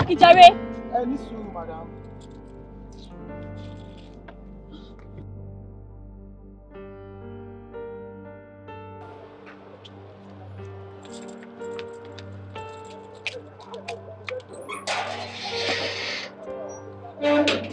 páàkì jàre. ẹ ní sùúrù madam. Thank you.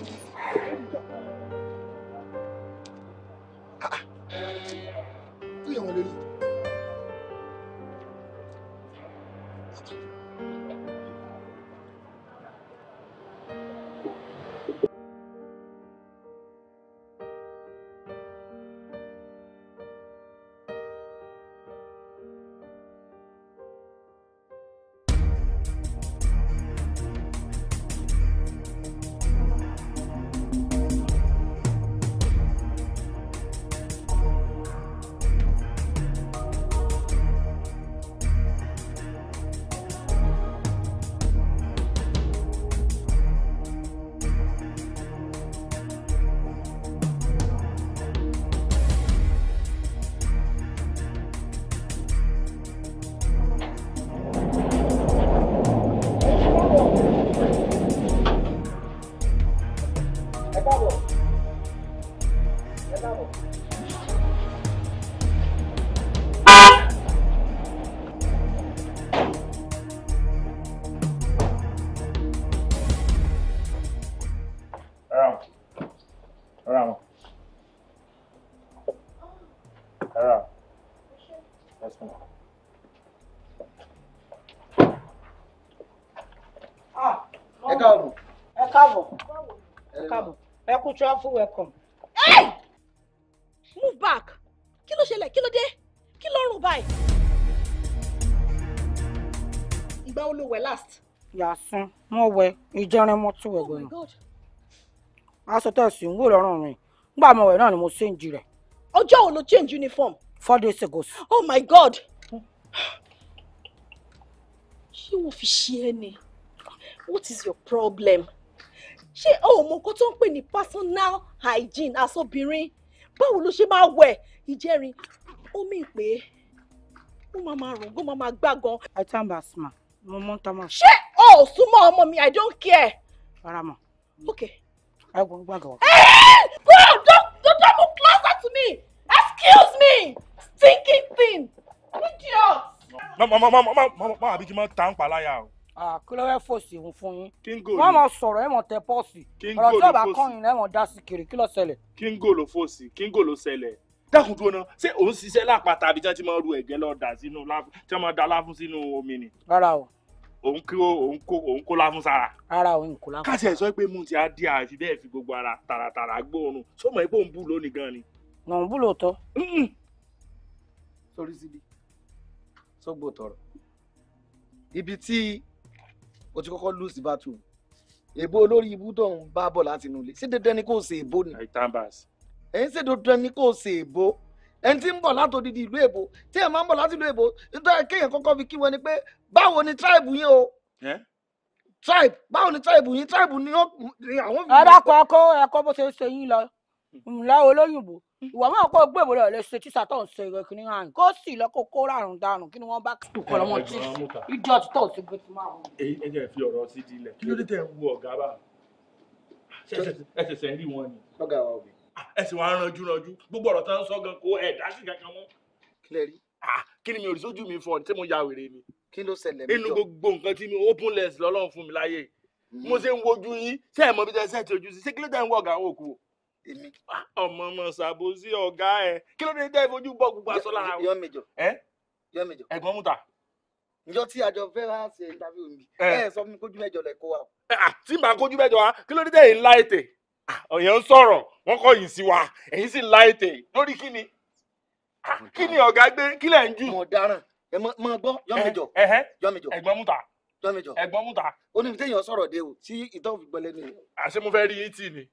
Ankara. Yes, ma'am. Ah, ẹ é cabo, é cabo, é ẹ kú travel welcome. Hey! move back kí ló ṣẹlẹ̀ kí kilo dé kí ló rùn báyìí. ìgbà wo lo wẹ̀ last. yàsùn mo wẹ̀ ìjẹrin mo tún wẹ̀ oh gbẹ̀yìn. aṣọ tẹ̀sí ń wò lọ́rùn rìn nígbà mo wẹ̀ náà ni mo ṣe ń ọjọ́ wo ló change uniform. four days ago. oh my god ṣé wọ́n fi ṣe ẹ́ ni what is your problem ṣé o ò mọ nǹkan tó ń pè ní personal hygiene asobìnrin báwo ló ṣe máa wẹ̀ ìjẹrin ó mì pé ó máa máa rùn ó máa gbá gan. i tell my asma mo mọ ta ma. ṣé o ò súnmọ́ ọmọ mi i don't care. rárá mọ. ok. ẹ gbọ́dọ̀ gbàgbọ́. ẹ ẹ kúrò dọ́kítà mú kí me! Excuse me! Stinking thing! Idiot! Mama mama mama mama mama àbí kí n máa ta ń pa láyà o. Kí ló fẹ́ fòsì òun fún yín? Kíngò ló wọ́n mọ̀ sọ̀rọ̀ ẹ̀ mọ̀ tẹ pọ́ọ̀sì. Kíngò ló fòsì. Ọ̀rọ̀ tí ọba kọ́yìn náà mọ̀ dá sí kiri kí ló ṣẹlẹ̀. Kíngò ló fòsì, kíngò ló ṣẹlẹ̀. Dákun dúró náà, ṣé òun ṣiṣẹ́ lápáta àbí tí wọ́n ti máa ru ẹ̀gẹ́ lọ dà sínú láfún tí wọ́n máa da láfún sínú omi ni? Rárá o òun kí òun kó òun kó láfún sára. ara òun kó láfún. káṣí ẹ̀ sọ pé mú ti á di àfi bẹ́ẹ̀ fi gbogbo ara tààràtààrà gbóòórùn sọmọ ẹ pé òun bù lónìí gan ni nàún bú lóòótọ́. sórí síbi sógbó tọrọ ibi tí o ti kọ́kọ́ lù sí bàtú èbó olórí ibú tó ń bá bọ̀ láti inú ilé ṣé dandan ni kò ṣe èbó ni. ẹ̀ ń ṣe dandan ni kò ṣe èbó ẹni tí ń bọ̀ láti odidi ìlú èbó tí ẹ̀ máa ń bọ̀ láti ìlú èbó nítorí kéèyàn kọ́kọ́ fi kí tribe yín o tribe báwo tribe yín tribe ni àwọn. ẹ dákun ẹkọ ẹkọ bó ṣe ń ṣe yín lọ ńlá olóyìnbó ìwọ máa kó gbé ìwé rẹ lè ṣe tíṣà tó ń ṣe ìwé kìíní hàn kó sì lọ kó kó ràrùn dànù kí ni wọn bá tù kọ lọmọ tí ìjọ tí tó ti gbé ti máa wù. ẹ jẹ́ fi ọ̀rọ̀ sí di ilẹ̀ kí ló dé tẹ̀ ń wo ọ̀gá bá ẹsẹ̀sẹ̀ ń rí wọn ni. ọ̀gá wa òbí. ẹsẹ̀ wa ń ranjú ranjú gbogbo ọ̀rọ̀ tán ń sọ gan kó ẹ̀ dá sí kankan mọ́. kílẹ̀ rí. kí ni mi ò rí sójú mi fọ tí mo ya wèrè ni. kí ló ṣẹlẹ̀ mi jọ. inú gbogbo nǹkan tí mi open mo hmm èmi. Ah, ọmọ ọmọ ṣàbòsí ọ̀gá ẹ kí ló dé dẹ́ ìfojú bọ́ gbogbo aṣọ lára wọn. yọ mẹjọ yọ mẹjọ. ẹ̀gbọ́n mú ta. njọ tí àjọ fẹ́ràn ṣe interview mi ẹ sọ fún mi kójú mẹ́jọ lẹ kó wa. tí màá kójú mẹ́jọ wa kí ló dé dẹ́ ìlà ètè ọ̀yàn ń sọ̀rọ̀ wọ́n kọ́ yìí sí wa èyí sì ń la ètè lórí kí ni kí ni ọ̀gá gbé kí lẹ̀ ń jù. mo dáràn ẹ mọ gbọ́ yọmẹjọ yọmẹjọ ẹ̀gbọ́n mú ta yọmẹjọ ẹ̀gbọ́n mú ta. ó ní fi téèyàn sọ̀rọ̀ dé o tí ìtọ́ fi gbọ́ lẹ́nu. àṣé mo fẹ́ rí yín tì ni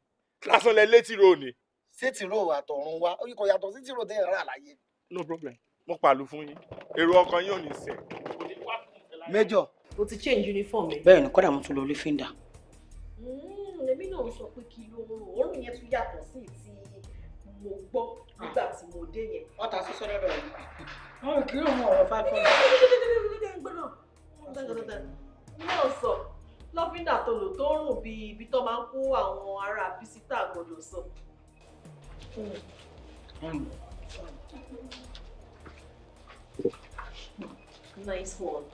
lásán lẹ létí ro ni. sétí ro àtọ̀run wa ó kò yàtọ̀ sétí ro déyàn rà láyé. no problem mo pàlù fún yín èrò ọkàn yóò ní sẹ. mẹjọ. o ti change uniform mi. bẹ́ẹ̀ ni kọ́dà mo tún lọ lífíńdà. Hmm, èmi náà sọ pé kí ló rò òórùn yẹn tún yàtọ̀ sí ti mo gbọ́ nígbà tí mo dé yẹn. ọ̀tà sísọ lọ́dọ̀ yìí. wọn kì í rò mọ ọ̀rọ̀ five hundred. gbọ́dọ̀ gbọ́dọ̀ gbọ́dọ̀ lọ́fíńdà tó lò tó rùn bí ibi tó máa ń kó àwọn ará bísítà gbọdọ̀ sọ. Nice one.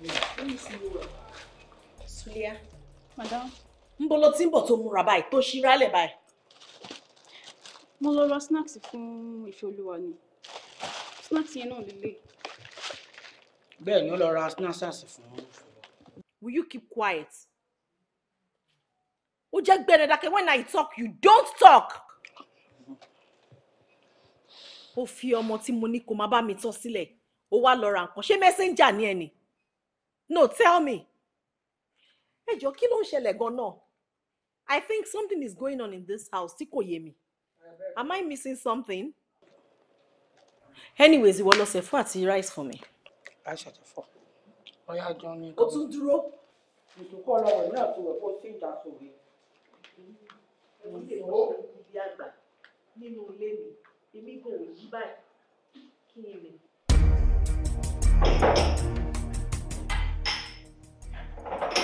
Let me Madam. Ń bọ́ lọ tí ń bọ̀ tó múra báyìí tó ṣí rálẹ̀ báyìí. Mo lọ ra snacks fún ìfẹ́ olúwa ni. Snacks yẹn náà lélẹ̀ bẹ́ẹ̀ ni ó lọ ra snacks fún un. will you keep quiet? ó jẹ́ gbẹ̀rẹ̀ dákẹ́ when I talk you don't talk. ó fi ọmọ tí mo ní kó má bá mi tọ́ sílẹ̀ ó wá lọ ra nǹkan ṣé messenger ni ẹ ni no tell me ẹ jọ kí ló ń ṣẹlẹ̀ gan I think something is going on in this house tí kò yé mi am I missing something? anyways ìwọ lọ ṣe fún àti rice for me aisha ti fọ ọyá jọ ní. o tún dúró ìtúkọ lọ́wọ́ náà tó wẹ̀ kó sí ìjà sòwe. mo lè mọ ibi àgbà nínú ilé mi èmi kò yí báyìí kí n rìn. Thank you.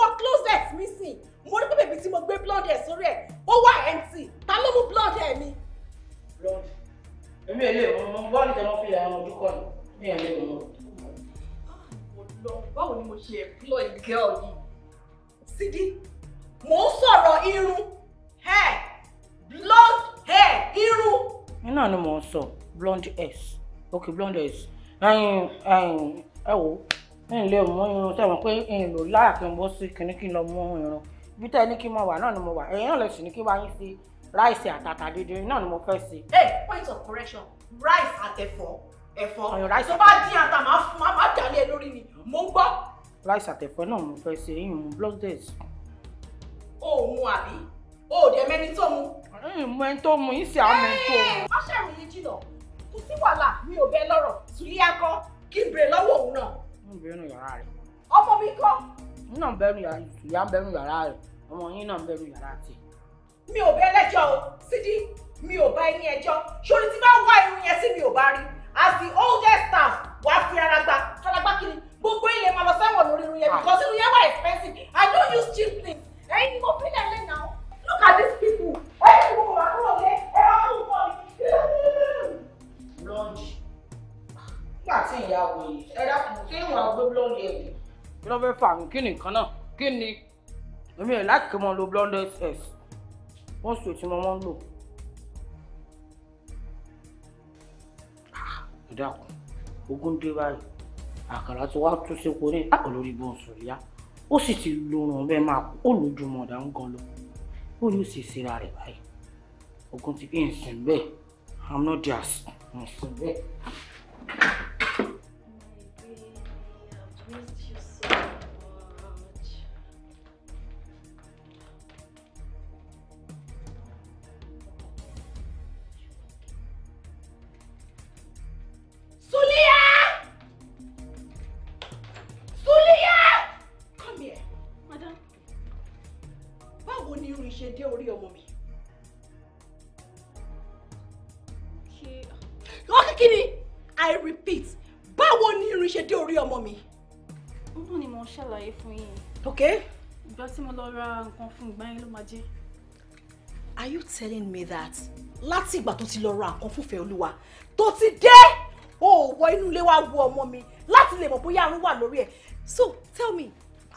wọ closet mi sìn mo rí pé bèbí tí mo gbé blood ẹ̀ sórí ẹ̀ ó wà empty ta ló mú blood ẹ̀ mi. blood èmi ò lè mọ mọ bá nìkan fi àwọn ojú kọ ni mi ò lè mọ. Ah, báwo ni mo ṣe employ girl yìí. Sidi mò ń sọ̀rọ̀ irun hair blood hair irun. iná ni mò ń sọ blonde hairs ok blonde hairs ẹ wo ń lè mú irun sẹ́wọ̀n pé ń lò láàkí mo sì kíní kí n lọ mú irun bí tẹ́ ní kí n mọ wà náà ni mo wà ẹ̀yin náà lè sì ní kí wá yín sí ráìsì àtàtà dídín náà ni mo fẹ́ sí. hey point of correction rice àtẹ̀fọ́ ẹ̀fọ́ tó bá dín ata máa fún máa dàlẹ́ lórí ni mo ń gbọ́. rice àtẹ̀fọ́ náà mo fẹ́ sí eyín mu blooded. ó mu àbí ó dẹ̀ mẹ́ni tó mu. mo ẹni tó mu yín sì á mẹ́ni tó mu. má ṣàròyìn jìnnà kò sí wàhálà mi ò bẹ lọ́rọ̀ tùlí ń bẹ nínú yàrá rẹ̀. ọmọ mi kọ́. n náà bẹ nínú yàrá ìyá ń bẹ nínú yàrá rẹ̀ ọmọ yín náà ń bẹ nínú yàrá tiẹ̀. mi ò bẹ lẹ́jọ́ o sídìí mi ò bá ẹni ẹjọ́ ṣòrí tí bá wá irun yẹn sí mi ò bá rí as the oldest staff wà á fi ara gba kálágbá kiri gbogbo ilẹ̀ máa lọ sẹ́wọ̀n lórí irun yẹn because irun yẹn wà expensive i don't use cheap things ẹ̀yin ni mo fi lẹ̀ lẹ́nà look at these people ẹ̀yin mo kọ̀ wá kúrò lé ẹ̀rọ kúrò lé. lunch nígbà tí ìyá wò yìí ẹ dákun kí ìwọ̀n gbé blonde ẹ̀ wò. kí ló fẹ́ fà mí kí nìkan náà kí ni èmi ẹ̀ láti kí mo lo blonde ss wọ́n sì tí mo wọ́n ń lò. ẹ dákun ogún dé báyìí àkàrà tí wàá tún sípò ní olórí bó ń sọ ìyá ó sì ti lòrùn bẹ́ẹ̀ máa kó olójúmọ̀ ọ̀dà ń gan lọ ó yóò sì síra rẹ̀ báyìí ogun ti kí n sìn bẹ́ẹ̀ i'm not just n sìn bẹ́ẹ̀. I really have missed you so ra nǹkan fún ìgbà yẹn ló máa jẹ́. are you telling me that láti ìgbà tó ti lọ ra nǹkan fún ìfẹ́ olúwa tó ti dé ó wọ inú ilé wa wo ọmọ mi láti lè mọ̀ bóyá àrùn wà lórí ẹ̀ so tell me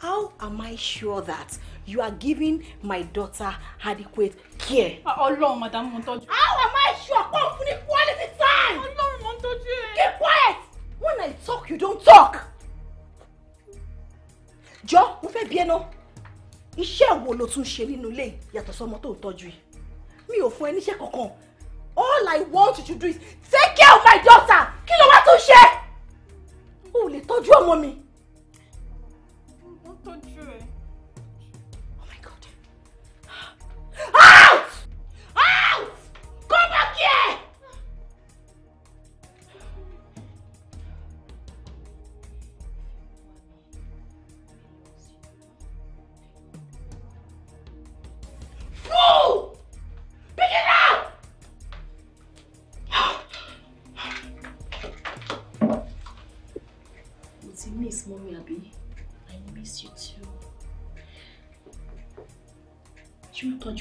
how am I sure that you are giving my daughter adequate care. ọlọ́run madam mo ń tọ́jú. how am I sure pé òun fún ní quality time. ọlọ́run mo ń tọ́jú ẹ. keep quiet when I talk you don't talk. jọ mo fẹ́ bí ẹ náà iṣẹ́ wo ló tún ṣe nínú ilé yàtọ̀ sọmọ tó tọ́jú yìí mi ò fún ẹ níṣẹ́ kankan all i want you to do is take care of my daughter kí ló wá tún ṣe o ò lè tọ́jú ọmọ mi. mo tọ́jú ẹ.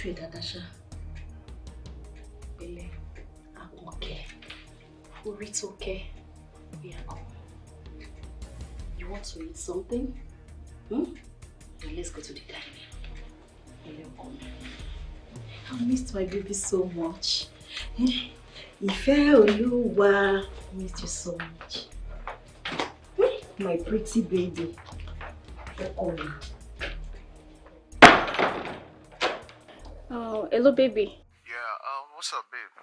tray dáadáa ṣá pẹ̀lẹ́ àkànkẹ́ orí tó kẹ́ ìyá you want to eat something hmm? then let's go to the dining pẹ̀lẹ́ ọkọ mi I missed my baby so much eh? ìfẹ́ olúwa missed you so much eh? my pretty baby ọkọ mi. hello baby. yeah um, what's up babe.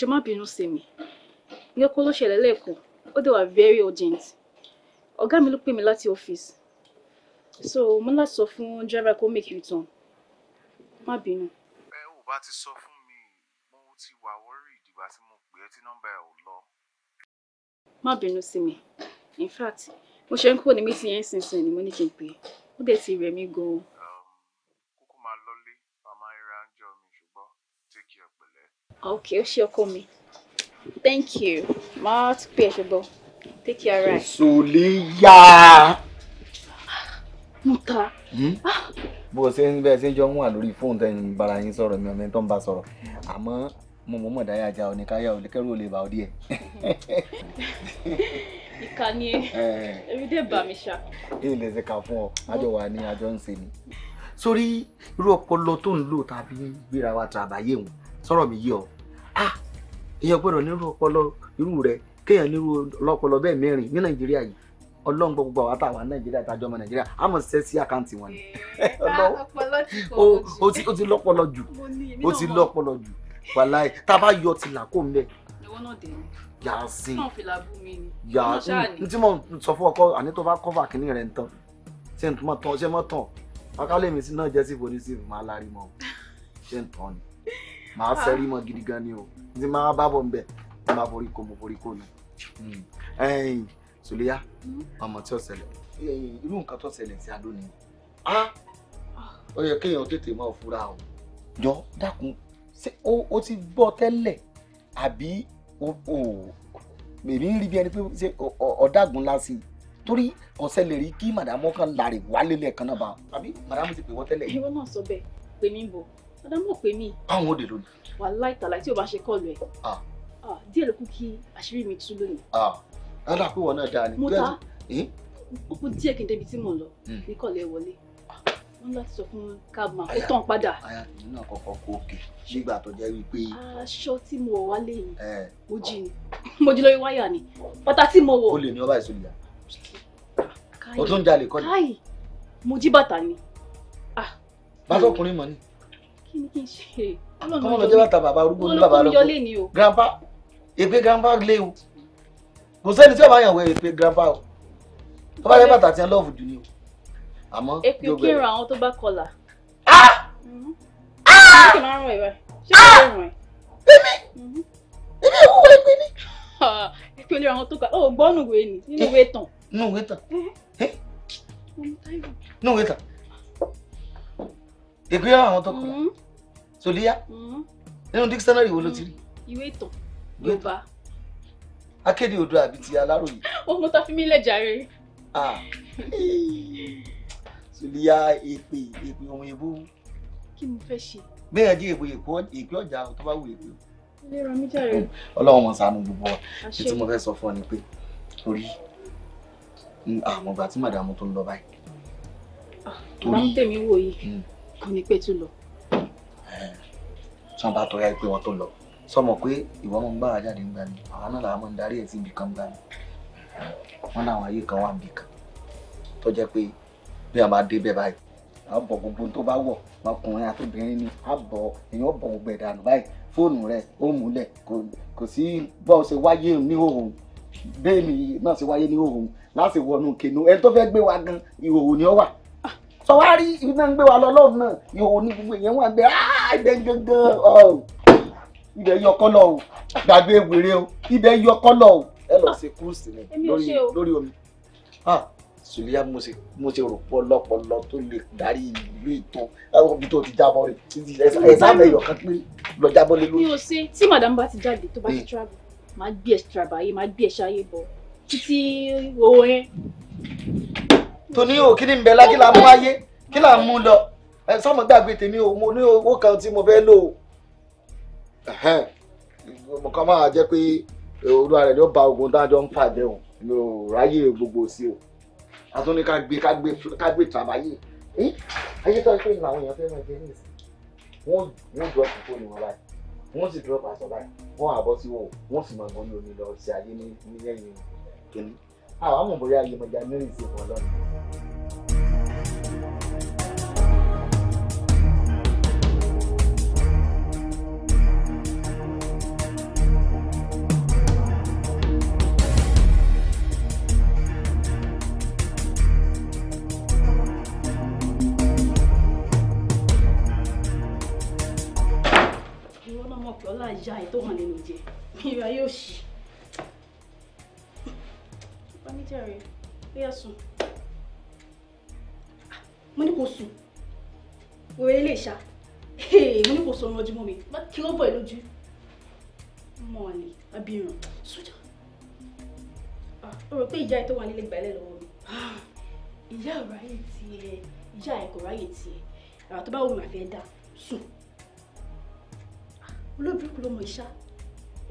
Jama má bínú sí mi ìyẹn kọ́ ló ṣẹlẹ̀ lẹ́ẹ̀kan very urgent ọ̀gá mi ló pè mí láti ọ́fíìsì so mo ń láti driver kó make you turn má bínú. ẹ ò bá ti sọ mi mo ti wà wọ́rì ìdìgbà tí mo pè é tí nọ́mbà ẹ̀ ò lọ. má bínú sí in fact mo ṣe ń kúrò ní mítí yẹn sínsìn ni mo ní kí n pè é ó ti rẹ̀ mí gan okay ó ṣe ọkọ thank you máa tún pè ẹ ṣùgbọ́n take care right. sòlíyà. muta. Hmm. o ṣe since bẹ́ẹ̀ ṣe ń jọ ń wà lórí fóònù tẹ́yìn bara yín sọ̀rọ̀ mi ọmọ ẹni tó ń bá sọ̀rọ̀ àmọ́ mo mọ̀ mọ̀ dáyà já ọ ní káyà ọ kẹ́rù ò lè bà ọ díẹ̀. ni ẹbí dé bà mí ṣá. èyí lè ṣe kà fún ọ àjọ wà ní àjọ ń ni. sórí irú ọpọlọ tó ń lò tàbí gbéra wa tàbáyé wọn sọ̀rọ̀ mi yé ọ ah èèyàn gbọ́dọ̀ nírú ọpọlọ irú rẹ kéèyàn nírú ọlọ́pọlọ bẹ́ẹ̀ mẹ́rin ní nàìjíríà yìí ọlọ́run gbogbo àwọn àtàwọn nàìjíríà àtàjọ ọmọ nàìjíríà á mọ̀ ṣẹ́ sí àkáǹtì wọn ni eh, o ti lọ́pọlọ jù o ti lọ́pọlọ jù wàláì tá a bá yọ ti là kó ń bẹ yàásìn yàásìn n tí mo sọ fún ọkọ àní tó bá kọ́fà kínní rẹ̀ ń tán ṣé n tán ṣé mọ́ tán akálẹ̀ mi sí náà jẹ́ sí ìfòní sí ìfòmọ́ alárí mọ́ ṣé n tán ni màá ah. fẹ́ rí mọ gidi gan ni o ní máa bá bọ̀ nbẹ̀ ní máa forí ko mo forí ko ni. Hmm. sòléyà hmm? ọmọ tí ó ṣẹlẹ̀ irú nǹkan tó ṣẹlẹ̀ sí adó ni ah. ó yẹ kéèyàn tètè máa fura o jọ dákun ṣé o ti gbọ́ tẹ́lẹ̀ àbí o mèmí ń rí bí ẹni pé ṣe ọ̀dàgùn lásì torí ọ̀sẹ̀ lè rí kí màdàmú kan láre wálé lẹ́ẹ̀kan náà bá. àbí màdàmú ti pè wọ́n tẹ́lẹ̀. ìwọ náà sọ bẹ́ẹ̀ pè mí bò ọ̀dà mọ̀ pé mi. báwọn ò dé lónìí. wàláì tàlàyé tí o bá ṣe kọ́ọ̀lù ẹ̀. díẹ̀ ló kú kí àṣírí mi tú lónìí. rárá pé wọn náà dáa ni. mo ta kúkú díẹ̀ kí n débi tí mò ń lọ hmm. ní kọ̀ọ̀lẹ́ wọlé wọn láti sọ fún káàbù máa kó tán padà. àyà tèmi náà kọ́kọ́ kó òkè nígbà tó jẹ́ wípé. aṣọ tí mo wọ̀ wálé yìí mo jí ni mo jí lórí wáyà ni bàtà tí mo wọ̀. o lè ní ọba ìsúlẹ̀ o tún jalè kọ́lé. káyì mo jí bàtà ni. bàtà ọkùnrin mọ̀ ni kí ni kí n ṣe. ọmọ lọ jẹ́ bàtà bàbá arúgbó ní bàbá arúgbó grandpa èpè grandpa lé o kò sẹ́ni tí ó bá yàn wọ èpè grandpa o tó bá jẹ́ bàtà tí wọ́n lọ́ọ̀fù jù ni o àmọ́ èpè kí n ra àwọn tó bá kọlà. Ah! Mm-hmm. Ah! Ah! Èmi mm-hmm. èmi ò wọlé pé ní. Èpè olè àwọn tó kà ó oh, gbọ́ nùwé ni nínú ìwé tàn. Nínú ìwé tàn. Mm-hmm. Eh? Èpè àwọn tó kọlà sòdíyá mm-hmm. nínú dictionary wo ló ti rí. Mm-hmm. ìwé ìtàn yorùbá. akéde odò àbí ti aláròyé. ohun tó fi mí lẹ̀ jàre. Ah. sòdíyá èpè èpè ohun èbó. kí mo fẹ́ ṣe. gbìyànjú èpè èpè ọjà tó bá wù èpè o. ilé ra mi jàre. ọlọ́run mọ̀ sánú gbogbo wa ṣe tí mo fẹ́ sọ fún ọ ni pé torí àwọn ah, ọgbà tí màdàmú tó ń lọ báyìí. Ah, torí màdàmú tèmi wò yìí hmm. kò ní pẹ́ tó lọ tí wọ́n bá tọ́ ya pé wọ́n tó lọ sọmọ pé ìwọ́n mọ̀ ń bá wa jáde ń gbà ní àwọn náà làwọn mọ̀ ń darí ẹ̀ sí ibì kan gbà ní wọ́n láwọn ayé kan wà níbì kan tó jẹ́ pé bí a máa débẹ̀ báyìí a bọ̀ gbogbo tó bá wọ̀ ọkùnrin àtòbìnrin ni a bọ̀ èèyàn bọ̀ gbogbo ẹ̀dà nù báyìí fóònù rẹ̀ ó múlẹ̀ kò sí bọ́ọ̀ ṣe wáyé ní òhun bẹ́ẹ̀ ni náà ṣe wáyé ní òhun láti wọnú kinu ẹni tó fẹ́ gbé wa gan ìhòòhò ni ó wà sọ wá rí ibi náà ń gbé wa lọ lọ́run náà yòówó ní gbogbo èèyàn wà bẹ́ẹ̀ ah, ibẹ̀ gangan oh. ibẹ̀ yọkọ́ lọ o gbàgbé wèrè o ibẹ̀ yọkọ́ lọ o ẹ lọ ṣe kúrúsì ni lórí omi ah. sùlíà mo ṣe rò pọ̀ lọ́pọ̀lọ́ tó lè darí ìlú ìtò ibi tó ti jábọ̀ rẹ̀ ẹ̀sà mẹ́yọ̀ kan pé lọ jábọ̀ lé lórí. mi ò ṣe tí madam bá ti jáde tó bá ti hmm. travel máa gbé ẹ̀ travel ayé máa gbé ẹ̀ ṣayé bọ̀ títí owó oh, yẹn tòní o kí ni nbẹ la kí la mú ayé kí la mú lọ ẹ sọmọ gbàgbé tèmi o mo ní owó kan tí mo fẹ́ lò o mo kàn máa jẹ́ pé olúwa rẹ̀ ló ba ogun dájọ́ ń pàdé o mi ò ráyè gbogbo sí o àtúndì ká gbé ká gbé ká gbé tàbáyé ayé tó ń pè ní àwọn èèyàn fẹ́ máa jẹ ní ìsìn wọ́n wọ́n drop fóònù wọn báyìí wọ́n sì drop aṣọ báyìí wọ́n àbọ̀ sí wọn wọ́n sì máa gbọ́n ní omi lọ sí ayé ní ní ẹ̀yìn kìíní àwọn ọmọ bóyá Yemọja ní ìsìn wọn lọ́nà. ìwọ náà mọ̀ pé ọlá ìyá ẹ̀ tó hàn nínú jẹ ìrà yóò ṣì mi jàre ó yà ah, sùn mo ní kò sùn wèrè lè ṣá mo ní kò sọ ọmọ ọdún mọ́ mi kí ló bọ̀ ẹ́ lójú mọ̀ọ́lì abirùn sójà ah, ó rò pé ìjà ẹ̀ tó wà nílé gbàlẹ́ lọ́wọ́ mi ah, ìyá ọ̀rọ̀ ayé tiẹ̀ ìyá ẹ̀ kò ráyè tiẹ̀ àrà tó bá wù mí àfi ẹ̀ dá sùn olóbìrúkú ló mọ ìṣá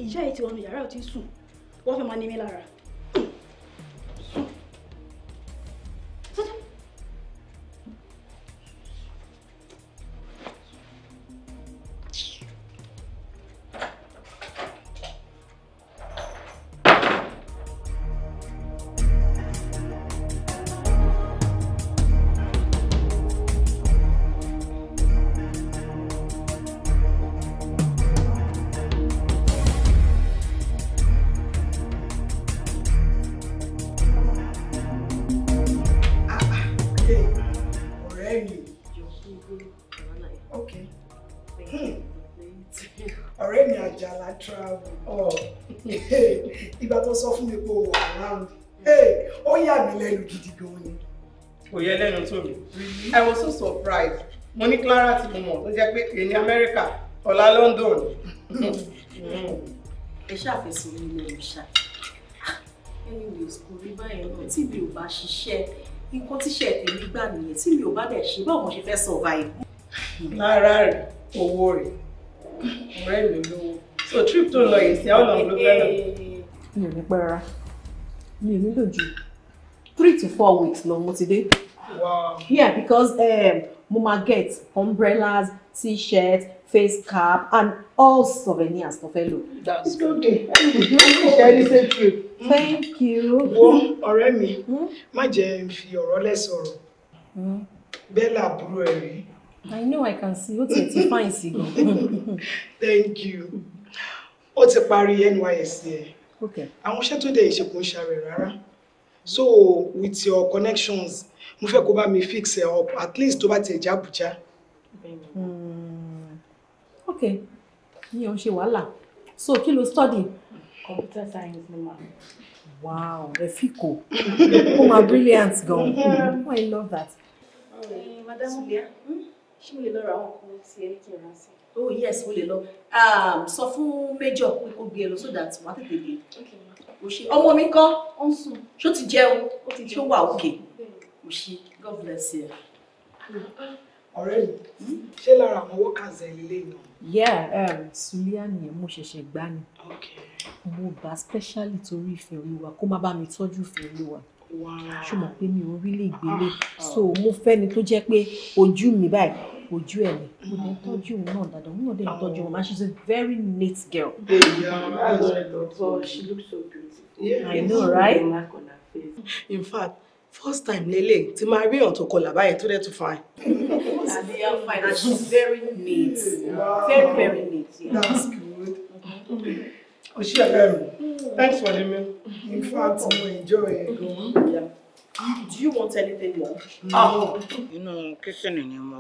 ìyá ẹ̀ ti wọnú yàrá ò ti sùn wọ́n fẹ́ máa ní mi lára. èyí ní amẹ́ríkà ọ̀la london. ẹ ṣàfẹsùn mi lẹ́nu ṣá ẹni mi ò kò rí báyẹn náà tí mi ò bá ṣiṣẹ́ nǹkan tíṣẹ́ tèmi gbà nìyẹn tí mi ò bá dẹ̀ ṣe báwo mo ṣe fẹ́ survive. lára rẹ̀ owó rẹ̀ ọ̀rẹ́ mi lówó so trip tó lọ yìí sí how long ló fẹ́ lọ. mi ò ní pẹ́ mi ò nílò ju three to four weeks lọ mo ti dé. wow yeah because. Um, mo máa get umbrellas t shirts face cap and all souvenirs tó fẹ́ that's good ṣẹ́rí ṣe fi. thank you. wo ọ̀rẹ́ mi mm. má jẹ́ fi ọ̀rọ̀ lẹ̀ sọ̀rọ̀ mm. bẹ́ẹ̀ làbúrò ẹ̀ rí. I know I can see. Ó ti ti fine sí gan. Thank you. Ó ti parí NYSC ẹ̀. E. Okay. Àwọn iṣẹ́ tó dẹ̀ ìṣekùn ṣàrẹ̀ rárá so with your connections mo fẹ́ kó bá mi fix ẹ up at least tó bá tiẹ̀ jẹ́ Àbújá. Hmm. ok mi ò ṣe wàhálà so kí ló study. computer science ni ma. wow Refiko ó máa brilliant gan yeah. oh, I love that. Eh, madam Leah hmm? ṣé mo lè lọ ra àwọn kan sí ẹ kí n rán sí. oh yes mo lè lọ um, sọ fún major pé kó gbé e lọ so that wàá tètè dé o ṣe ọmọ mi kọ́ ó ń sùn ṣó ti jẹun ó ti jẹun ṣó wà òkè o ṣe god bless you. ọ̀rẹ́ mi hmm? ṣé lára àwọn workers ẹ̀ lélẹ̀ náà. yeah um, sulia ni mo ṣẹ̀ṣẹ̀ gbá ni mo bá specially torí ìfẹ́ olúwa kó má bá mi tọ́jú ìfẹ́ olúwa ṣùgbọ́n pé mi ò rí lè gbélé ah, ah. so mo fẹ́ni tó jẹ́ pé ojú mi báyìí wojú ẹ̀ ni mo lè mm-hmm. tọ́jú òun náà dáadáa òun náà lè oh. tọ́jú òun and she's a very neat girl. she looks so beautiful. Yeah, I know right. in fact first time lele ti máa rí ọ̀n tó kọlà báyìí tó dẹ̀ tó fine. àbí how fine and she's very neat very very neat. that's good. Oshiakari, thanks for the meal. In fact, we enjoy it. Yeah. Do you want anything more? Mm-hmm. Oh. Inú kíṣìnì ni mo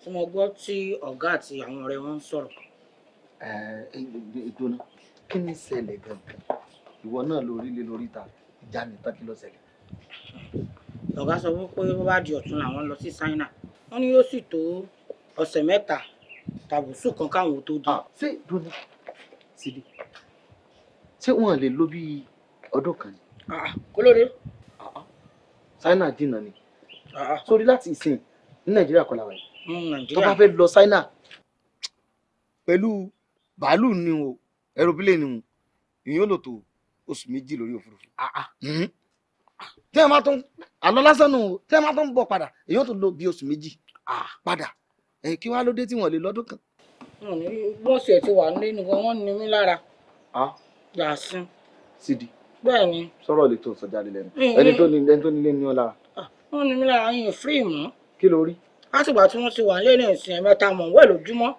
tí mo gbọ́ tí ọ̀gá àti àwọn ọ̀rẹ́ wọn ń sọ̀rọ̀. ìgbóná kí ni ṣẹlẹ̀ gangan ìwọ náà lórí lé lórí ta ìjà ní tán kí ló ṣẹlẹ̀. ọ̀gá sọ fún pé bó bá di ọ̀tún làwọn lọ sí ṣáínà wọ́n ní yóò sì tó ọ̀sẹ̀ mẹ́ta tàbùsù kan káwọn tó dé. ṣé dúró sídi ṣé wọn lè lò bí ọdún kan ni. kó lóde. ṣáínà dínà ni sórí láti ìsìn ní nàìjíríà kọlà wáyé Hmm, tó bá fẹ́ lọ ṣáínà pẹ̀lú bàálù ni o aeroplane ni o ìyẹn ò lò tó oṣù méjì lórí òfurufú ah, ah, hmm. tí ẹ máa tún àlọ́ lásán nù tí ẹ máa tún bọ̀ padà èyí tó lò bí oṣù méjì ah, padà kí wàá ló dé tí wọ́n lè lọ́dún kan. bọ́ọ̀sì ẹ̀ ti wà nílé nìkan wọ́n ní mí lára yàásín. sídi. bẹ́ẹ̀ ni. sọ̀rọ̀ lè tó sọ jáde lẹ́nu ẹni tó nílé ní ọ lára. wọ́n ní mí lára yín fírí mọ́. kí ló rí látìgbà tí wọ́n ti wà nílé ní ìsìn ẹ̀mẹ́ta mọ̀ wẹ́ lójúmọ́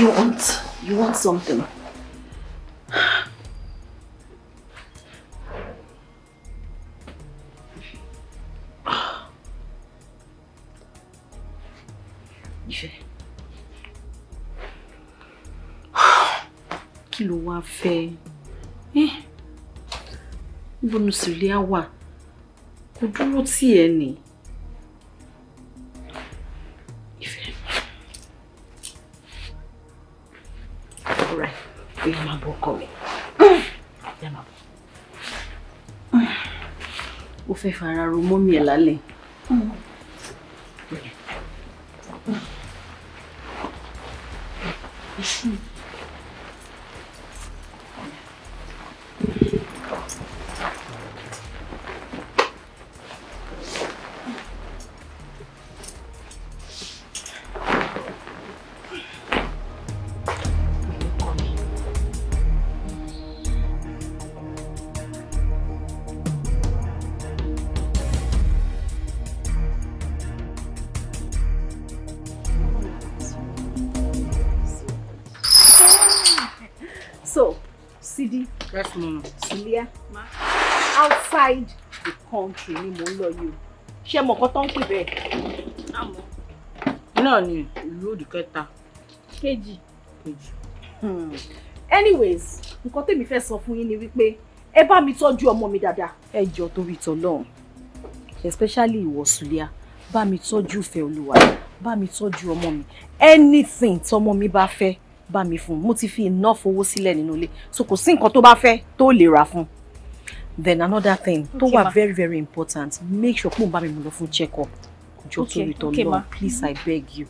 You want, you want something. Ife. Kí ló wá fẹ́? Bónú sì rí á wà. Kò dúró tì ọkọ mi. ó fẹ́ fara ro mọ́mí ẹ̀ lálẹ́. country ni mò ń lọ yìí o ṣé mo tó ń pè bẹ́ẹ̀. náà ni ìlú òdì kẹta. kejì. kejì. Hmm. anyways nǹkan tèmi fẹ́ sọ fún yín ni wípé ẹ bá mi tọ́jú ọmọ mi dáadáa. ẹ jọ torí tọlọ́run especially ìwọ Sulia bá mi tọ́jú ìfẹ́ olúwa bá mi tọ́jú ọmọ mi anything tọmọ mi bá fẹ́ bá mi fún mo ti fi enough owó sílẹ̀ nínú ilé so kò sí nǹkan tó bá fẹ́ tó lè rà fún un then another thing tó okay, wà very very important make sure pé òun bá mi mú check up jọ tó rí tọ́ lọ please i mm-hmm. beg you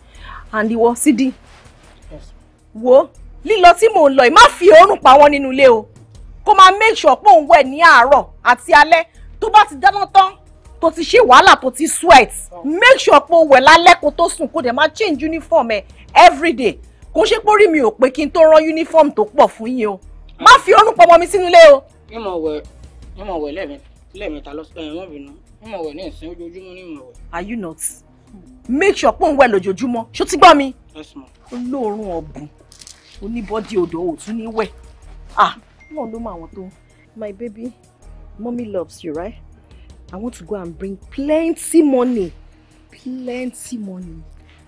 and ìwọ sídì wo lílọ tí mò ń lọ yìí má fi oorun pa wọn nínú ilé o kó máa make sure pé òun wẹ̀ ní àárọ̀ àti alẹ́ tó bá ti dáná tán tó ti ṣe wàhálà tó ti sweat oh. make sure pé o wẹ̀ lálẹ́ kó tó sùn kó dẹ̀ change uniform ẹ̀ every day. ṣe pé orí mi ò pé kí n tó uniform to pọ̀ fún yín o má fi oorun pọ̀ mọ́ mi sínú ilé o wọ́n mọ̀ wẹ̀ lẹ́ẹ̀mẹ́ta lẹ́ẹ̀mẹ́ta lọ́sọ̀ ẹ̀ wọ́n bínú wọ́n mọ̀ wẹ̀ ní ìsìn ojoojúmọ́ ní ìmọ̀ wẹ̀. are you not make sure pé òun wẹ̀ lójoojúmọ́ ṣó ti gbọ́ mi. olóòórùn ọ̀bùn oníbọ́dí odò òtún ní wẹ̀ ah wọn ló mọ àwọn tó. my baby mommy loves you right i want to go and bring plenty money plenty money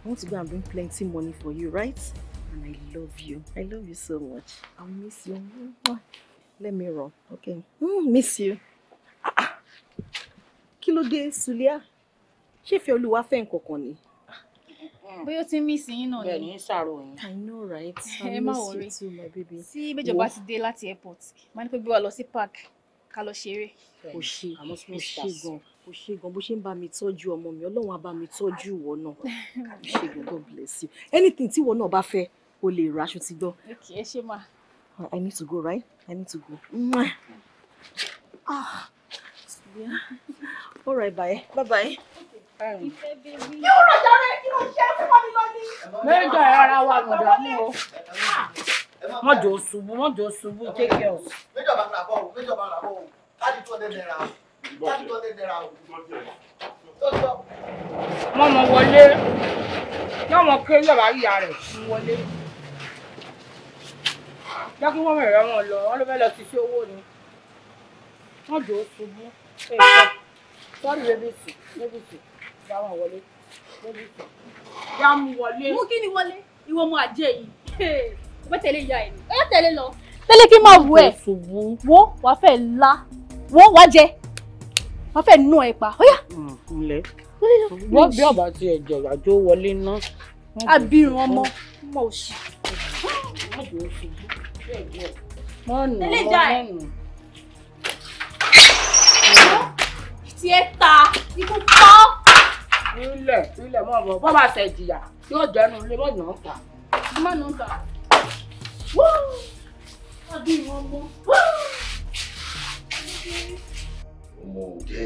i want to go and bring plenty money for you right and i love you i love you so much i miss you let me run okay mm, miss you ah ah kí ló dé sulia ṣé ìfẹ́ you fẹ́ nǹkankan ni. bóyá ó ti ń miss yín náà ni. i know right i miss you too my baby. tí méjọba ti dé láti airport máa ní pé bí wàá lọ sí park ká lọ ṣeré. o ṣe o ṣe gan o ṣe gan bó ṣe ń bá mi tọ́jú ọmọ mi ọlọ́run á bá mi tọ́jú ìwọ náà o ṣe gan god bless you anything see ìwọ náà bá fẹ́ o lè ra aṣọ ti gbọ́. ok ẹ ṣe Uh, I need to go, right? I need to go. Ah. Yeah. All right, bye. Bye bye. Ìfẹ́ bèbí. Yóò rọ̀ jáde kí ló ṣe é fún mi lọ́dún. Mẹ́jọ ẹ̀ rárá wa mọ̀dà mú o. Mọ̀jọ ṣubú, take care. Mẹ́jọ bá ń ràbọ̀ o, mẹ́jọ bá ń ràbọ̀ o. Káàdì tó dé dẹ̀ra o. Káàdì Mọ̀mọ̀ wọlé. Yọ̀mọ̀ kéré yàrá ìyá rẹ̀ wọlé jẹ́ kí wọ́n mẹ̀rẹ̀ wọn lọ wọ́n ló fẹ́ lọ ti ṣe owó ni wọ́n jò ó ṣubú èèyàn sọ́ọ̀rì rẹ́bìsì rẹ́bìsì já wọn wọlé rẹ́bìsì já mu wọlé. mú kí ni wọlé ìwọ ọmọ àjẹ́ yìí bó tẹ̀lé ìyá ẹ̀ ni ó yà tẹ̀lé lọ. tẹ́lẹ̀ kí n máa wù ẹ́ wo wàá fẹ́ la wo wàá jẹ wàá fẹ́ nù ẹ̀ pa ó yá. Mm, wọ́n bí ọ̀bà ti ẹ̀jẹ̀ àjò wọlé ná. abirùn ọmọ ọmọ òsì mọ́nù mọ́nù. tí ẹ ta ikú pọ́. túlẹ̀ túlẹ̀ mọ́ bọ̀ bọ́ bá tẹ̀ jìyà tí ó jẹ́nu ilé mọ́nù ń ta mọ́nù ń ta. ọdún ìwọ̀n mọ́. ọmọ òde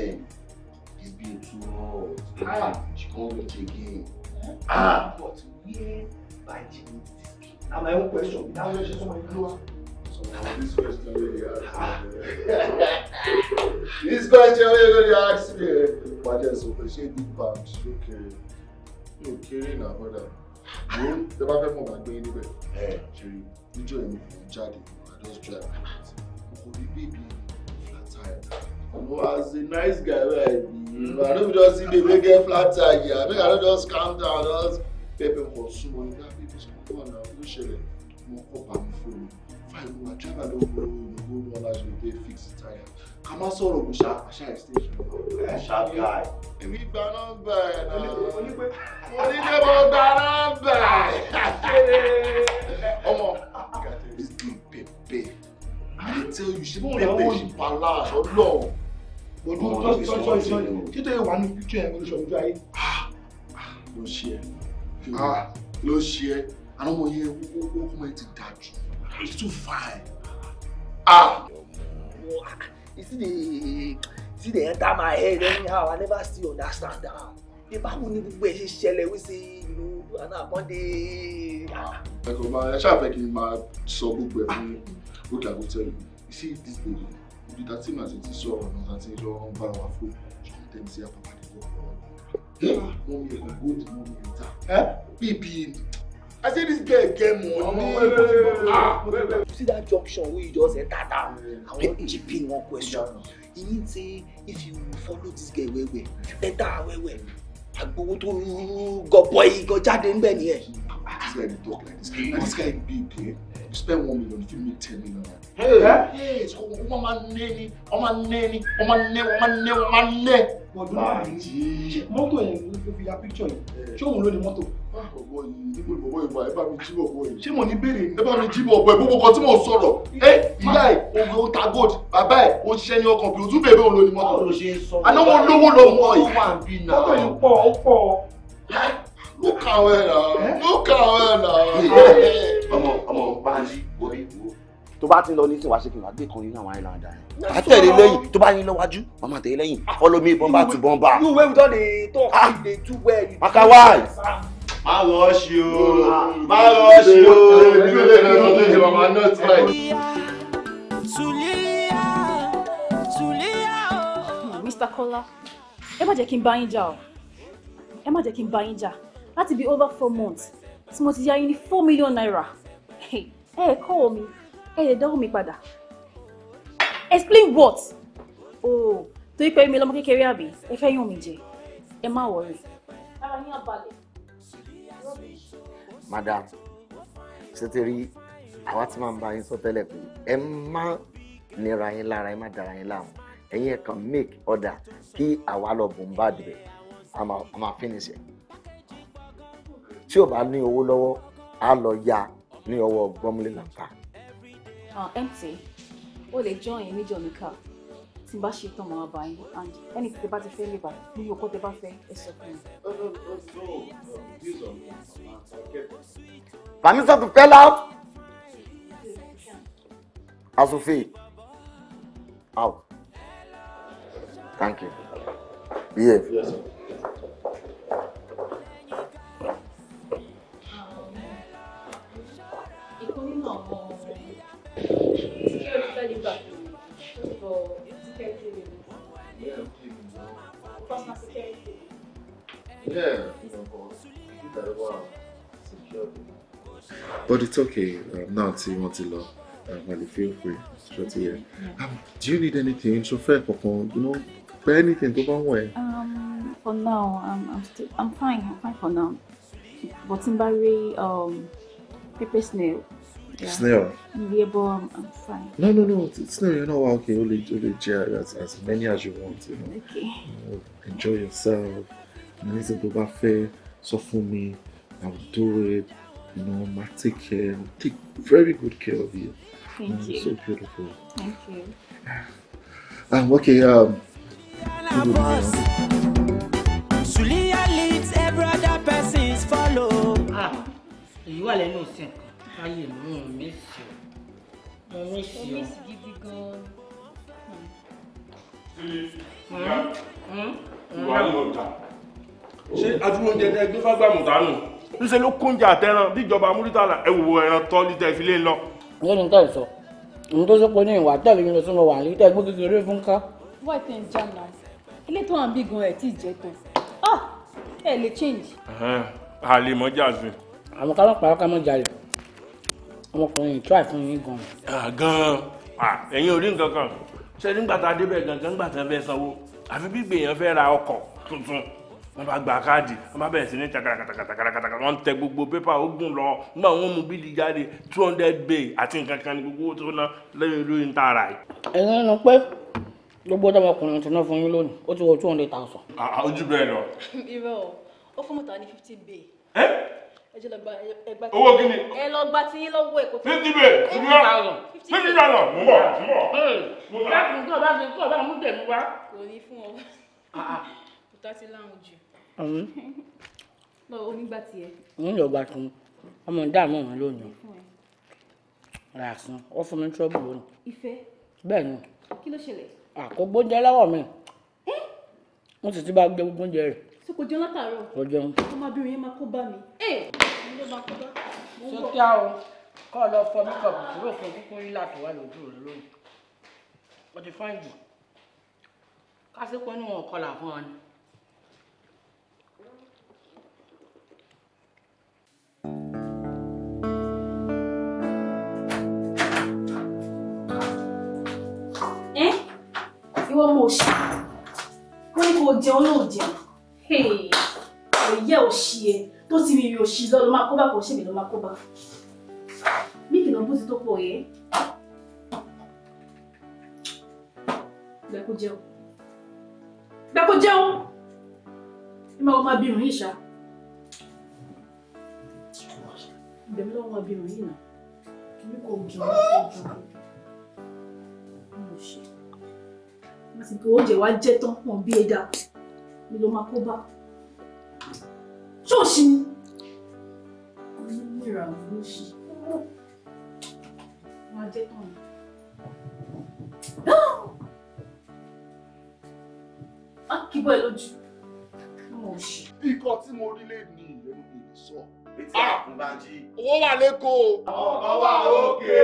ibi too hot ah she come wait again eh? ah but where by the And my own question, Now mentioning someone in Lua. This question wey you ask This question wey you ask me. But ẹ̀sùn pé ṣé big bang ṣé kéré? Yóò kéré náà bọ́dà. Yóò tẹ bá fẹ́ fún ọ̀gá gbé níbẹ̀. Ṣé níjọ́ yẹn mo I just drive. Kò rí baby, flat tire. No, as a nice guy wey I don't just see baby get flat tire here. Make I don't just calm down, just pay for small. You gats come on now, no shele. Mo up am phone. Fine, mo travel don go go go dollars we dey fix tire. Ká má sọ̀rọ̀ mo ṣá àṣà ìstéṣin. Ẹ ṣá guy. Èmi gba nọ́mbà ẹ̀ náà. Mo ní pé mo gba nọ́mbà ẹ̀. Ọmọ, this thing pepper. I tell you, she pepper she balance ọlọ́run. Gbogbo tọ́jú tọ́jú tọ́jú títọ́ ìwà ní píkṣọ̀ yẹn ló ṣọ̀jú ayé. Ah, ah, ló ṣe ẹ́. Ló ṣe ẹ́. I don't want to hear who who who dà jù it's too fine. Ah. Is it the is it the enter my head anyhow I never still understand that. The am. Bí báwo ni gbogbo ẹ̀ ṣe ṣẹlẹ̀ wí sí ìlú Anábọ́ndé? Ẹ kò máa ẹ ṣáà fẹ́ kí n máa sọ gbogbo ẹ̀ fún Rúkì Àgùntẹ́lù. You see this baby, ibi tàtí màá ti ti sọ ọ̀nà tàtí lọ ń bá wa fún ṣàtẹ́ni sí apapàdé wọ̀. Wọ́n mi ò gbọ́dọ̀ mọ́ mi ò ta. Bíbí I say this girl get money. Oh, ah, you see that junction where you just enter down? I wan chip one question. He mean say if you follow this girl well well, if you enter her well well, I go to go boy, go ń bẹ nìyẹn. This guy dey talk like this. this guy big eh? You spend one million, you fit make ten million. Hey, hey, so ọmọ ma nẹ ni, ọmọ nẹ ni, ọmọ nẹ, ọmọ ọdún márùn-ún mọ́tò yẹn ló fi ya picture yìí ṣé òun ló ní mọ́tò. ọ̀bọ yìí níbo ni bọ̀bọ̀ ẹ bá mi jí bọ̀bọ̀ yìí. ṣé mo ní béèrè ni. ẹ bá mi jí bọ̀bọ̀ yìí gbogbo kan tí mò sọ̀rọ̀ ẹ ìyá ẹ o ta gold bàbá ẹ o ṣiṣẹ́ ní ọkàn bí o tún bèbè òun ló ní mọ́tò. ọ̀rọ̀ ṣe ń sọ. àná wọn lówó mọ yìí. mọ́tò yìí pọ̀ ó pọ̀. ló kàwé náà ló ọmọ ọmọ bá a ní a tẹ̀lé lẹ́yìn tó bá yín lọ́wájú wọ́n máa tẹ̀lé lẹ́yìn follow me bọ́mbà tù bọ́mbà. you wey we don dey talk we dey do well. maka why. má wọ ṣe o ah. má wọ ṣe o Mr. Kola ẹ má jẹ́ kí n bá yín jà o ẹ má jẹ́ kí n bá yín jà láti bí over four months tí mo ti yá yín ní four million naira ẹ ẹ kọ́ mi ẹ lè dánwò mi padà explain what. oh do you pay me kékeré àbí ẹ fẹ́ yàn mí jẹ ẹ má wọrí. madam ṣé ti rí àwa tí máa ń bá yín sọ tẹ́lẹ̀ pé ẹ má nira yín lára ẹ má dara yín láàmú ẹ̀yin ẹ̀ kàn make order kí àwa lọ bùn bá dìbẹ̀ a finish ẹ̀ tí ò bá ní owó lọ́wọ́ a lọ ya ní ọwọ́ o lè join ní jọ̀nìkà tí n bá ṣe tán màá bá yín and ẹni tí bá ti fẹ́ lè bá yín yóò kọ́ tẹ bá fẹ́ ẹ sọ fún mi. Permission to fell out. Asofe out. Thank you. Behave. Yes, sir. for security reasons. Yeah, Personal security. Yeah, of course. Very well. But it's okay. Um, now, tí wọ́n ti lọ, um, well, feel free. Sure to hear. Um, do you need anything? Chauffeur, you know, buy anything to one way. Um, for now, um, I'm still, I'm fine. I'm fine for now. But um, pepper snail. Yeah. It's No, no, no. It's not. You're not know, okay. Only, only chair as, as many as you want. You know. Okay. You know, enjoy yourself. Anything tó bá fẹ́ sọ fún mi, I will do it. You know, I'll take care. I'll take very good care of you. Thank um, you. So beautiful. Thank you. Ah, um, okay. Um. Sulia leads every other person's follow. Ah, you are no sense ayé mi ò mẹ́sì ọ́ mo mẹ́sì ọ́. mo mẹ́sì gidi gan-an. Hmm? Hmm? Hmm? ìwà ń lọ ta ṣé oh. adúlọ oúnjẹ tẹ gbé fágbàmù dànù níṣẹ́ ló kóúnjẹ àtẹran bíjọba múrítàlà ẹ̀wò ẹran tọ́ lítẹ̀ ìfilé ńlọ. lẹ́nu tẹ̀ sọ ohun tó sọ́pọ̀ ní ìwà tẹ̀lé yín lọ sínú wà ní tẹ̀ gbé kékeré fún ká. wọ́n ti ń jà náà ilé tó hàn bí gan ẹ̀ tí ì jẹ́ tán ah! ẹ lè change. àlè mọ́ jà sí. àwọn ká má pàrọ̀ ká má jalè ọmọkùnrin yìí try fún yín gan. Ah, gan ah, ẹ̀yin ò rí nǹkan kan ṣe nígbà tá a débẹ̀ gangan nígbà tá a fẹ́ sanwó àfi bí gbèyàn fẹ́ ra ọkọ̀ tuntun wọn bá gba káàdì wọn bá bẹ̀rẹ̀ sí ní takarakatakarakataka wọn tẹ gbogbo pépà ogun lọ nígbà wọn mú bíi jáde two hundred bay àti nǹkan kan ní gbogbo tó ná lẹ́yìn lóyún tá a rà yìí. ẹ̀yin ló pé gbogbo ọdọmọkùnrin tí náà fún yín lónìí ó ti wọ two hundred thousand. ojú bẹ́ẹ̀ lọ. irọ́ ó fún mọ́tò ní fifteen bay owó kí ni. ẹ lọ gba ti yín lọ́wọ́ ẹ̀ kó tó. fifty bay fifty thousand fifty thousand mo bọ̀ mo bọ̀. láti nǹkan bá ṣe kọ́ bá mú tẹ̀mí wá. kò ní fún ọ kùtà ah, ah. ti láwọn jù. lọ onígbà tiẹ̀. mo ń lọ gba tun ọmọ ń dààmú òun lónìí làásán ó fún mi trọ́bù lónìí. ìfẹ́. bẹ́ẹ̀ ni. kí ló ṣẹlẹ̀. àkógbó jẹ́ lọ́wọ́ mi mo sì ti bá gbé gbóúnjẹ rẹ̀ ṣé kò jẹun látàárọ̀. kò jẹun. ọmọbìnrin yẹn máa kó bá mi. ẹ ló máa kó bá. sókè àwọn kọ́ ọ lọ fọ mékọ̀pù kúrò fún kúkú rí láti wá lójú rẹ lónìí wọ́n ti fọ́n jù kásìkò ní wọn kọlà fún ọ ni. ẹ ìwọ mo ṣe wọn ni kò jẹun lóò jẹun. Hey, òṣì ẹ tó ti rí rí òṣì lọ ló máa kó bá kò ṣe mí ló máa kó bá mí kìlọ̀ bó ti tó pọ̀ yẹ. gbẹ́kú jẹun gbẹ́kú jẹun ẹ máa máa bí irun yìí ṣá ìgbẹ̀mí lọ́wọ́ máa bí irun yìí náà torí kò jọ kò jọ kò jọ mo ṣe wọ́n ti gbé oúnjẹ wa jẹ́ tán mi ló máa kó bá ṣọ́ọ̀ṣì ni ìrà òfin ṣe wọ́n á jẹ́ tán ni. a ah! kì í bọ́ ẹ lójú mo ò ṣe. ikọ̀ tí mo rí lè ní ìlẹ́nu mi lè sọ. owó wà lẹ́kọ̀ọ́. ọmọ wa òkè.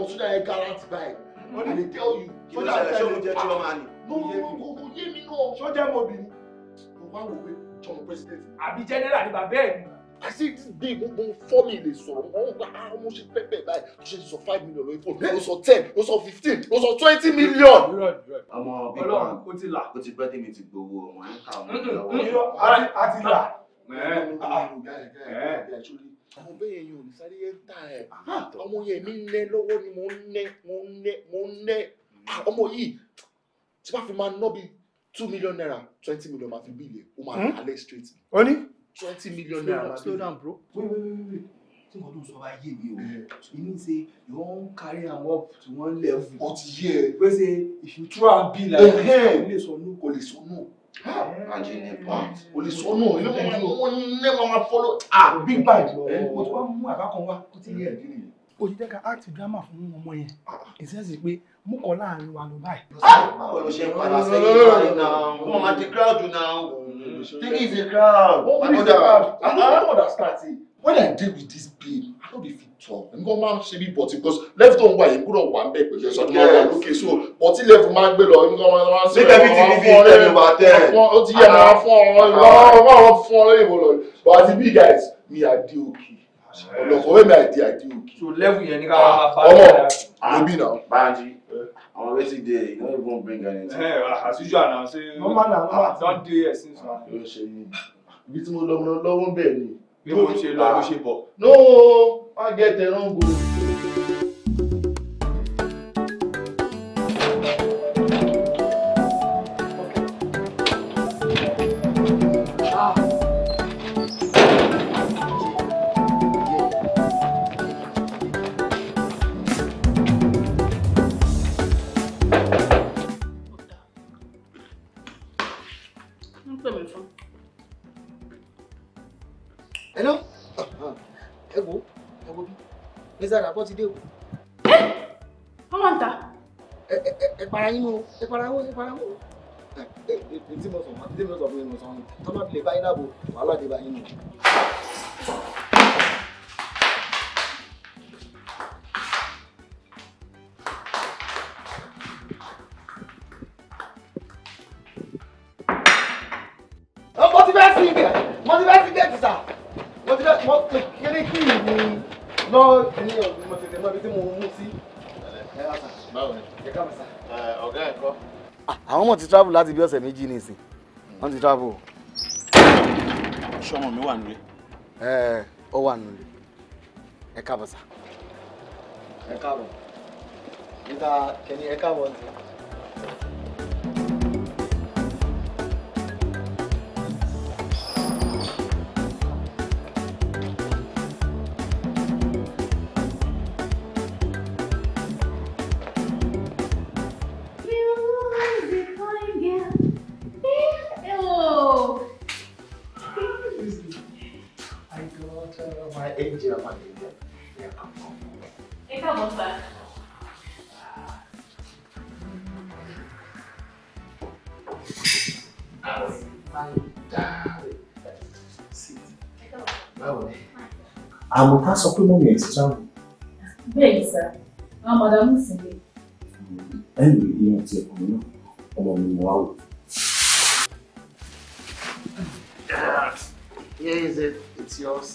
ọmọ sójà yẹn garanti báyìí wọ́n lè tell you. so that ṣẹlẹ̀ show you jẹ́ tí wọ́n No, no, gbogbo yé mi me, ṣó Show them what we, mo wá wò pé jọmọ president. be general ni be ẹ̀ I see this big mo fọ́ mi lè sọ̀rọ̀ mo ń gba ah mo ṣe pẹ́pẹ́ báyìí mo ṣe sọ five million lórí fóònù mo sọ ten mo sọ fifteen mo sọ twenty million. ọmọ bíbá ó ti là ó ti pẹ́ tèmi ti gbowó ọmọ yẹn ká ọmọ yẹn lọ́wọ́. a yeah, là àwọn bẹ́ẹ̀ yẹn yóò ní sáré yẹn tà ẹ̀ ah, ah, ọmọ yẹn mi ń nẹ́ lọ́wọ́ ni mo ń nẹ́ mo ń nẹ́ mo ń nẹ́ hmm. ah, ọmọ yìí tí bá fi máa ná bíi two million naira twenty million máa fi bí ilé ó máa lálẹ́ hmm? straight. ó twenty million naira máa fi bí ilé. bro. wait wait wait wait tí wọn tún sọ bá yé mi o you mean say you wan carry am up to one level. ó ti yé ẹ. pé say if you throw am be like. ẹ ẹ ẹ lè sọ no kò lè sọ no and ah, eh. you need point olùsọ́nù inú mi dùn ó ní mama follow ah big bad eh, eh. o ti wá mú àbá kan wá ó ti yẹ ẹ̀dí nìyẹn. o ti tẹ́ka act drama fún ọmọ yẹn ìsẹ́sì ah. pé mú kọ́ láàrin wa ah! ló báyìí. olùṣe ń padà sẹ́yìn báyìí náà wọ́n máa di crowd náà take it as a crowd. what is the crowd? i don't understand. when i dey with this babe ó lè fi tọ̀ nǹkan máa ń ṣe bí bọ̀tì because level tó ń wà yìí gbúdọ̀ wà bẹ́ẹ̀ pẹ̀lú ẹ̀sọ́ tó máa wà lókè so bọ̀tì level máa ń gbé lọ nǹkan máa ń sọ ẹ̀ ó ti yẹ máa fún ọ̀rọ̀ ìwà ọ̀rọ̀ fún ọ̀rọ̀ ìwò lọ but as e be guys mi àdé òkè ọ̀lọ́kọ̀ wẹ́mi àdé àdé òkè. so level yẹn ní ká máa bá ọmọ òbí náà. báyìí àwọn wetin dey you no even bring anything. Eh, as usual na say No man, na normal don dey ẹ̀ since ah, now. ibi tí mo lọ mo lọ́wọ́ bẹ́ẹ̀ ni. bí mo ṣe lọ mo ṣe bọ̀. no Why get the wrong go? Hello? mr dapò ti dé o. ẹ ọmọ ń ta. ẹ ẹ ẹ para yín o ẹ eh, para yín o ẹ para yín o ètí mo sọ fún mi mo sọ fún mi tọ́lá tilẹ̀ báyìí dáàbò wàhálà dé báyìí nù. tí mo mú sí. báwo ni. ẹ káàbọ̀ sá. ọ̀gá ẹ̀ kọ́. Ah, àwọn ọmọ ti travel láti bí ọ̀sẹ̀ méjì nìsín wọ́n ti travel. ṣọmọ mi wà nílé. ẹ ọ wà nílé ẹ káàbọ̀ sá. ẹ káàbọ̀ níta kẹ́ni ẹ káàbọ̀ ní. á sọ pé mọ́mí ẹ̀ ti travel. bẹ́ẹ̀ ni sá àwọn màdàmú sì ni. ẹnu ìyẹn ti ẹ̀kọ́ mi náà ọmọ mi mo wá Here is it. It's yours.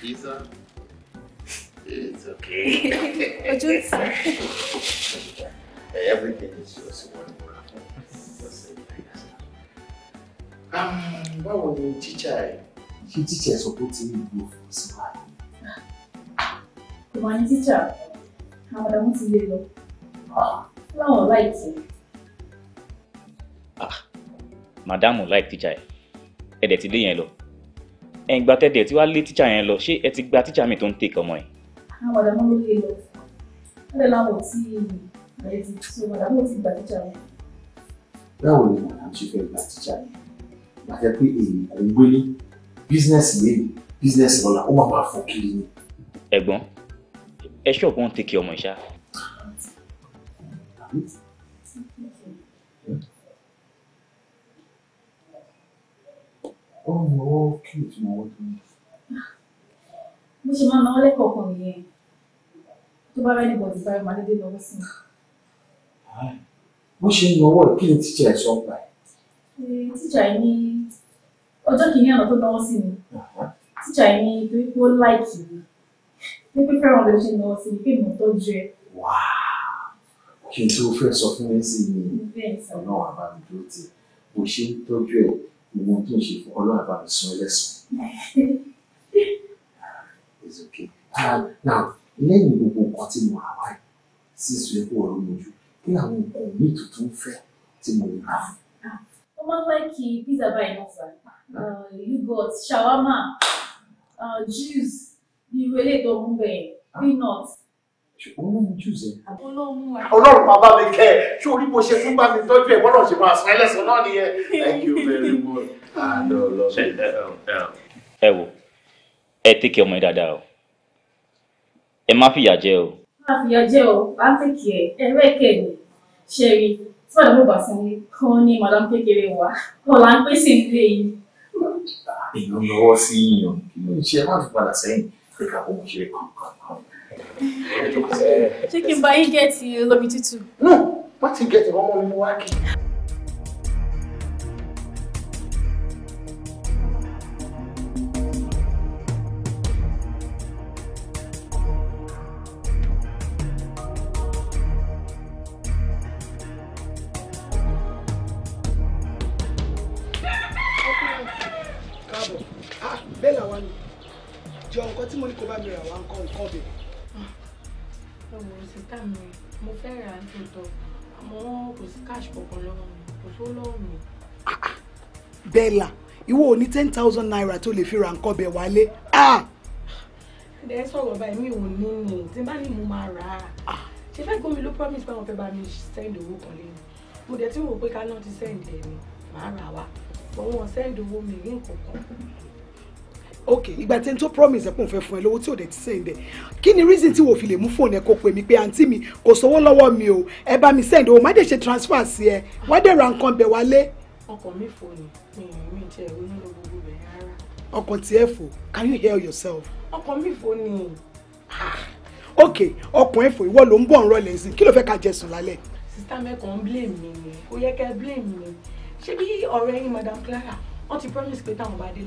Pizza. It's okay. Ojú ń Everything is yours. Um, báwo ni tíṣà ẹ̀? Ṣé tíṣà ẹ̀ sọ pé ó ti ń gbó fún sí báyìí? ìwà ní tíṣà àwọn ọ̀dọ́ ti lè lọ láwọn láì tì. màdámù láì tíṣà ẹ ẹ dẹ̀ ti lé yẹn lọ ẹ ń gba tẹ́tẹ̀ tí wàá lé tíṣà yẹn lọ ṣé ẹ ti gba tíṣà mi tó ń tèkọ́ mọ́ ẹ. àwọn ọ̀dọ́ ló lè lọ wọ́n lè láwọn ò tí ì so màdámù ò tí ì gba tíṣà wọn. báwo ni màdámù ṣe fẹ́ gba tíṣà yẹn gbàtẹ́ pé èyí kò ń gbélé bísínẹ́sì lé bísínẹ́sì lọ́la ó wà máa fọ́ kiri ni. ẹ̀gbọ́n ẹ ṣọ́ gan take ọmọ ìṣá. mo ṣe máa ń náwó lẹ́kọ̀ọ̀kan nìyẹn tó bá rẹ́ni bọ̀dì báyìí máa dédé lọ́wọ́ sí i. bó ṣe ń náwó kí ni tíjà ẹ̀ sọ pa ẹ̀. tíjà ẹ̀ ní ọjọ́ kìíní àná tó náwó sí mi tíjà ẹ̀ ní torí pé ó láìkì mi ní pípẹ́ ọ̀rọ̀ ṣe lọ sí fíìmù tó jẹ. kí n tó fẹ́ sọ fún mi sí ni ọ̀nà àbámi dúró ti bó ṣe ń tọ́jú ẹ̀ ìwọ tó ń ṣe fún ọlọ́run àbámi sun ẹlẹ́sùn. it's okay. Uh, now lẹ́yìn gbogbo nǹkan tí mo rà wáyé sí ìṣúlẹ̀ kó ọ̀rọ̀ mi jù kí àwọn nǹkan mi tuntun fẹ́ tí mo rà fún. Ah. Uh, shawarma uh, juice irú eléyìí tó ah. mú bẹ́ẹ̀ peanut. olóhùn jùzẹ. olóhùn wa. ọlọ́run máa bá mi kẹ́ ẹ ṣé orí mo ṣe fún bá mi tọ́jú ẹ̀ bọ́lọ̀ ṣe máa sọ ẹlẹ́sìn náà nìyẹn. thank you very much. ẹ wo ẹ tẹ́kẹ̀ ọmọ yẹn dáadáa o ẹ má fìyà jẹ o. má fìyà jẹ o bá ń tẹ̀kẹ̀ ẹ rẹ́kẹ̀ ni ṣe rí fún ẹ̀rọ bá fún mi kán ní madam kékeré wa kọ́ la ń pèsè ilé yìí. èèyàn lọ́wọ́ sí yíyan kí ló ń ṣe má fi padà sẹ́yìn pé káwọn mo ṣe kankan. ṣé kí n bá yín gẹ̀ẹ́tì olómi no what he gets, ọmọ mi wá kí. sí ah, ah. Bella ìwọ ò ní ten thousand naira tó lè fi ra nǹkan bẹ̀ wálé. Ah! ẹ sọ̀rọ̀ báyìí mi ò ní ní tí bá ní mo máa rà á ṣe fẹ́ gómi ló promise pé àwọn fẹ́ bá mi send owó kan lẹ́nu mo dẹ̀ tí mo rò pé ká náà ti send ẹ̀ mi màá rà wá but wọn send owó mi rí nǹkan kan. Okay, ìgbà tí n tó promise ẹ pé òun fẹ́ fún ẹ lówó tí ò dẹ̀ ti sẹ́yìn dẹ̀ kí ni reason tí wò fi lè mú fóònù ẹ kó pè mí pé àǹtí mi kò sówó lọ́wọ́ mi o ẹ bá mi send o má dẹ̀ ṣe transfer sí ẹ wá dẹ̀ ra nǹkan bẹ̀ wálé. ọkọ mi fò ní mi mi jẹ onílò gbogbo rẹ rárá. ọkọ tí ẹ fò can you hear yourself. ọkọ mi fò ní. ok ọkùn ẹ fò ìwọ ló ń bọ̀ ń rọlẹ̀ sí kí ló fẹ́ ká jẹ sùn lálẹ́. sista mẹ́kàn blame mi ni kò blame mi ṣé bí ọ̀rẹ́ yín Clara wọ́n promise pé táwọn bá dé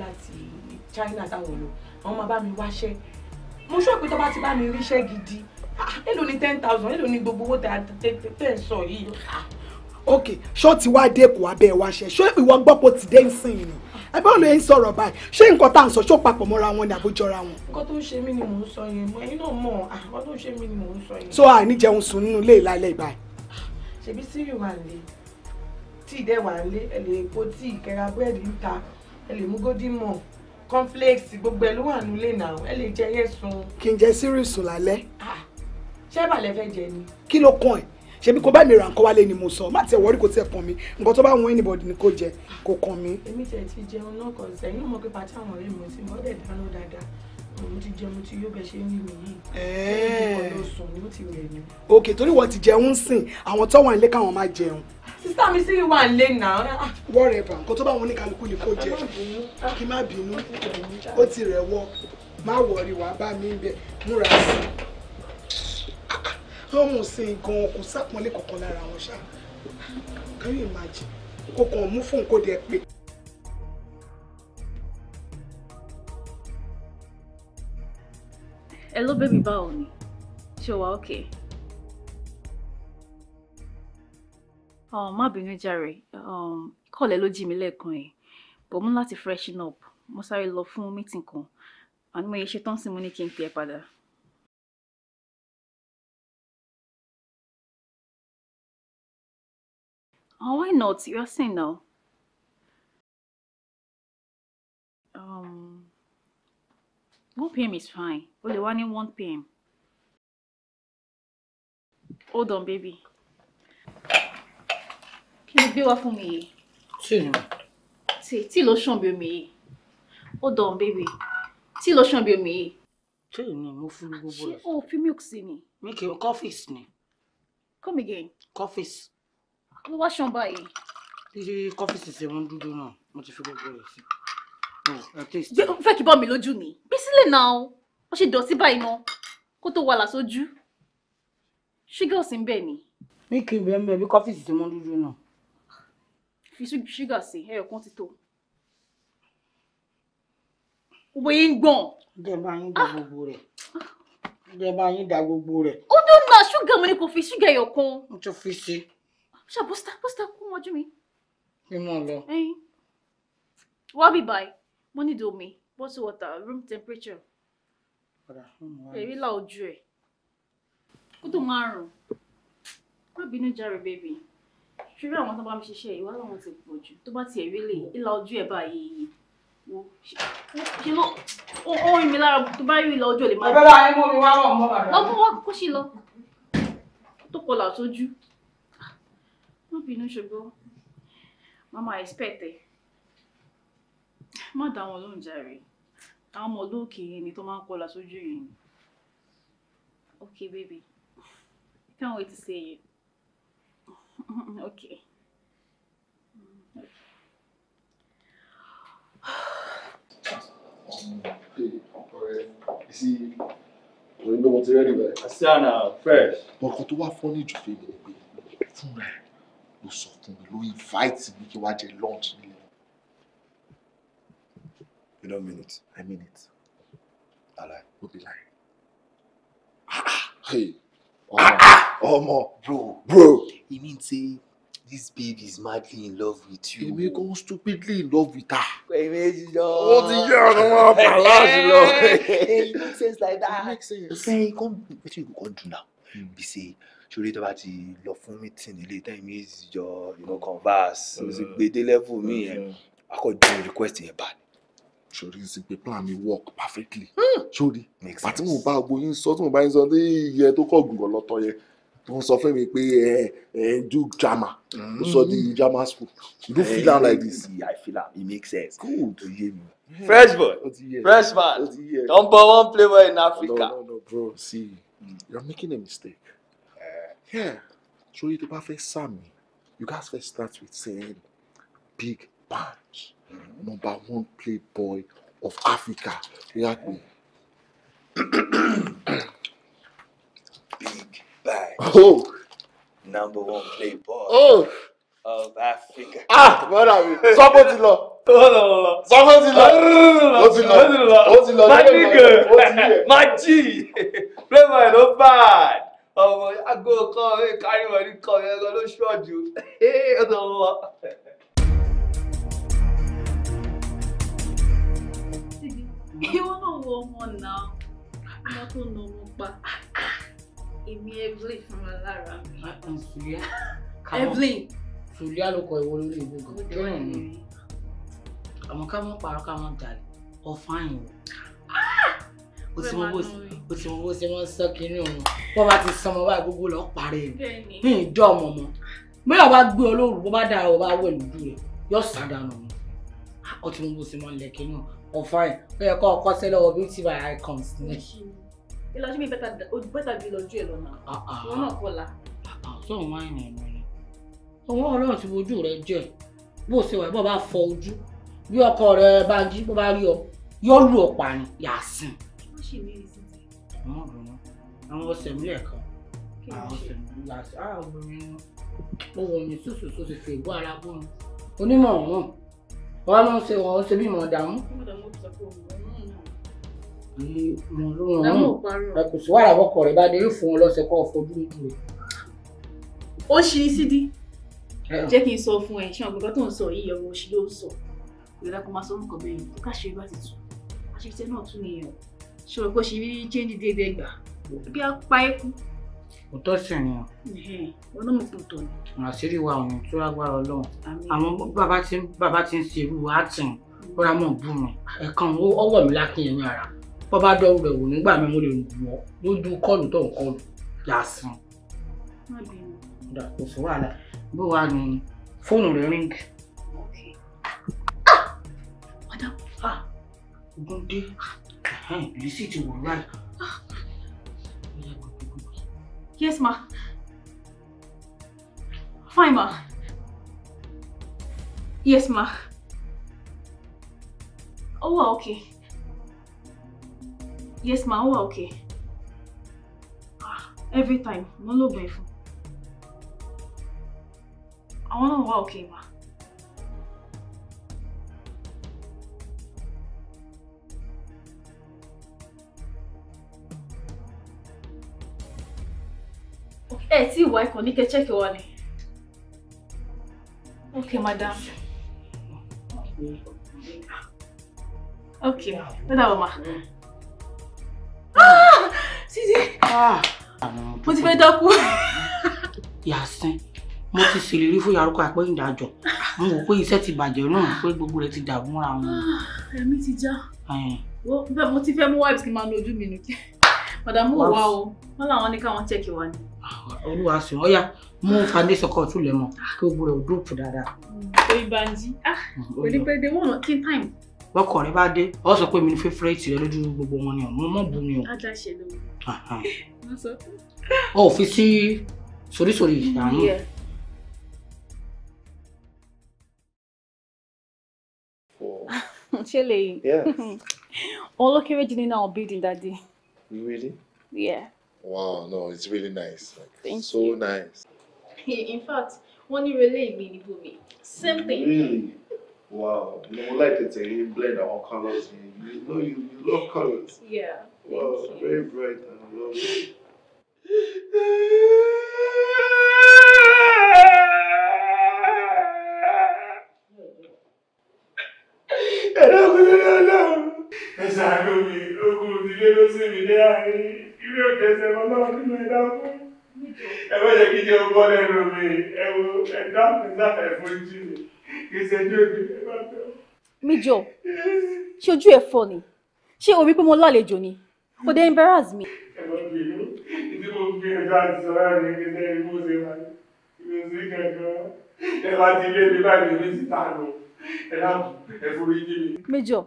China táwọn lò àwọn máa bá mi wáṣẹ́ mo sọ pé tó bá ti bá mi ríṣẹ́ gidi ah, èló ni ten thousand èló ni gbogbo owó tẹ̀ ń sọ yìí. Ah. ok ṣó ti wá dé kó abẹ́ wáṣẹ́ ṣó ìwọ gbọ́ pé ó ti dé ń sìn ni ẹ bá olóye ń sọ̀rọ̀ báyìí ṣé nǹkan tá à ń sọ ṣó papọ̀ mọ́ra wọn ni àbójọra wọn. nǹkan tó ń ṣe mí ni mò ń sọ yẹn mọ ẹyin náà mọ ah, nǹkan tó ń ṣe mí ni mò ń sọ yẹn. so àìní jẹun sùn nínú ilé ìlàlẹ̀ ìbáyìí. ṣèbí sírì wà lé tí ìdẹ́wà lé ẹ lè po tí ìkẹra búrẹ́dì ń ta ẹ lè mú gódì mọ̀ cornflakes gbogbo ẹ ló wà nílé náà ẹ lè jẹ yẹn sun. kí n jẹ sírìsù lálẹ́. Ah, ṣé bàlẹ́ fẹ́ jẹ ni. kí ló kàn ẹ́ ṣebí kó bá mi ra nǹkan wálé ni mo sọ má tiẹ̀ wọ́rí kò tiẹ̀ kàn mí nǹkan tó bá wọn anybody ni kò jẹ kò kàn mí. èmi tẹ̀ ti jẹun náà kàn sẹ́yìn mọ̀ pé pàtí àwọn ọ̀rẹ́ mi ti mọ́ dẹ̀ dáná dáadáa mo ti jẹun tí yóò bẹ ṣe ń rí mi yìí. ẹ̀ẹ́dẹ̀ẹ́dẹ̀ ló sùn ló ti rẹ̀ mí. òkè torí wọ́n ti jẹun sìn àwọn tó wà nílé káwọn máa jẹun sísá mi sí wà lé náà. wọ́ọ̀rọ̀ ẹ̀bà nǹkan tó bá wọn oníkálukú ni kò jẹ́ kí má bínú ó ti rẹ̀ wọ́ má wọ̀rí wàá bá mi bẹ̀ múra sí i. ọmọ òsìn gan kò sápọ́nlé kankan lára wọn ṣá can you imagine kò kàn mú fún nǹkó dẹ̀ pé. hello baby báwo ni ṣé o wà okay. má bínú jàre kọ́lẹ̀ ló jí mi lẹ́ẹ̀kan yìí bọ̀ mú láti freshen up mo sáré lọ fún meeting kan àní mo yẹ ṣe tán sí mo ní kí n pè é padà. Oh, why not? You're saying now. Um, 1 p.m. is fine. Only one in 1 p.m. Hold on, baby kí ló gbé wá me. mi yìí. tí ni. tí tí ló ṣàn bí omi yìí hold on baby tí ló ṣàn bí omi yìí. tí ni mo fún mi gbogbo rẹ. ṣé o fi milk sí ni. mi kì í coffees ni. come again. coffees. ló wá ṣàn báyìí. títí coffees ṣe mú dúdú náà mo ti fi gbogbo rẹ sí. Oh, fẹ́ kí bọ́ mi lójú ni bí sílẹ̀ náà ó ṣe dọ̀tí báyìí náà kó tó wà lásójú ṣígọ́ọ̀sì ń bẹ̀ ni. mi kì í bẹ́ẹ̀ mẹ́ẹ̀ bí coffees ṣe mú dúdú fi ṣúgà sí ẹyọ kan ti tó gbogbo yín ń gbọ̀n. ìjọba yín da gbogbo rẹ̀ ìjọba yín da gbogbo rẹ̀. ó tó na ṣúgà mo ni kò fi ṣúgà ẹyọ kan. mo tún fi ṣe. ṣá bọ́sítà bọ́sítà kú wọn jú mi. mi mọ̀ lọ. wọ́n bì báyìí mo nídìí omi bottle water room temperature èyí là ojú ẹ̀ kó tó máa rùn má bínú jàre bèbí ṣùgbọ́n àwọn tó bá mi ṣiṣẹ́ ìwà làwọn ti pọ̀ jù tó bá tiẹ̀ rí lè ìlà ojú ẹ̀ báyìí ṣe ló ó rìn mí lára tó bá rí ìlà ojú ẹ̀ lè má. ọ̀bẹ bá yẹn mú mi wá wọ̀ mọ́ bàbá. lọ́mú wá kó ṣe lọ tó kọlà sójú má bínú ṣùgbọ́n màmá expect ẹ̀ má dá wọn lóhùn jàre àwọn ọmọ olóòkè yẹn ni tó máa ń kọlà sójú yẹn ok baby can't wait to see you. Okay. Hey, you see, ti rẹ́rì bẹ̀rẹ̀. Asiana fresh. Bọ̀kọ̀ tó wá fún But ìjùfẹ́ mi ni pé fúnra ẹ̀ ló sọ fún mi ló invite mi kí wá jẹ lunch nílé. You don't mean it. I mean it. Àlàyé. Ó bí láyé. Hey. Ah, ah! ọmọ bro bro e mean say this baby is madly in love with you. èmi go stupidly in love with her. èmi jọ. ó ti yẹ ọ̀nà wọn pa láti lọ. it makes sense like that. makes sense. ṣe kàn wetin you go do now hmm. be say ṣòro tó bá ti lọ fún meeting ilé time méjì your you know converse hmm. gbèdé level mi yẹn hmm. akọ ju request yẹn bad sori n sì pé plan mi work perfectly sori hmm. àti mo bá agbo yín sọ tí mo bá yín sọ ní iye tó kọ gùn lọ́tọ̀ yẹn tó ń sọ fún mi pé ẹ ẹ do drama ó sọ di hmm. drama school do feel am like this. i feel am e make sense. cool to hear me. fresh boy fresh man number one player in africa. no no no bro see you are making a mistake. Uh, yeah. sori tó bá fẹ́ sá mi you gats first start with saying big punch. Hmm number one playboy of Africa. React me. Big bag. Oh. Number one playboy oh. of Africa. Ah, brother mi, sọ́kò ti lọ. Sọ́kò ti lọ. Ó ti lọ. Ó ti lọ. Má ní gẹ̀. Má jì. Playboy no bad ọmọ ago kan kárí wọn ní kan yẹn lọ lóṣù ọjọ ọdọ wọn. ìwọ náà wo ọmọ náà ọmọ tó na ọmọ pa èmi evelyn fúnra lára mi. Ah, ah, sùlíà evelyn. sùlíà ló kọ ìwọ lórí ìwé gan jọyìn ni àmọ́ ká mọ pààrọ̀ ká mọ jalè ọfà yìí o ah! ti mọ bó o ti mọ bó ṣe wọn sọ kínní òun wọn bá ti sọmọ báyìí gbogbo lọ parẹ́ ni ní ìjọ ọmọ mọ bóyá ọba gbé olóòrùn bó bá dára ọba wẹlú dùn rẹ yóò sá dànù ọtí mo bó ṣe máa ń lẹkẹ náà I'm fine ó yẹ kó o kọ́ sílẹ̀ wọ beauty by icons ni. ìlọsí mi bẹ́tà ju ìlọjú ẹ̀ lọ́nà òun náà ah, ah, kọ́ la. sọ wọn wáyé ẹnu ni ọwọ́ ọlọ́run ti wojú rẹ jẹ bó o ṣe wà bó o bá fọ ojú bí ọkọ rẹ bá jí bó bá rí ọ yóò lù ọ pa ni yà á sìn. ọmọ ìgbọ̀nà àwọn ọ̀sẹ̀ mílẹ̀ kan àwọn ọ̀sẹ̀ mílẹ̀ àwọn ah, obìnrin ohun ìsúsù tó ti fègbọ́ ara bọ́ọ̀n onímọ̀ ọ̀hún wọn máa ń ṣe wọn ṣe bí ìmọ̀ ọ̀dààmú. ìmọ̀ ló ràn án kò sí wàrà wọkọ̀ rẹ̀ bá dé yóò fún wọn lọ́sẹ̀ kọ́ fojú nínú rẹ̀. ó ṣí sídi jẹ́ kí n sọ fún ẹ ṣé ọ̀gbìn kan tó ń sọ yìí ọ̀rọ̀ òṣì ló ń sọ ìrora kò máa sọ nǹkan bẹ́ẹ̀ kó ká ṣe bá ti tù àṣìṣe náà tún nìyẹn ṣòro ṣe rí chéńdì déédéé gbà bí a pa eku òótọ́ sì ni ọ. olómùkùtò ni. àṣírí wa òun tó lágbára ọlọ́run àwọn bàbá tí bàbá tí ń ṣerú wa tì ń rọra mọ̀ bú mi ẹ̀kan ọwọ́ mi lákìn ẹ̀yìn ara bọ́ bá dọ́rù rẹ̀ wò nígbà mi mo lè lù ọ́ lójú kọ́ọ̀lù tó ń kọ́ọ̀lù lásán. kò sí wàhálà bó wàá ní fóònù rẹ̀ ríngì. Ah! Ah! ogun dé lè sì ti wò láì. Yes, ma. Fine, ma. Yes, ma. Oh, okay. Yes, ma. Oh, okay. Ah, every time, no lo I want to walk, okay, ma. ẹ tí ìwà ikọ̀ ní check wa ni. Okay, madam. Okay, madam. ok ó dàbọ̀ ma. Ah, Sisi. Ah. Mo ti fẹ́ dákú. Yàsín, mo ti ṣèlérí fún Yarúkọ àpẹ́ ìdájọ́. Mo wò pé iṣẹ́ ti bàjẹ́ náà pé gbogbo rẹ̀ ti dààmú ra wọn. Ah, ẹ̀mí ti já. Mo ti fẹ́ mú wipes kí n máa nu ojú mi nù kí. Màdàmú wà o, wọ́n làwọn ní káwọn check wa ni olúwa sùn ọyá mú foundation kan tún lẹ̀ mọ́ kí o gbúdọ̀ group dáadáa. oyin banji ah mm, kò ní pẹ́ dé wọ́n náà kí n time. bọ́kọ̀ rẹ bá dé ọ sọ pé mi ni favourite rẹ lójú gbogbo wọn ni mo mọ̀ bu ni o. ajá ṣe lóore. ọ fi sí sorísorí ìdáhùn. ṣe lè yìí. olókèrè jí nínú our building that day. really? yeah wow no it's really nice like, thank so you nice in fact when you relé me ní bùnmi same thing really wow you know like it you eh? blend all colors eh? you know you, you love colors yeah wow thank very bright and lovely ẹ̀rọ kúndínlẹ́lọ́ ẹ̀sán lómi ogun òdìlé ló sì mí dé àárín ilé òkè ẹsẹ̀ ọlọ́run nínú ẹ̀dá fún ẹ bá jẹ́ kí jẹ́ ọgbọ́n lẹ́nu mi ẹ ẹ̀dá fún náà mi kì í ṣe ní òbí ẹ bá tẹ̀. Méjọ ojú ẹ fọ́ ni ṣé o rí pé mo lálejò ni o dey embarrass me. ẹ bá bí ìdí mo gbé ẹjọ́ àti sọ̀rọ̀ mi ní ilé ìwé ṣe wà ní ìrẹsì kankan ẹ bá ti lé mi báyìí mi ti tà lọ ẹ dákun ẹ forí mi. Méjọ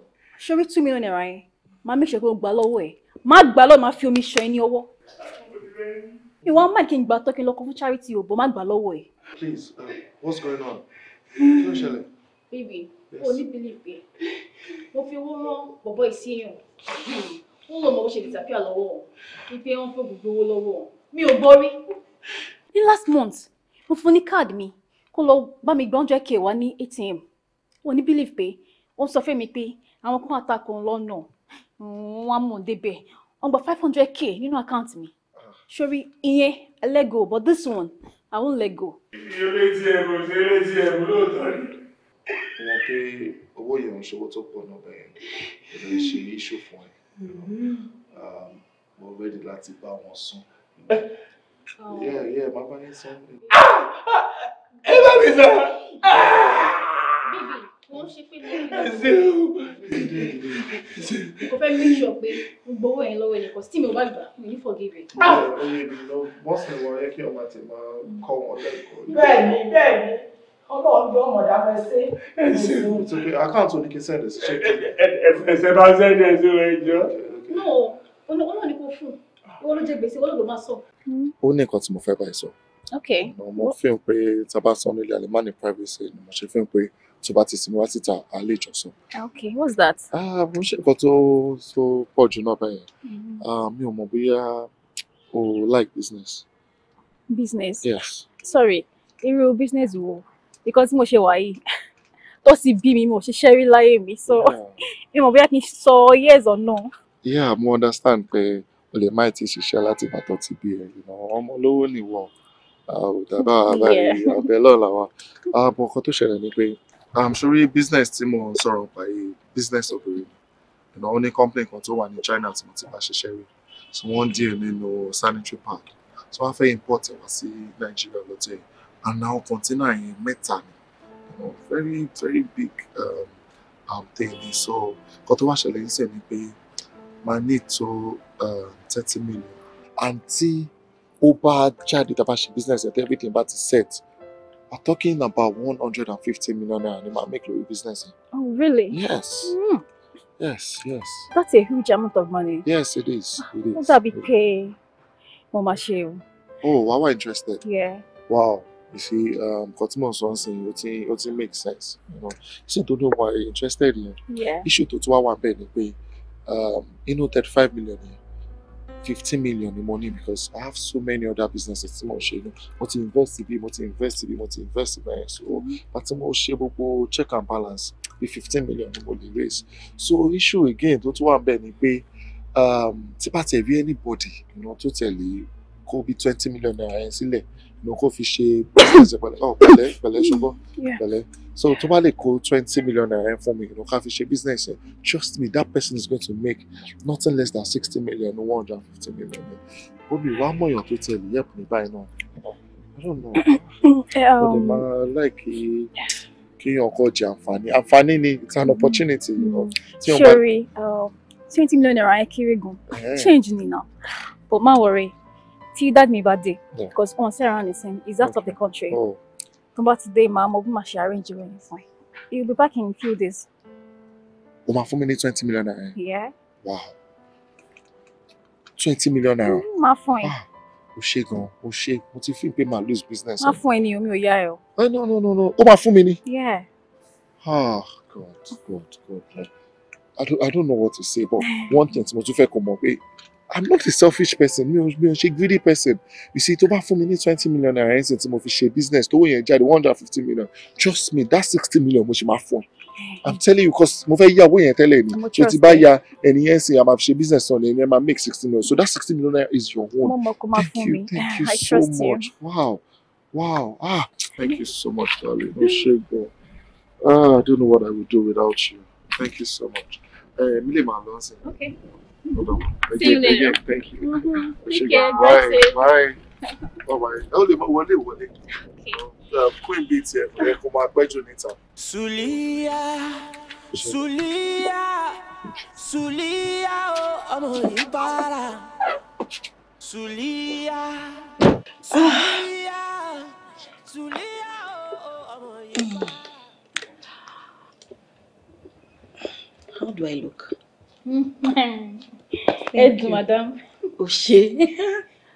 ṣorí two million naira yẹn máa mẹ́sẹ̀ pé o gbà lọ́wọ́ ẹ̀ má gbà lọ́wọ́ má fi omi ṣan ẹni ọwọ́ ìwọ má kí n gbà tọ́kí lọ́kọ fún charity ò bọ́ má gbà lọ́wọ́ ẹ̀. please uh, what's going on kí ló hmm. ṣẹlẹ̀. baby o ní believe pé mo fi owó rán bọ̀bọ̀ ìsíyàn ó lọ mọ bó ṣe disappear lọ́wọ́ wípé wọ́n fẹ́ gbogbo owó lọ́wọ́ mi ò gbọ́ rí. ní last month mo fún ní káàdì mi kó lọ bá mi gbọ́n jẹ́ kí ẹ wá ní atm o ní believe pé wọ́n sọ fún mi pé àwọn kan àtakò ńlọ́nà One mú débẹ̀ wọ́n gba five hundred k You know, account me. sórí ìyẹn I let go but this one I won't let go. ìṣeré tí ẹ kò ṣeré tí ẹ kò lóòótọ́ ni. wọ́n pé owó yẹn ń mo ń ṣe pé mo ń bá kò fẹ́ make sure pé gbogbo owó yẹn lọ́wọ́ ẹnìkan tí mi ò bá gbà mi ní forgive it. oye ah! mi lọ bọ́sì wa yẹ kí ọmọ àti máa kọ́ wọn lẹ́kọ̀ọ́. bẹ́ẹ̀ni bẹ́ẹ̀ni ọmọ ọdún ọmọ ọdún ẹsẹ. ẹsẹ tó pé àkáǹtì oníkẹsẹ ẹdẹ sí ṣe. ẹsẹ bá ń sẹ́ni ẹsẹ rẹ jọ. no olóòlù ni kò fún owó ló jẹ gbèsè owó ló máa sọ. ó ní nǹkan tí mo fẹ́ bá ẹ sọ. ok. mo fi hàn pé tábà sọ nílé tó bá ti sinmi wá síta a lè jọ okay what's that. Ah, mo ń ṣe nǹkan tó tó pọ̀ jù náà bẹ́ẹ̀ mm-hmm. ah, mi ò mọ̀ bóyá o like business. business. yes. sorry irú business wo because mo ṣe wà yìí tó sì bí mi mo ṣiṣẹ́ rí láyé mi so mi mọ̀ bóyá kí n sọ years or no. yeah mo understand pé o lè má ti ṣiṣẹ́ láti bàtọ́ ti bí ẹ̀ ọmọ olówó nìwọ àwòdàbà àbáyé àbẹ̀lọ́ wa. àwọn ah, nǹkan tó ṣẹlẹ̀ ni pé um, sori business tí mo sorry, by yìí business obìnrin you know, only company control one in China tí mo ti So one deal in wọ́n díẹ̀ nínú sanitary pad so wọ́n fẹ́ import wá see, Nigeria lọ́tẹ̀ and now container in metal, you know, very very big um, um, thing so nǹkan tó wá ṣẹlẹ̀ ń sẹ̀ ni pé máa ní um, thirty million àǹtí ó bá jáde tá business and everything bá ti set are talking about 150 million naira in my make your business. Oh, really? Yes. Mm. Yes, yes. That's a huge amount of money. Yes, it is. Ah, it is. What's that be pay? Mama Sheo. Oh, why were interested? Yeah. Wow. You see, um, Kotimo Swanson, it it makes sense. You know, see, don't know why interested in. Yeah. Issue to two hour pay. Um, you know, 35 million. Here fifteen million in money because I have so many other businesses tí mo ṣe ní mo ti invest bí mo ti invest bí mo ti invest bẹ́ẹ̀ so mm-hmm. àti mo ṣe gbogbo check and balance bí fifteen million ni mo lè raise so issue again tó tún wà bẹ́ẹ̀ ni pé um, tí bá tẹ̀ rí anybody tó tẹ̀lé kó bí twenty million naira yẹn sílẹ̀ ló kó fi ṣe oh, pẹ̀lẹ́ pẹ̀lẹ́ pẹ̀lẹ́ ṣùgbọ́n pẹ̀lẹ́ so tó bá lè kó twenty million naira yẹn fún mi ló ká fi ṣe business trust me that person is going to make nothing less than sixty million one hundred and fifty million yẹn obi wàá mọ̀yàn tó tẹ̀ lè yẹ̀pù ní báyìí náà i don't know ó lè um, máa láìkí kéèyàn kọ́ jẹ àǹfààní àǹfààní ni it's an mm-hmm. opportunity. sori um, twenty million naira yẹn kéré gan eh. change ni na but má worry. Dad mi bá dé because wọn sẹ́ra ní sẹ́yìn he's out okay. of the country oh. tó bá ti dé màá mọ bí màá ṣe arrange rẹ̀ fún ẹ he will be back in a few days. o máa fún mi twenty million naira. Yeah. wow twenty million naira. Mm, máa fún ẹ. Ah, o ṣe gan o ṣe mo ti fi pé màá lose business. My phone, ẹ ní omi ò yá eh, no no no no o máa fún yeah. ah God God God I don't, I don't know what to say but one thing tí mo tún fẹ́ kó mọ̀ i'm not a selfish person mi ò mi a greedy person you see to buy for me ní twenty million naira ẹ̀sìn tí mo fi business to wò yẹn jáde one hundred fifty million trust me that sixty million mo ṣe máa fún i'm telling you because mo here. yá owó yẹn tẹ́lẹ̀ ni so ti bá ya ẹni yẹn sìn àmà ṣe business náà ẹni yẹn máa make sixty million so that sixty million naira is your own thank you thank you so much wow wow ah thank you so much darling o ṣe ah i don't know what i would do without you thank you so much ẹ mi lè Hold on. They See you they later. Get, thank you. Mm-hmm. Take care. Bye. Bye. Bye. Ó lè mọ wọlé wọlé. Um, Queen bíi tiẹ̀ kò yẹ kó máa pẹ́jù níta. Sùlíyà Sùlíyà Sùlíyà ọmọ ìbára Sùlíyà Sùlíyà Sùlíyà ọmọ ìbára. How do I look? ẹ dùn madam. o ṣe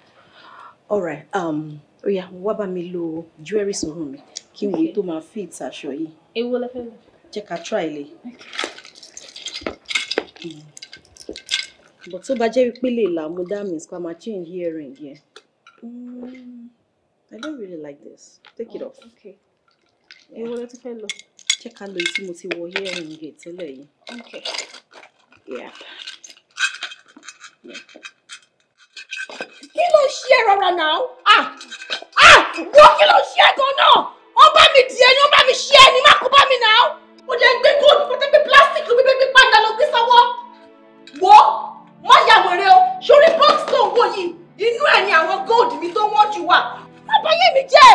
alright um, oya wá bá mi lo jewelry sọrùn mi kí n wo tó máa fit aṣọ yìí. ewu lẹ fẹ́ lọ. jẹ́ ká try lè. Hmm. but tó bá jẹ́ wípé lè là mo dá miss pa ma change earring yẹn. Hmm, I don't really like this. Take it oh, off. Okay. Ewu lẹ ti fẹ́ lọ. Jẹ́ ká lo èyí tí mo ti wọ earring yẹn tẹ́lẹ̀ yìí. Okay. Yep. Kí ló ṣe é rọra náà? Ah! Ah! Wọ́n kí ló ṣe é gan náà? Wọ́n bá mi di ẹni, wọ́n bá mi ṣe é ní mákú bá mi náà. Mo jẹ́ gbé góòlù fún tẹ́gbẹ́ pílásítìkì mi bébí padà lọ gbé sọ́wọ́. Wo má ya wèrè o, sórí bọ́ọ̀sì tó wò yìí, inú ẹ̀ ni àwọn góòlù mi tó wọ́n jù wà. Àbáyé mi jẹ́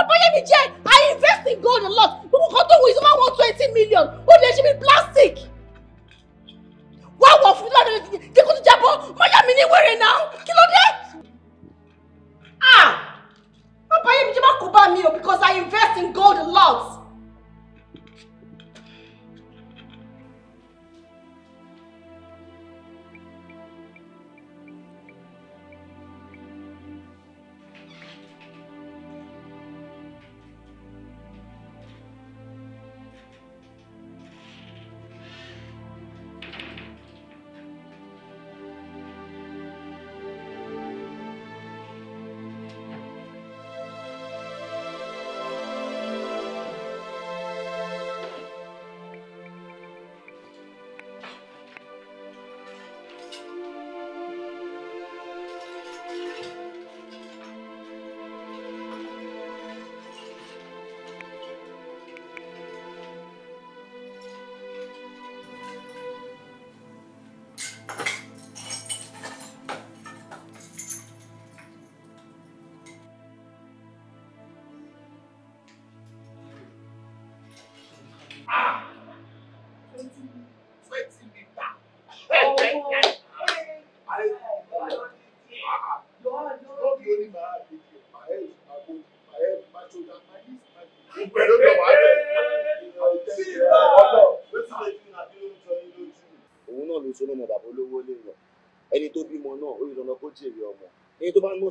àbáyé mi jẹ́ I invest in gold a lot. Gbogbo kan tó wù yìí tó máa wọ́n twenty million. Ó lè ṣe bí plastic wá wọ̀ fún lọ́dọ̀ jẹ́ kó tún jábọ́ má yà mí ní wèrè náà kí ló dé. ah má bàyẹ̀ mi jẹ́ má kó bá mi o because I invest in gold a lot.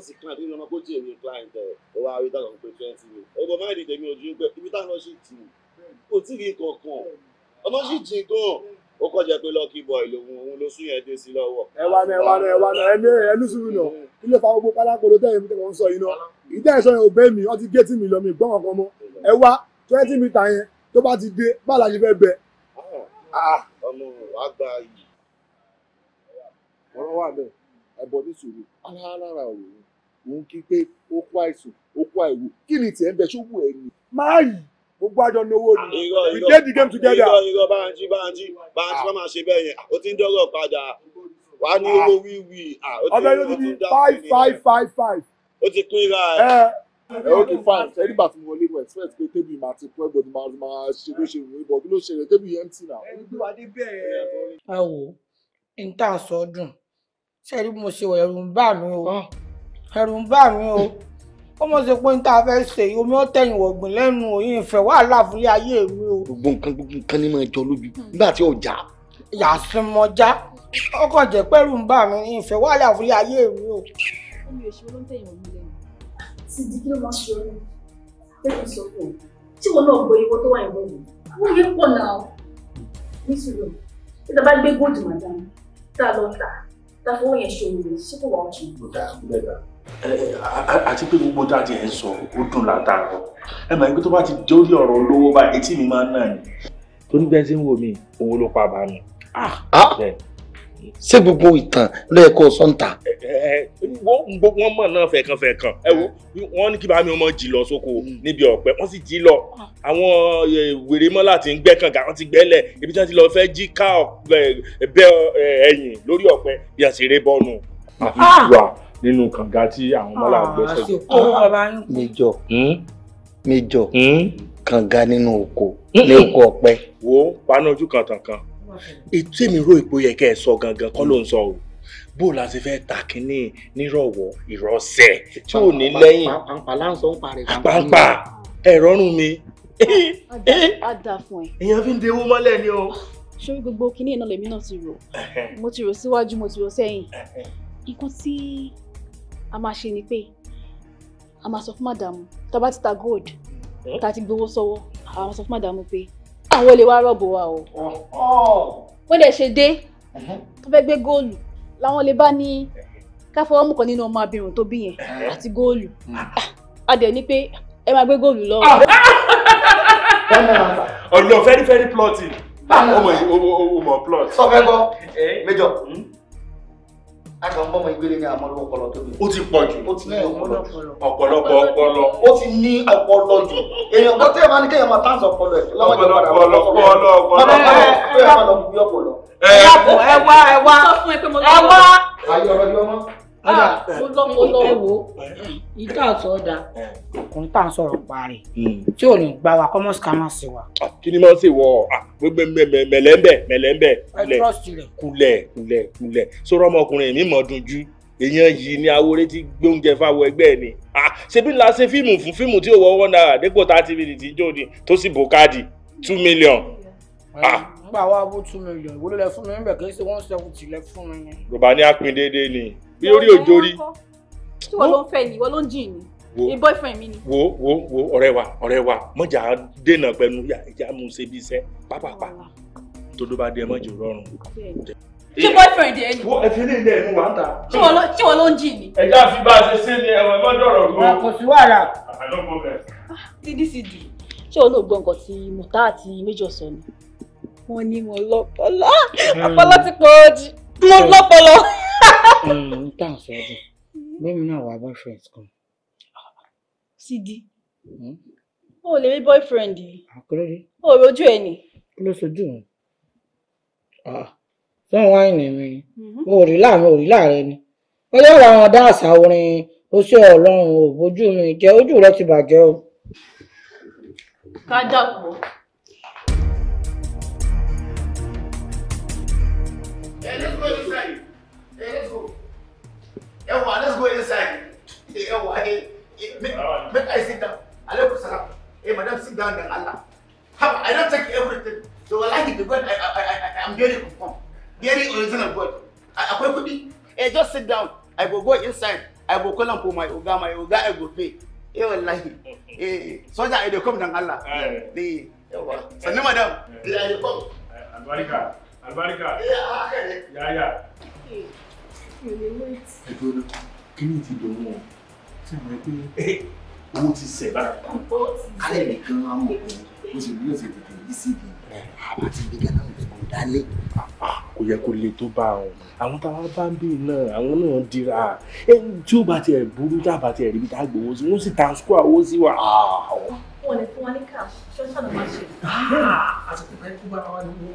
sí client nínú ọmọ kójì èmi client ẹ ó wá rí táwọn pé twenty mi ọgbọ máa ní tèmi ojú pé ibi táwọn ṣì jì kò tí ì kankan ọmọ ṣì jì gan ó kọ jẹ pé lucky boy lòun òun ló sún yẹn dé sí lọ́wọ́. ẹ wá náà ẹ wá náà ẹ wá náà ẹmí ẹ lùsùrù náà kí ló fa gbogbo pálákòló tẹ̀yìn tẹ̀yìn wọn sọ yìí náà ìdá ẹ̀sọ́ yẹn ò bẹ́ mi wọ́n ti mi lọ mi gbọ́n kankan mọ́ ẹ wá twenty mita yẹn tó bá ti dé báàlà ṣe fẹ́ bẹ. Ah, ọmọ wa gba iyì. ọ̀rọ̀ wà bẹ́ẹ̀ ẹ̀bọ̀ ní sùúrù alára òwò òun kí pé ó kó àìsàn ó kó àìwò kí ni tiẹ̀ ń bẹ ṣó wù ẹ́ ni. máa gbogbo àjọ lówó ni ah, we get the game together. irọ́ irọ́ báńjí báńjí báńjí má máa ṣe bẹ́ẹ̀ yẹn ó ti ń dọ́rọ̀ padà wàá ní owó ah. wíwì. Ah, ọbẹ̀ yóò di five five five five. ó ti pín ra ẹ̀. Eh. Eh, ok fine ẹni bàtí mo wọlé mo expect pé tébù ìmọ̀ àti pọ́ ẹgbẹ̀rún máa máa ṣe bó ṣe wọlé bọ̀ ló ṣẹlẹ̀ tébù yẹn ń tì náà. ẹni tó wà a wò ń tà sọ́dún rí bí mo ṣe wọ̀ ẹ̀rù ń bà mí o ẹ̀rù ń bà mí o ó mọ̀ sí pé níta fẹ́ ṣe omi ó tẹ̀yìn wọ̀gbìn lẹ́nu òyìn ìfẹ́ wàhálà fúlé ayé mi o. gbogbo nǹkan gbogbo nǹkan ni máa jọ lójú nígbà tí ò já. yàtí mo já ó kàn jẹ́ pẹ́rù ń bà mí ìfẹ́ wàhálà fúlé ayé mi o. omi ò ṣe ló ń tẹ̀yìn wọ̀gbìn lẹ́nu. ti di kí ló máa ṣe ọ́ tẹ́lẹ̀ sọ fún ọ tí wọn bá gbé góòdù màdàmú tá a lọ tà tá a fowó yẹn ṣe òun rẹ̀ ṣé kò wá àti pé gbogbo dáàdì ẹ̀ ń sọ ó dùn látàárọ̀ ẹ mọ̀ pé tó bá ti dórí ọ̀rọ̀ olówó bá etí mi máa ń nà ni. tó ní bẹ́ẹ̀ sí ń wò mí òun ló pa bá mi. Ah! Ah! ṣé gbogbo ìtàn lẹ́ẹ̀kọ́ sọ́ńtà. wọ́n mọ̀ náà fẹ̀kànfẹ̀kàn ẹ wo wọ́n ní kí bá mi ọmọ jì lọ sóko hmm. níbi ọ̀pẹ wọ́n sì jí lọ ah. àwọn wèrè mọ́lá ti ń gbẹ́ kànga wọ́n ti gbẹ́lẹ̀ ibi tí wọ́n ti lọ fẹ́ jí ká bẹ́ ẹ̀yìn lórí ọ̀pẹ bí a sì ré bọ́ọ̀nù. àfi wà nínú kànga tí àwọn mọ́là gbẹ́sẹ̀ jù. àsìkò ọba yín. méjọ hmm? méjọ hmm? kànga nínú oko hmm? ní oko ọ̀pẹ. wo paná ojú kan tàn kan ètò èmi rò ìpò yẹ kẹ ẹ sọ gangan kọ́ ló ń sọ o bó la ṣe fẹ́ ta kínní nírọ̀wọ́ ìrọ̀sẹ̀ tí ò ní lẹ́yìn. pàǹpà láǹsọ ń parẹ́. pàǹpà ẹ̀rọ rùn mi. a dà fún ẹ. èèyàn fi ń dewó mọ́lẹ̀ ni o. sórí gbogbo kinní náà lèmi náà ti rò mo ti rò síwájú mo ti rò sẹ́yìn nǹkan tí a máa ṣe ni pé a máa sọ fún màdàmú tá bá ti ta gold tá a ti gbowó sọ́wọ́ a máa sọ fún màdàmú pé àwọn olè wá rọ̀bù wa o wọ́n dẹ̀ ṣe dé tó fẹ́ gbé góòlù làwọn olè bá ní ká fọwọ́ mú kan nínú ọmọ abirùn tó bí yẹn àti góòlù hmm. a dẹ̀ ní pé ẹ máa gbé góòlù lọ. ọ̀nà fẹ́rí fẹ́rí plotting ọmọ oh, oh, oh, plot. sọ fẹ́ gbọ́ eh? méjọ àgbà ń bọ́mọ ìgbélé ní àmọ́ lọ́wọ́ ọpọlọ tó bí. ó ti pọ̀ jù ó ti ní ẹ ẹ ẹ wá ẹ wá ẹ wá ah ó lọ́mọ lọ́wọ́ ìdá ọ̀tọ̀ ọ̀dà ọkùnrin tá à ń sọ̀rọ̀ parí hmm. tí ò ní gba wa kọ́mọ́ sí ká má sí wa. Ah, kí ni máa ah, ń ṣe wọ mẹlẹ́ńbẹ̀ mẹlẹ́ńbẹ̀ kulẹ̀ kulẹ̀ kulẹ̀ sọ̀rọ̀ ọmọkùnrin mi mọ̀ dunjú èèyàn yìí ni awore ti gbóúnjẹ fáwọn ẹgbẹ́ ni ah, ṣebí la ṣe fíìmù fún fíìmù tí ò wọ one naira dípò thirty minutes jóni tó sì bò káàdì two million nígbà wa bó two million ìwúlò lẹ fún mi níbẹ̀ kì í ṣe one seventy lẹ fún mi. yorùbá ní àpín déédéé ni bí orí òjò rí. tí wọ́n ló ń fẹ́ ni wọ́n ló ń jìn ni wo boyfriend mi ni. wo wo wo ọ̀rẹ́ wa ọ̀rẹ́ wa mọjà dènà pẹnu ìjà mú un ṣe bí iṣẹ́ pápápá tódó bá dé mọjò rọrùn. ṣé boyfriend ẹ ni. wo ẹfin ní ilé ẹnu wa ń ta. tí wọn ló ń jì ni. ẹja fi bá a ṣe ṣe ni ẹwọn ẹgbọn dọrọ gbó. kò sí wàhálà. àdókò bẹ. tdcd ṣé òun ò nǹkan tí Muta àti Major sọ ni. wọ́n ní mo lọ́pọlọ. Ah, hmm n tà sọ ọdún gómìnà wà boyfriend kan. Sidi hmm? o lè rí boyfriend yìí o rojú ẹ ni. kí ló sojú mi fún wáìnì mi mo rí láàmú rí láàrẹ ni wọ́n yọ̀ làwọn dá àṣà orin ó ṣe ọlọ́run ò bójú mi jẹ́ ojú rẹ ti bàjẹ́ o. ká dàpọ̀. bank o my oga my oga i go pay eh wallahi eh soja i dey come dan Allah eh yawa sannu madam ya dey come Albarika. albarka ya ya kíni ti dùn wọn ṣe mọ pé owó ti sẹ báyìí alẹ́ nìkan á mọ̀ pé o ti tètè yìí sí ibi àbá ti gbé gánà nìkan dálé. Ah, kò yẹ kó le tó bá wọn àwọn táwa bá ń bì náà àwọn náà dira tí ó bá tiẹ̀ burú tá a bá tiẹ̀ ríbi tá a gbowó sí wọ́n sì ta sukú àwọ̀ sí wa. Ah. wọn lè fún wa ní cash ṣọ́ṣà ló máa ṣe. Ah. àsìkò kan tó bá wa lówó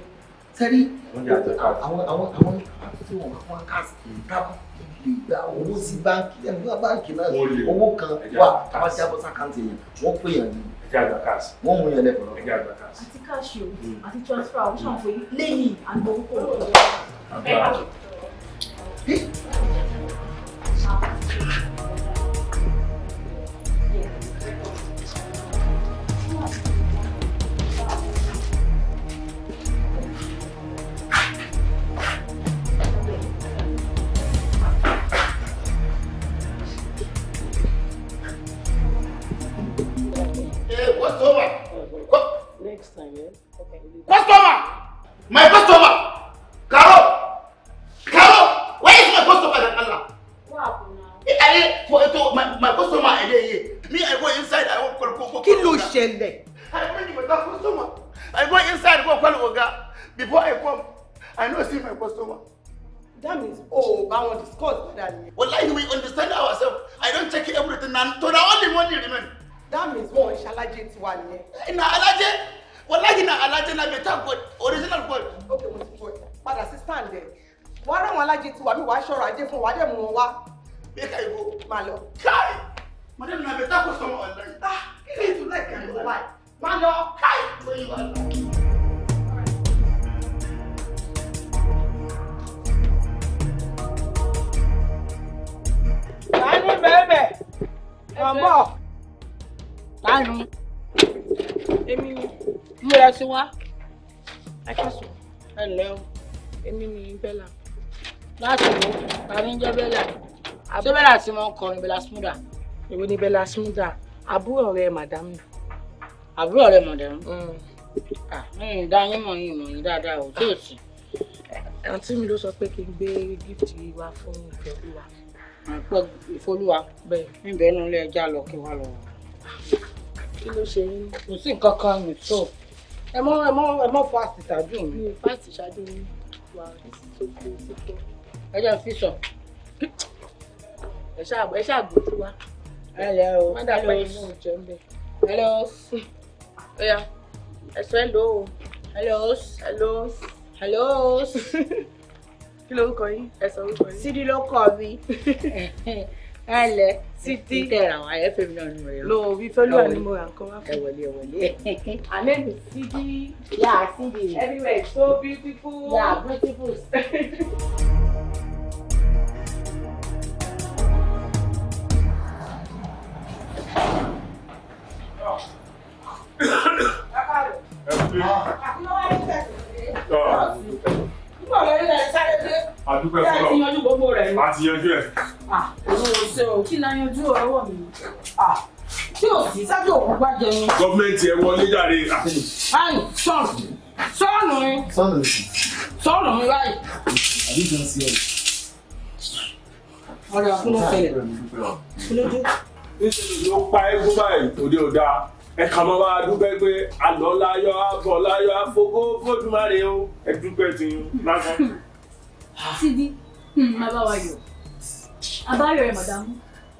sẹ́rí àwọn àwọn àwọn tí wọ́n máa fún wa cash dábọ̀ lè gba owó sí báńkì ẹ̀ ń gbà báńkì náà owó kan wà táwa jábọ̀ sákàǹtì yẹn wọ́n pè yàn ní ẹjẹ àgbà káàsì. wọ́n mú yẹn lẹ́kọ̀ọ́ ẹjẹ àgbà káàsì. àti káàsì o àti transfer o ṣàǹfọ̀ yìí lẹ́yìn àgbà orúkọ rẹ̀. customer. Next time, yeah? Okay. Customer! My customer! Carol! Carol! Where is my customer than Allah? What happened now? I, to, my, my customer, I did Me, I go inside, I won't call, call, call. Kí ló ṣẹlẹ̀? I bring my customer. I go inside, go call Oga. Before I come, I know see my customer. That means, oh, I want to discuss that. Well, like we understand ourselves. I don't take everything, and to the only money remain that means wọn ṣalájẹ tiwa nìyẹn. na alájẹ wọláyé na alájẹ na bẹ tán god original god. ok mo ti bọ padà sí stand there. wàá rà wọn alájẹ tiwa mi wàá ṣọ́ra ajé fún wàá dẹ mú wọn wá. bẹ́ẹ̀ ká ibo máa lọ. káì madam na bẹ tán kó sọmọ ọ̀la ah kí ni ìtura ẹ̀ka ló wà yìí máa lọ káì lóyún wa lọ. Tani bẹ́ẹ̀ Tánu. Èmi ni. Múra sí wá. Akẹ́sùn. Ẹ ǹlẹ́ o. Èmi ni Bella, Láti wo, bàbá ń jẹ́ Bella. Ṣé Bella, ti mọ ọkọrin Bella Smuda. Èwo ni Bẹ́là Smúdà? Àbúrò ọ̀rẹ́ màdámù. Mm. Àbúrò ọ̀rẹ́ màdámù? Ẹ̀yìn dá yín mọ̀ yín mọ̀ yín dáadáa ò tí ò sí. Àǹtí mi ló sọ pé kí n gbé gíftì wa fún ìfẹ́ olúwa. Àpò ìfolúwa. Bẹ́ẹ̀. Níbẹ̀ nínú ilé ẹja lọ kí wá lọ kí ló ṣe yín. kò sí nǹkan kan rìn tó ẹ mọ ẹ mọ ẹ mọ fa àtìṣáájú mi. mi ò fa àtìṣáájú mi wà tó kú sípò. ẹ jẹ́ fi sọ. ẹ ṣáà ẹ ṣáà gbòjú wa. ẹ lẹ o má dà pẹ́ inú ìjọ ń bẹ̀. hello. oya ẹ sọ hello o. hello. hello. hello. kí lorúkọ yín ẹ sọ orúkọ yín. sídìí ló kọ mi. ẹlẹ títí ìtẹ̀ràn àwọn ayẹ́fẹ́ mi náà ni mo rẹ̀ lọ òbí fẹ́lú àní mo rà nǹkan wá fún ẹ wọlé ẹ wọlé. àmẹ́mi títí yà á síbi everywhere is so beautiful. yà á beautiful. ẹ fi. àti lọ́wọ́ ẹ̀ ń tẹ̀sán. Ah àdúpẹ́ fọlọ́ ẹ ti yanjú gbogbo rẹ ni. a ti yanjú ẹ. olówó o kí la yanjú ọwọ́ mi tí o sì sájú òkú bá jẹun. gọ́ọ̀mẹ̀ntì ẹ wọlé jàre. báyìí sọ̀rọ̀ sọ̀rọ̀ mi. sọ̀rọ̀ mi. báyìí. àbí kan sí ẹ. ọ̀rẹ́ wa kí ló nítorí ló pa eégún báyìí òde ò ẹ kà máa wá dúpẹ́ pé àlọ́ láyọ̀ àbọ̀ láyọ̀ àfogó o ẹ dúpẹ́ tì lásán síbi hmm, má bá wa yọ àbáyọ rẹ màdàmú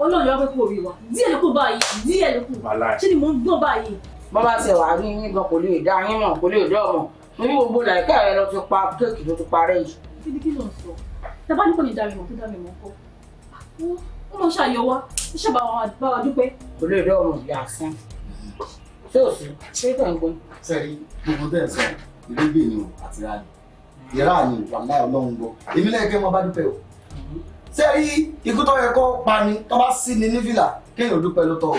ọlọ́run yọ pé kò rí wa díẹ̀ ló kù báyìí díẹ̀ ló kù ṣé ni mò ń gbọ́n báyìí. bọ́ bá ti wà ní yín gan kò lè dá yín mọ̀ kò lè dọ́ mọ̀ ní gbogbo làìka rẹ lọ ti pa kéèkì tó ti parẹ́ yìí. síbi kí ló ń sọ tàbá nípa ní dá mi mọ̀ tó dá mi mọ̀ kọ́ ó lọ ṣàyọ̀ wa ó ṣàbà bá wa dúpẹ́. kò lè dọ́ mọ̀ ìyá sán ṣé ò sí ṣé kàn ń ìrá ni wàláì ọlọ́run gbọ́ èmi náà kí wọ́n bá dúpẹ́ o ṣé rí ikú tó yẹ kó pa ni tó bá sí ni ní fìlà kéèyàn dúpẹ́ ló tọ́ o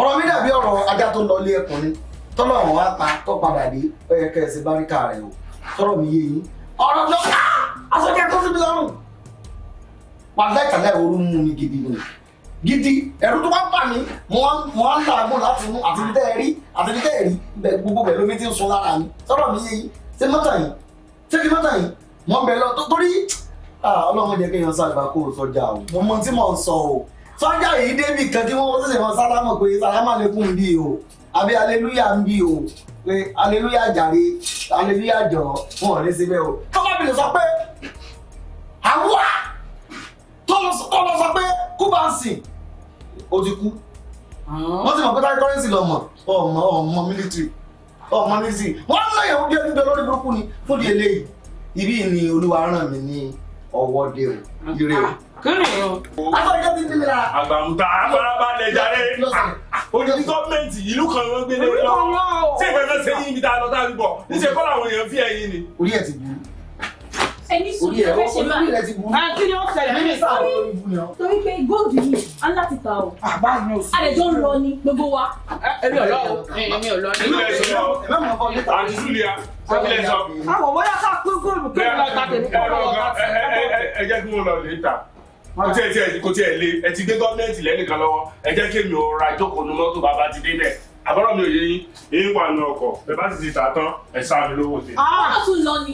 ọ̀rọ̀ mi dàbí ọ̀rọ̀ ajá tó lọ ilé ẹkùn ni tọ́lọ́run wá pa tó padà dé ó yẹ kẹ́ ẹ ṣe báríkà rẹ o tọ́rọ̀ mi yé yín ọ̀rọ̀ lọ aṣọ́jà tó síbi lọ́rùn wàláì tàlẹ́ òru mú mi gidi ni gidi ẹ̀rù tó bá bà mí mo wá ń làágùn láti mú àtibítẹ́ rí àtibítẹ́ rí gbogbo pẹ̀lú mi ti ń sun lára mi tọ́rọ̀ mi yé yín ṣé mọ́tò yìí ṣé kí mọ́tà yìí mọ́ bẹ̀ lọ torí ọlọ́run jẹ́ kéèyàn sàgbà kó o sọjà o mo mọ tí mò ń sọ o sọjà yìí débì kan tí wọ́n ṣẹ̀ṣẹ̀ wọn sálámọ̀ pé sálámà lẹ́kùn ń bí o àbí aleluya ń bí o pé aleluya jàre aleluya jọ wọn ò ní síbẹ̀ o tọ́lá mi lè sọ pé àwa tọ́lọ sọ pé kú bá ń sìn o ti kú wọ́n ti mọ̀ pé táyé kọ́rẹ́nsì lọ mọ̀ ọmọ ọmọ mílítírì ọmọ mi sì wọ́n ń lọ́yẹ̀ oúnjẹ níbẹ̀ lórí burúkú ni fún di eléyìí ibi ni olúwa ràn mí ní ọwọ́ dé o ire o. kíni o. agbára ti dìbò la. àgbàmùtà àfarabalẹ̀ jáde ojútí gọ́ọ̀mẹ̀ntì ìlú kan ló ń gbélé lọ sí ìfẹ́fẹ́ sẹ́yìn ibi tá a lọ tá a ti bọ̀ níṣẹ́ kọ́ làwọn èèyàn fi ẹ̀yìn ni. orí ẹ̀ ti burú ẹni sùn ní ọ̀rẹ́ ṣe máa kí ni ó ṣẹlẹ̀ nínú ìsà àwọn olórí ìbú náà. torí pé góòdù yìí á láti ta o. àbá mi ò sí. àlejò ń lọ ni gbogbo wa. èmi ò lọ o èmi ò lọ ni. ilé ẹ̀sìn lọ àti julia sábìlẹ̀ sọ. àwọn bóyá ká pín góòlù pé ọ̀la ta tèmi kọ́ ọ̀la ta tèmi. ẹ jẹ́ kí wọ́n lọ lè ta kò tiẹ̀ kò tiẹ̀ lé ẹ ti gbé gọ́ọ̀mẹ̀ntì lẹ́nìkan lọ́wọ́ ẹ jẹ́ kí èmi ò ra ìjókòó ní mọ́tò bàbá ti dé náà àbọ̀rọ̀ mi ò yé yín èyí wà ní ọkọ̀ ẹ bá sì ti tà tán ẹ sá mi lówó sí. Ah! ọ̀rọ̀ tún lọ ni.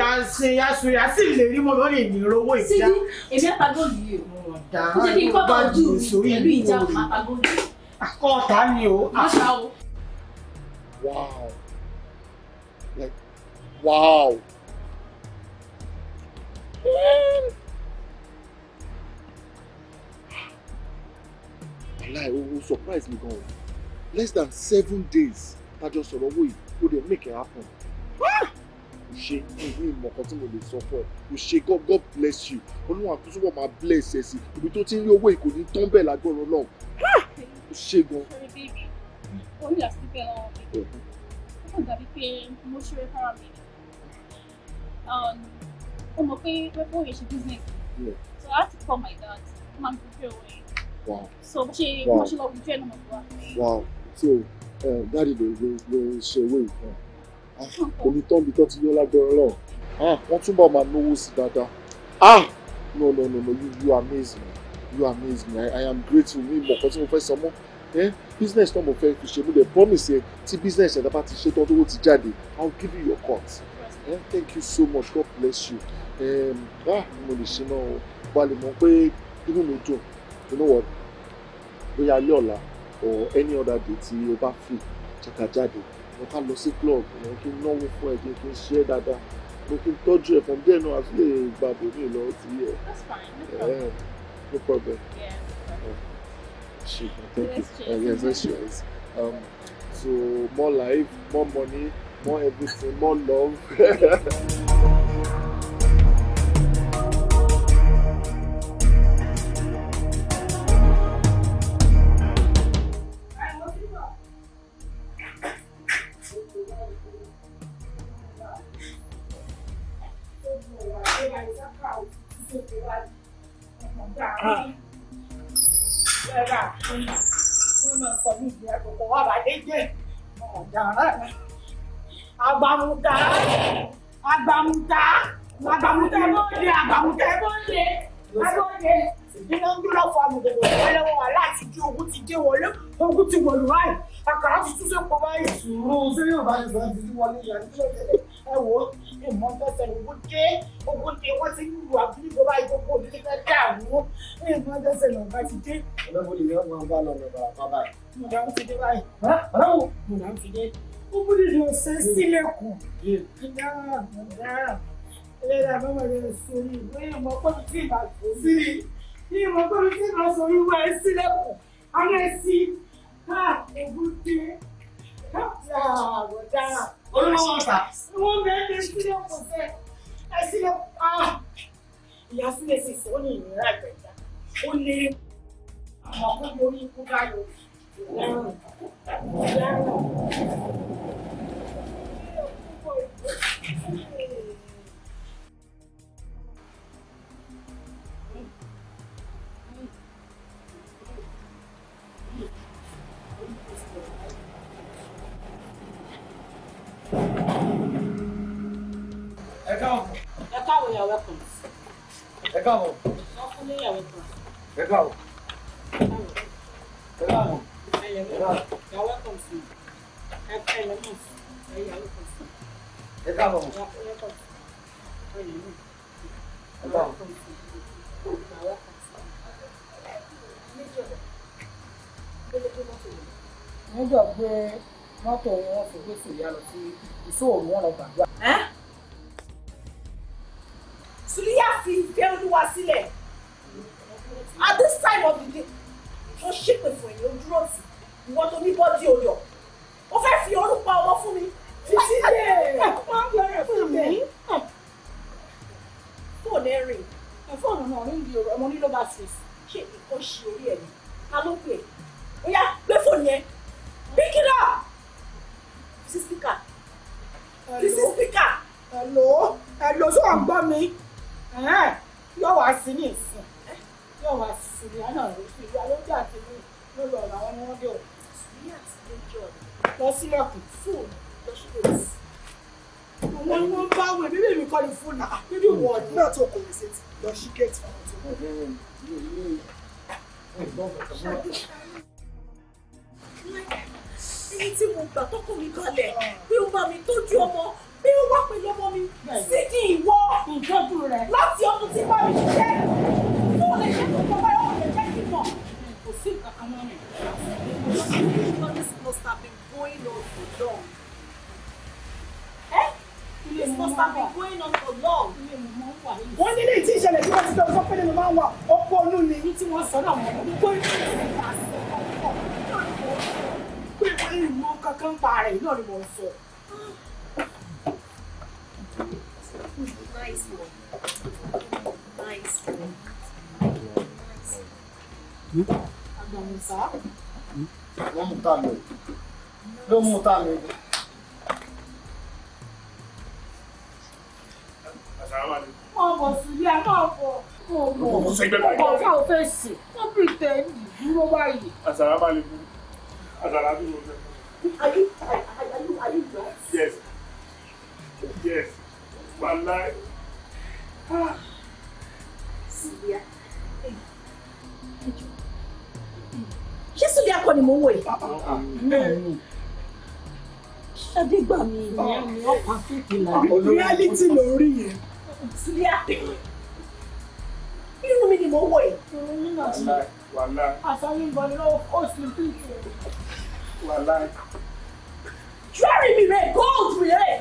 yàtì yàtì yàtì lè rí mo lórí ìnirówó ìjà. sí èmi apagóòlù yìí o. mo jẹ́ kí n kọ́kọ́ jù mí pẹ̀lú ìjà òun apagóòlù. akọ́ta ni o. mọ́ṣá o. wow wow. aláìwo surprise mi gan-an less than seven days tájọ sọ̀rọ̀ owó yìí ó dẹ̀ make it happen ah! kò ṣe ìwé ìmọ̀kan tí mo lè sọ fún ẹ kò ṣe god god bless you olúwa àtúntò wọ̀ máa bless ẹ sí ibi tó ti ń rí owó yìí kò ní tán bẹ́ẹ̀ lágbọ́rọ̀ ọlọ́run ah! kò ṣe gan. ó ní àsìkò ẹ̀ lọ́wọ́ mi ó kàn dàbí pé mo ṣe rẹ́fàrà mi um, ó mọ̀ pé rẹ́fọ́ yẹn ṣe business so I had to call my dad ó máa ń fi fẹ́ owó yẹn so mo ṣe mo ṣe lọ withdraw number one tí o dáàdì ló ló ṣe owó ìfún ah, omi tán bí tán ti yọ lágbára náà ah, wọ́n túbọ̀ máa náwó sí dáadáa ah no no no no you you amaze me you amaze me I, I am grateful mi mọ̀ kan tí mo fẹ́ sọ mọ́ eh business náà mo fẹ́ fi ṣe mo dẹ̀ promise ẹ business ẹ̀dá bá ti ṣe tán tó ti jáde I will give you your cut eh, thank you so much God bless you ah mo lè ṣe náà o balẹ̀ mọ̀ pé inú mi dùn you know what bóyá alẹ́ ọ̀la or any other day tí o bá fi jàkàjáde mo ká lọ sí club mo kí n náwó fún ẹ kí n kí n ṣe é dáadáa mo kí n tọ́jú ẹ from there náà àti lè gba bòmí lọ sí ẹ. that's fine no problem. Yeah, no problem. Yeah, no problem. thank you. Uh, yes, let's cheers. Um, so more life, more money, more everything, more love. Ẹ̀rà wọ́n máa sọ ní ìgbìyànjú àgbẹ̀kọ̀ wà bá déjé. Ọ̀daràn agbàmúta agbàmúta agbàmúta bóde agbàmúta bóde agbóde iná ń dúró fún amòdòdò ìpẹ́lẹ́wọ̀ wà láti ju ogun ti dé wọlé ogun ti wọlé báyìí àkàrà ti tún ṣe pọ̀ báyìí. Sùúrù sẹ́yìn ò bá ti sọ̀rọ̀ ti wọlé ìyá nítorí ọ̀tẹ̀lẹ̀ ẹ ìmọ̀ tẹ́tẹ̀ ogun dé ogun dé wọ́n ti ń lu àbúrò ìjọba ìgbókò ní kíkẹ́ dàrú ìmọ̀ tẹ́tẹ̀ lọ́ba ti dé. ọlọ́bùnì ni máa ń bá lọ lọ bàbá báyìí. mo dá ń dé báyìí. báwo mo dá ń dé. ó búrú ni ọ̀sẹ̀ sílẹ̀kùn. dáa dáa ẹlẹ́dà bàbá rẹ̀ sórí ìwé ìmọ̀ pẹ̀lú tí ì máa sọ sí ìmọ̀ pẹ̀lú tí ì máa sọ ìwé àwọn ẹ̀sìn ká ogun dé ká olówó wọn sà. wọ́n bẹ̀rẹ̀ pé sílẹ̀ kò fẹ́ ẹ sílẹ̀ pa ìyá sílẹ̀ sì fún ní ìnira ìgbẹ̀dá ó lé àwọn ọkọ mi ẹ káàbọ̀. gbé mọ́tò wọn fi gbèsè yá lọ sí ìṣòro wọn lọ gbàdúrà. Suliya fi ìfẹ́ olúwa sílẹ̀ at this time of the day wọ́n ṣépè fún ẹ̀yìn ojúrò tì ìwọ tó ní bọ́dí odò ó fẹ́ fi orúkọ ọmọ fún mi títí dé máa ń yọrẹ fún mi. fóònù ẹ rìn fóònù náà ní ìdí ọmọ nílò bá ṣe ṣe ìkọ́ ṣe orí ẹ̀ ní ta ló pè é ó yá gbé fóònù yẹn pick it up sí spíkà sí spíkà. hello hello sọ àgbọ̀ mi yóò wá ní ìsìn yóò wá ní àná rẹ fi ìyá lójú àti mi ló lọ ọ̀rọ̀ ni wọ́n dé òkú sí àtìlẹ́jọ́ lọ sílẹ̀kùn fóònù lọ́sílẹ̀ àwọn ni wọ́n bá wẹ̀ bíbí mi kọ́ ni fóònù ah, bíbí wọ̀ náà tó kò lè ṣe ti lọ sí gẹ̀ẹ́tì fún ọ̀tún. ẹni tí mo gbà tọkùnrin kalẹ̀ bí ó bá mi tọ́jú ọmọ bí ó wá pẹ̀lú ọmọ mi sídi ìwọ ìjọdún rẹ láti ọdún tí bá mi ṣiṣẹ́ tó lè ṣe tó kọ báyọ̀ lè jẹ́ kí mọ̀. kò sí nǹkan mọ́ mi. This must have been going on for long. Eh? This must have been going on for long. Wọ́n ní ilé ìtí ìṣẹ̀lẹ̀ tí wọ́n ti bẹ̀rù sọ́pẹ́ nínú máa ń wà ọ̀pọ̀ onú ni. Ní tí wọ́n sọ náà wọ́n ń pè é. Pé wọ́n kankan pa rẹ̀ náà ni wọ́n sọ. Nice one. Nice one. Nice one. Agbọ̀nmùsá. Wọ́n mú tá lọ. Ló mú tá lọ. Wọ́n bọ̀ sílé aláàbọ̀. Ọmọ ọ̀fà ò fẹ́ sè. Wọ́n bí tẹ̀ dúró báyìí. Àsàrà bá lè kú. Àsàrà bí mo fẹ́. Are you, are you, are you dressed? Yes. Yes. Wàláì ṣé Súnlé akọ ni mò ń wò yìí. Ah, ah, ah. ṣadé gbà mí ni ọkàn fìkì náà. reality ló rí yẹn. Súnlé àtẹ̀wé irú mi ni mò ń wò yìí. wàhálà. àtàwọn ìbọn ni lọ́wọ́ kó sí fíìkì. wàhálà. jewelry mi rẹ̀ gold mi rẹ̀.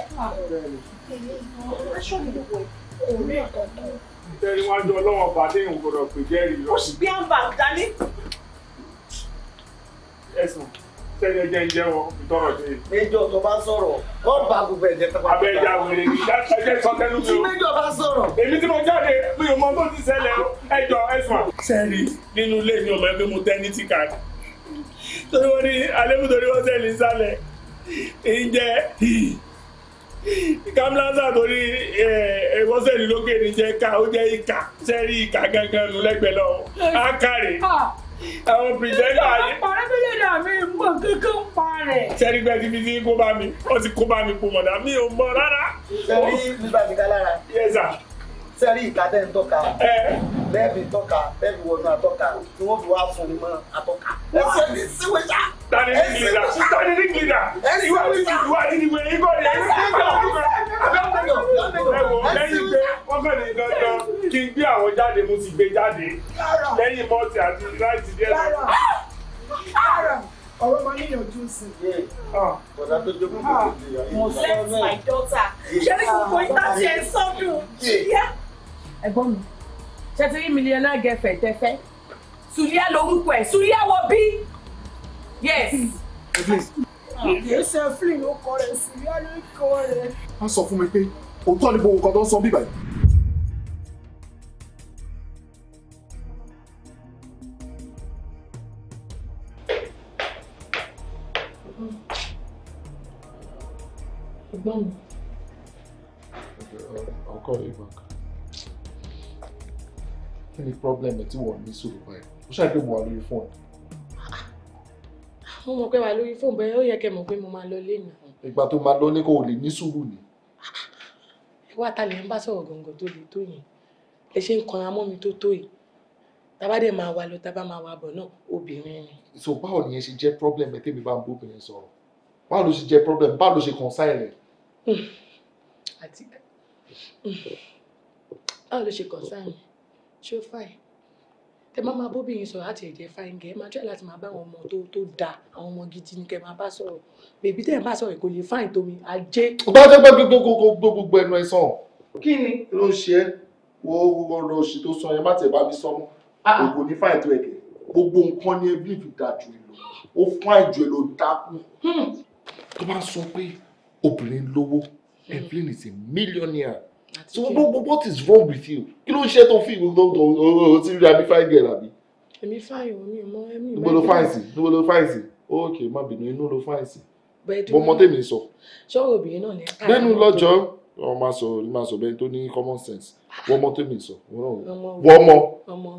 aṣọ mi ló wọ̀ yìí orí àkọ́kọ́. ìtẹ́rí wọn jọ lọ́wọ́ bá déyìn gbọdọ̀ pé jẹ́rìí lọ. ó sì gbé àǹbà dání. ẹ̀sùn tẹ́lẹ̀ jẹ́ ń jẹ́wọ́ ìtọ́rọ̀ ṣe. méjọ tó bá sọ̀rọ̀ kọ́ bá gbogbo ẹ̀jẹ̀ tó bá sọ̀rọ̀. abẹ́jà wèrè ni ẹjẹ́ sọ tẹnu mi o. méjọ bá sọ̀rọ̀. èmi tí mo jáde mi ò mọ tó ti ṣẹlẹ̀ o ẹjọ ẹ̀sùn. sẹ́ẹ̀rì nínú ilé mi ò mọ ẹgbẹ́ mo tẹ́ ní tíkà torí wọ́n ní alẹ́ mi torí wọ́n tẹ̀lé sálẹ̀ ń jẹ́ kamilasa torí ẹwọ́sẹ̀lì lókè ní jẹ́ ká ó jẹ́ ìka sẹ́rí ìka gangan nù lẹ́gbẹ̀ẹ́ lọ ákàrẹ̀ àwọn pìrìsẹ́ńtà yìí. ọ̀rẹ́ mi lè dà mí mọ̀ kankan pa rẹ̀. sẹ́rí gbẹ́ ti fi sí kó bá mi ó ti kó bá mi pò mọ̀dà mi ò mọ̀ rárá. sẹ́rí mi bàjẹ́ ká lára. yẹ́sà sẹ́rí ìgbádẹ́ ń tọ́ka lẹ́ẹ̀bì tọ́ka lẹ́ẹ̀bì wọnú àtọ́ka tí wọ́n fi wá fún mi mọ́ àtọ́ka. wọ́n ṣe ní síwèjà. tani ní kìlá tani ní kìlá ìwà wíjì ìwà ìdìbò yìí kò ní ẹni tí kò ní kò ẹwọ lẹ́yìn pé wọ́n fẹ́ ní dandan kí n gbé àwọn jáde mo sì gbé jáde lẹ́yìn mọ́tì àti láìsí díẹ̀ ah! ọ̀rọ̀ máa níyànjú sí i. ọ̀dà tó jókòó tó ah. ti di ìyá yìí. mo left my daughter ṣé ní gbogbo ìtàjẹ̀ sọ́dún ẹ̀gbọ́n mi ṣe ti rí mílíọ̀nà gẹ̀fẹ̀ tẹ́fẹ́ sùríà lórúkọ ẹ̀ sùríà wọ bí yes. ìgbésẹ̀ flin ló kọ rẹ̀ sùríà ló kọ rẹ̀. wọ́n sọ fún mi pé òótọ́ ni gbogbo nǹkan tó ń sọ bíbáyìí. ẹ̀gbọ́n mi. ọkọ ìgbọ̀n kan kí ni problem tí wọ́n ní sùúrù báyìí ó ṣàpè mo wà lórí fóònù. mo mọ̀ pé wà lórí fóònù bẹ́ẹ̀ ó yẹ kẹ́ mọ̀ pé mo máa lọ lé nà. ìgbà tó máa lọ ní kò lè ní sùúrù ni. ìwà ta lè ń bá sọ̀rọ̀ gàngàn tó lè tó yẹn lè ṣe ń kanra mọ́ mi tó tó yìí tábà dẹ̀ máa wà lọ tábà máa wà bọ̀ náà obìnrin ni. so báwo ni yẹn ṣe jẹ́ problem ẹ̀ tẹ́mi bá ń bóbìnrin sọ̀rọ̀ báwo ló ṣe jẹ́ problem báwo ló ṣe concern rẹ̀. Hmm. Hmm. báwo ló ṣe concern rẹ̀ ṣé ó fàì tẹ má máa bóbìnrin sọ̀rọ̀ láti ẹ̀jẹ̀ fáyíngẹ̀ ẹ máa jẹ́ láti máa bá àwọn ọmọ tó tó da àwọn ọmọ gidi ni kẹ máa bá sọ̀rọ̀ bèbí tẹ̀ ń bá sọ̀rọ̀ kò lè fáìn tómi ajé. gbọ́dọ̀ gbogbo gbogbo gbogbo ẹnu ẹ sàn. kí ni. ló ń ṣe é wo ọ̀rọ̀ òṣì tó sọ yẹn má tẹ̀ bá mi sọ mọ́ ògbò ah, ah. ní fáìn tó ẹ̀kẹ́ gbogbo nǹkan ni ẹbí fi dà jù lọ ó fáìn jù lọ dákú. Hmm. tó bá sọ pé obìnrin lówó hmm. Evelyn is a millionaire so what, what is wrong with you kí ló ń ṣe tó fi ìwé tó ń tọ o ti rí àbí fine girl àbí. èmi fine o mi ò mọ èmi ìbá. níbo ló fine sí níbo ló fine sí ok má bínú inú ló fine sí. bẹ́ẹ̀ni ọmọ tèmi sọ. sọ́wọ́ obìnrin náà ni a. Ah, lẹ́nu lọ́jọ́ wọ́n máa sọ máa sọ bẹ́ẹ̀ tó ní common sense wọ́n mọ tèmi sọ wọ́n mọ wọ́n mọ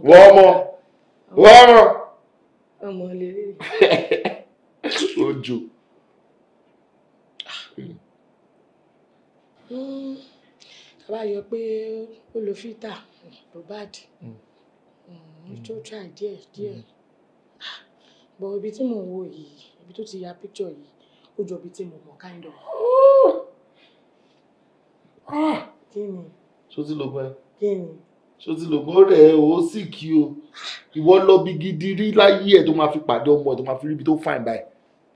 wọ́n mọ. ọmọ lè rí. ojo. Mm tá a bá yọ pé ó lo fítà ló bá dì tó try díẹ̀ díẹ̀ hmm. ah, bọ̀ ibi tí mò ń wo yìí ibi tó ti ya picture yìí ó jọ ibi tí mo mọ̀ kind of. Ah, kí ni. ṣó ti lo pẹ́. kí ni. ṣó ti lo pẹ́ rẹ̀ ó sì kí o ìwọ lọ bí gidi rí láyé ẹ̀ tó máa fi pàdé ọmọ ẹ̀ tó máa fi ríbi tó fine báyìí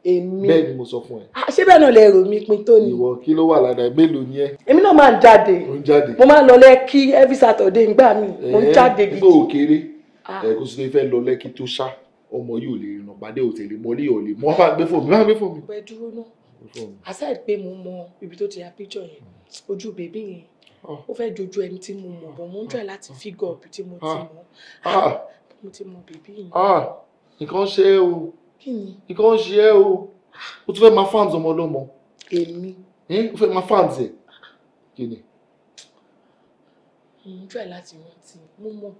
èmi bẹ́ẹ̀ ni mo sọ fún ẹ. Ah, ṣé bẹ́ẹ̀ náà lè rò mí pin tó ni. ìwọ kí ló wà lára ẹ mélòó ni ẹ náà máa ń jáde mo máa ń lọ lẹ́kí every Saturday ńgbà mi mo ń jáde gidi. nígbà òkèrè ah. ẹ kó sílé fẹ́ lọ lẹ́kí tó ṣá ọmọ yìí ò lè rìnà bàdé ò tẹ̀lé mọ́lé ò lè mọ́ bá gbé fún mi bá gbé fún mi. ọbẹ̀ dúró náà aside pé mo mọ ibi tó ti ya picture yẹn hmm. ojú bèbí yẹn ah. ó fẹ́ jojú ẹni tí mo mọ̀ bọ̀ mo ń jọ láti ah. figure ibi tí mo ti mọ̀ mo ti mọ bèbí yẹn. nǹkan ṣe é o nǹkan ṣe é o o tún fẹ́ máa fans ọmọ ọlọ́mọ. èmi. ó fẹ́ máa fans ẹ̀ kí ni. mo ń try láti rántí mo mọ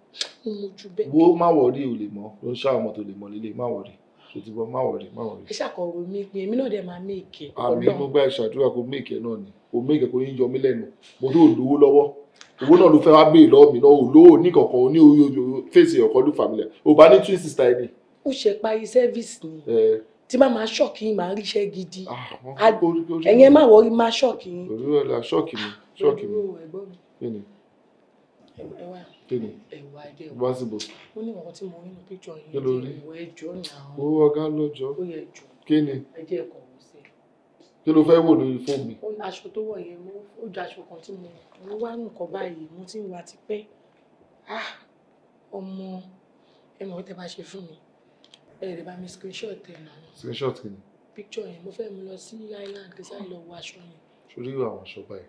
mo mọ ju bẹ́ẹ̀. wo má wọrí o lè mọ ló ń ṣá ọmọ tó lè mọ lílé má wọrí ṣòtìbọ má wọrí má wọrí. ẹ ṣàkọrò mi pé èmi náà dẹ̀ máa méèkì. àmì mo gbà ìṣàdúrà kó méèkì náà ni kó méèkì kó yín yọ mí lẹ́nu mo tó lówó lọ́wọ́ owó náà ló fẹ́ wá béèrè lọ́wọ́ mi náà ò lówó ní kankan ní orí fèsì ọ̀kan ló fàmílẹ̀ ò bá ní twin sister ẹni. ó ṣe parí sẹ́fíìsì ni tí má máa ṣọ́ọ̀kì yín máa ríṣẹ́ gidi ah, ẹ̀yin ẹ má wọrí má ṣọ́ọ̀kì yín. òwúrọ̀ la ṣọ́ọ̀kì mi ṣọ́ọ̀kì mi kí ni ẹwà ẹdẹ wá síbò ó ní nǹkan tí mo rí ní píjọ yìí kí ló rí ìwọ ẹjọ náà ó ọgá lọ́jọ́ ó yẹ jù kí ni ẹjẹ ẹkọ wò sí. kí ló fẹ́ wò lórí fóònù mi. aṣọ tó wọ̀ yẹn mo ó jẹ aṣọ kan tí mo mo wá nǹkan báyìí mo ti ń wà tipẹ́ ah! ọmọ ẹ mọ̀ tẹ́ bá ṣe fún mi ẹ bá mi screenshot ẹ nà. screenshot kí ni. píkṣọ yẹn mo fẹ́ mu lọ sí island kí sáà lọ wọ aṣọ yẹn. sórí àwọn aṣọ báyìí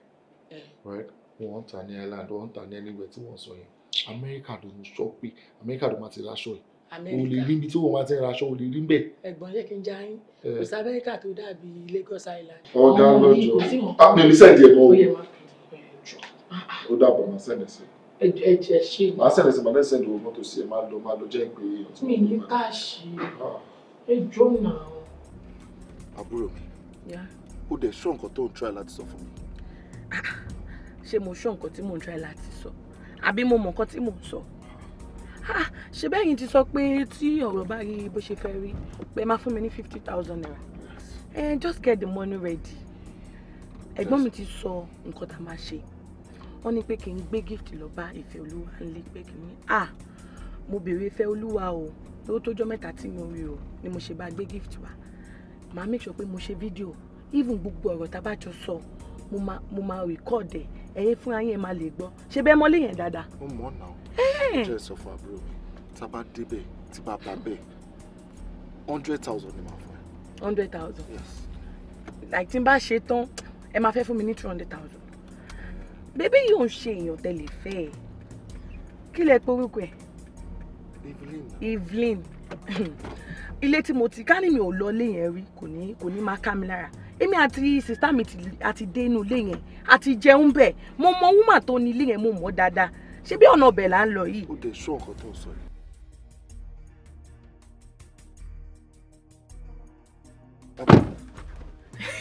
right wọ́n ń tà ní Ireland wọ́n ń tà ní anywhere tí wọ́n sọ yẹn Amẹ́ríkà ló ń sọ pé Amẹ́ríkà ló máa ti raṣọ yìí o lè rí ibi tí wọ́n máa ti raṣọ o lè rí bẹ́ẹ̀. ẹ̀gbọ́n yẹ kí n jayin kò sí Amẹ́ríkà tó dàbí Lagos Island. ọ̀gá lọ́jọ́ àmì sẹ́ǹdì ẹ̀gbọ́n o ó dàbọ̀ máa sẹ́ǹdì sí i ẹ jẹ ṣe ni. màá sẹ̀lẹ̀ sí màá lẹ́sẹ̀ lò mọ́tò sí ẹ máa lọ máa lọ jẹ́ pé. mi ní káàṣì ah. ẹ jọ náà. àbúrò mi ó dẹ̀ sọ nǹkan tó ń try láti sọ fún mi ṣé mo ṣó nǹkan tí mò ń try láti sọ àbí mo mọ̀ nǹkan tí mò ń sọ ah, ṣe bẹ́yìn ti sọ pé tí ọ̀rọ̀ bá rí bó ṣe fẹ́ rí pé máa fún mi ní fifty thousand naira eh, just get the money ready ẹ̀gbọ́n mi ti sọ nǹkan tá a máa ṣe wọ́n ní pé kí n gbé gift lọ bá ìfẹ́ olúwa nílé pé kí n ah mo béèrè ìfẹ́ olúwa o lówó tójọ́ mẹ́ta tí mo rí o ni mo ṣe bá gbé gift wá màá make sure pé mo ṣe fídíò even gbogbo ọ̀rọ̀ tá a bá jọ sọ. So mo máa mo record ẹ ẹyin fún ayé máa lè gbọ́ ṣe bẹ́ẹ̀ mọ́lé yẹn dáadáa. ó mọ̀ ọ́nà ó jẹ́ sọ fún àbúrò mi tá a bá débẹ̀ tí bá bá bẹ́ẹ̀ hundred thousand ni màá fún ẹ. hundred thousand. yes. like tí n bá ṣe tán ẹ máa fẹ́ fún mi ní two hundred thousand. bébí yóò ń ṣe èèyàn tẹ́lẹ̀ fẹ́ ẹ kí lẹ pé orúkọ ẹ. evelyn. evelyn ilé tí mo ti ká ní mi ò lọ lé yẹn rí kò ní kò ní máa ká mi lára èmi àti sista mi àti dé inú ilé yẹn àti jẹun bẹ́ẹ̀ mo mọ wúmà tó ní ilé yẹn mo mọ̀ dáadáa ṣé bí ọ̀nà ọbẹ̀ là ń lọ yìí. o tẹ sọ ọkọ tó sọ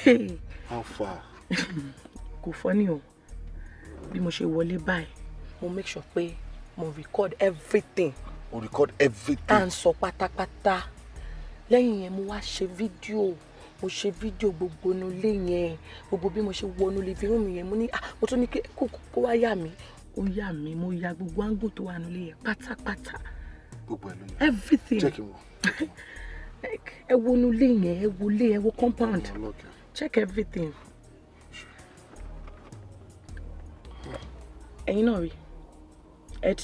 yìí. afa. kò fọ́ ni o bí mo ṣe wọlé báyìí mo make sure pé mo record everything. mo record everything. à ń sọ pátápátá lẹ́yìn yẹn mo wá ṣe fídíò mo ṣe fídíò gbogbo inú ilé yẹn gbogbo bí mo ṣe wọnú living room yẹn mo ní ah, mo tún ní kó kó wá yà mí ó yà mí mo ya gbogbo áńgò tó wà nílé yẹn pátápátá gbogbo ẹ ló yẹ everything ẹ wo inú ilé yẹn ẹ wo ilé ẹ wo compound check everything ẹ̀yin náà rí ẹ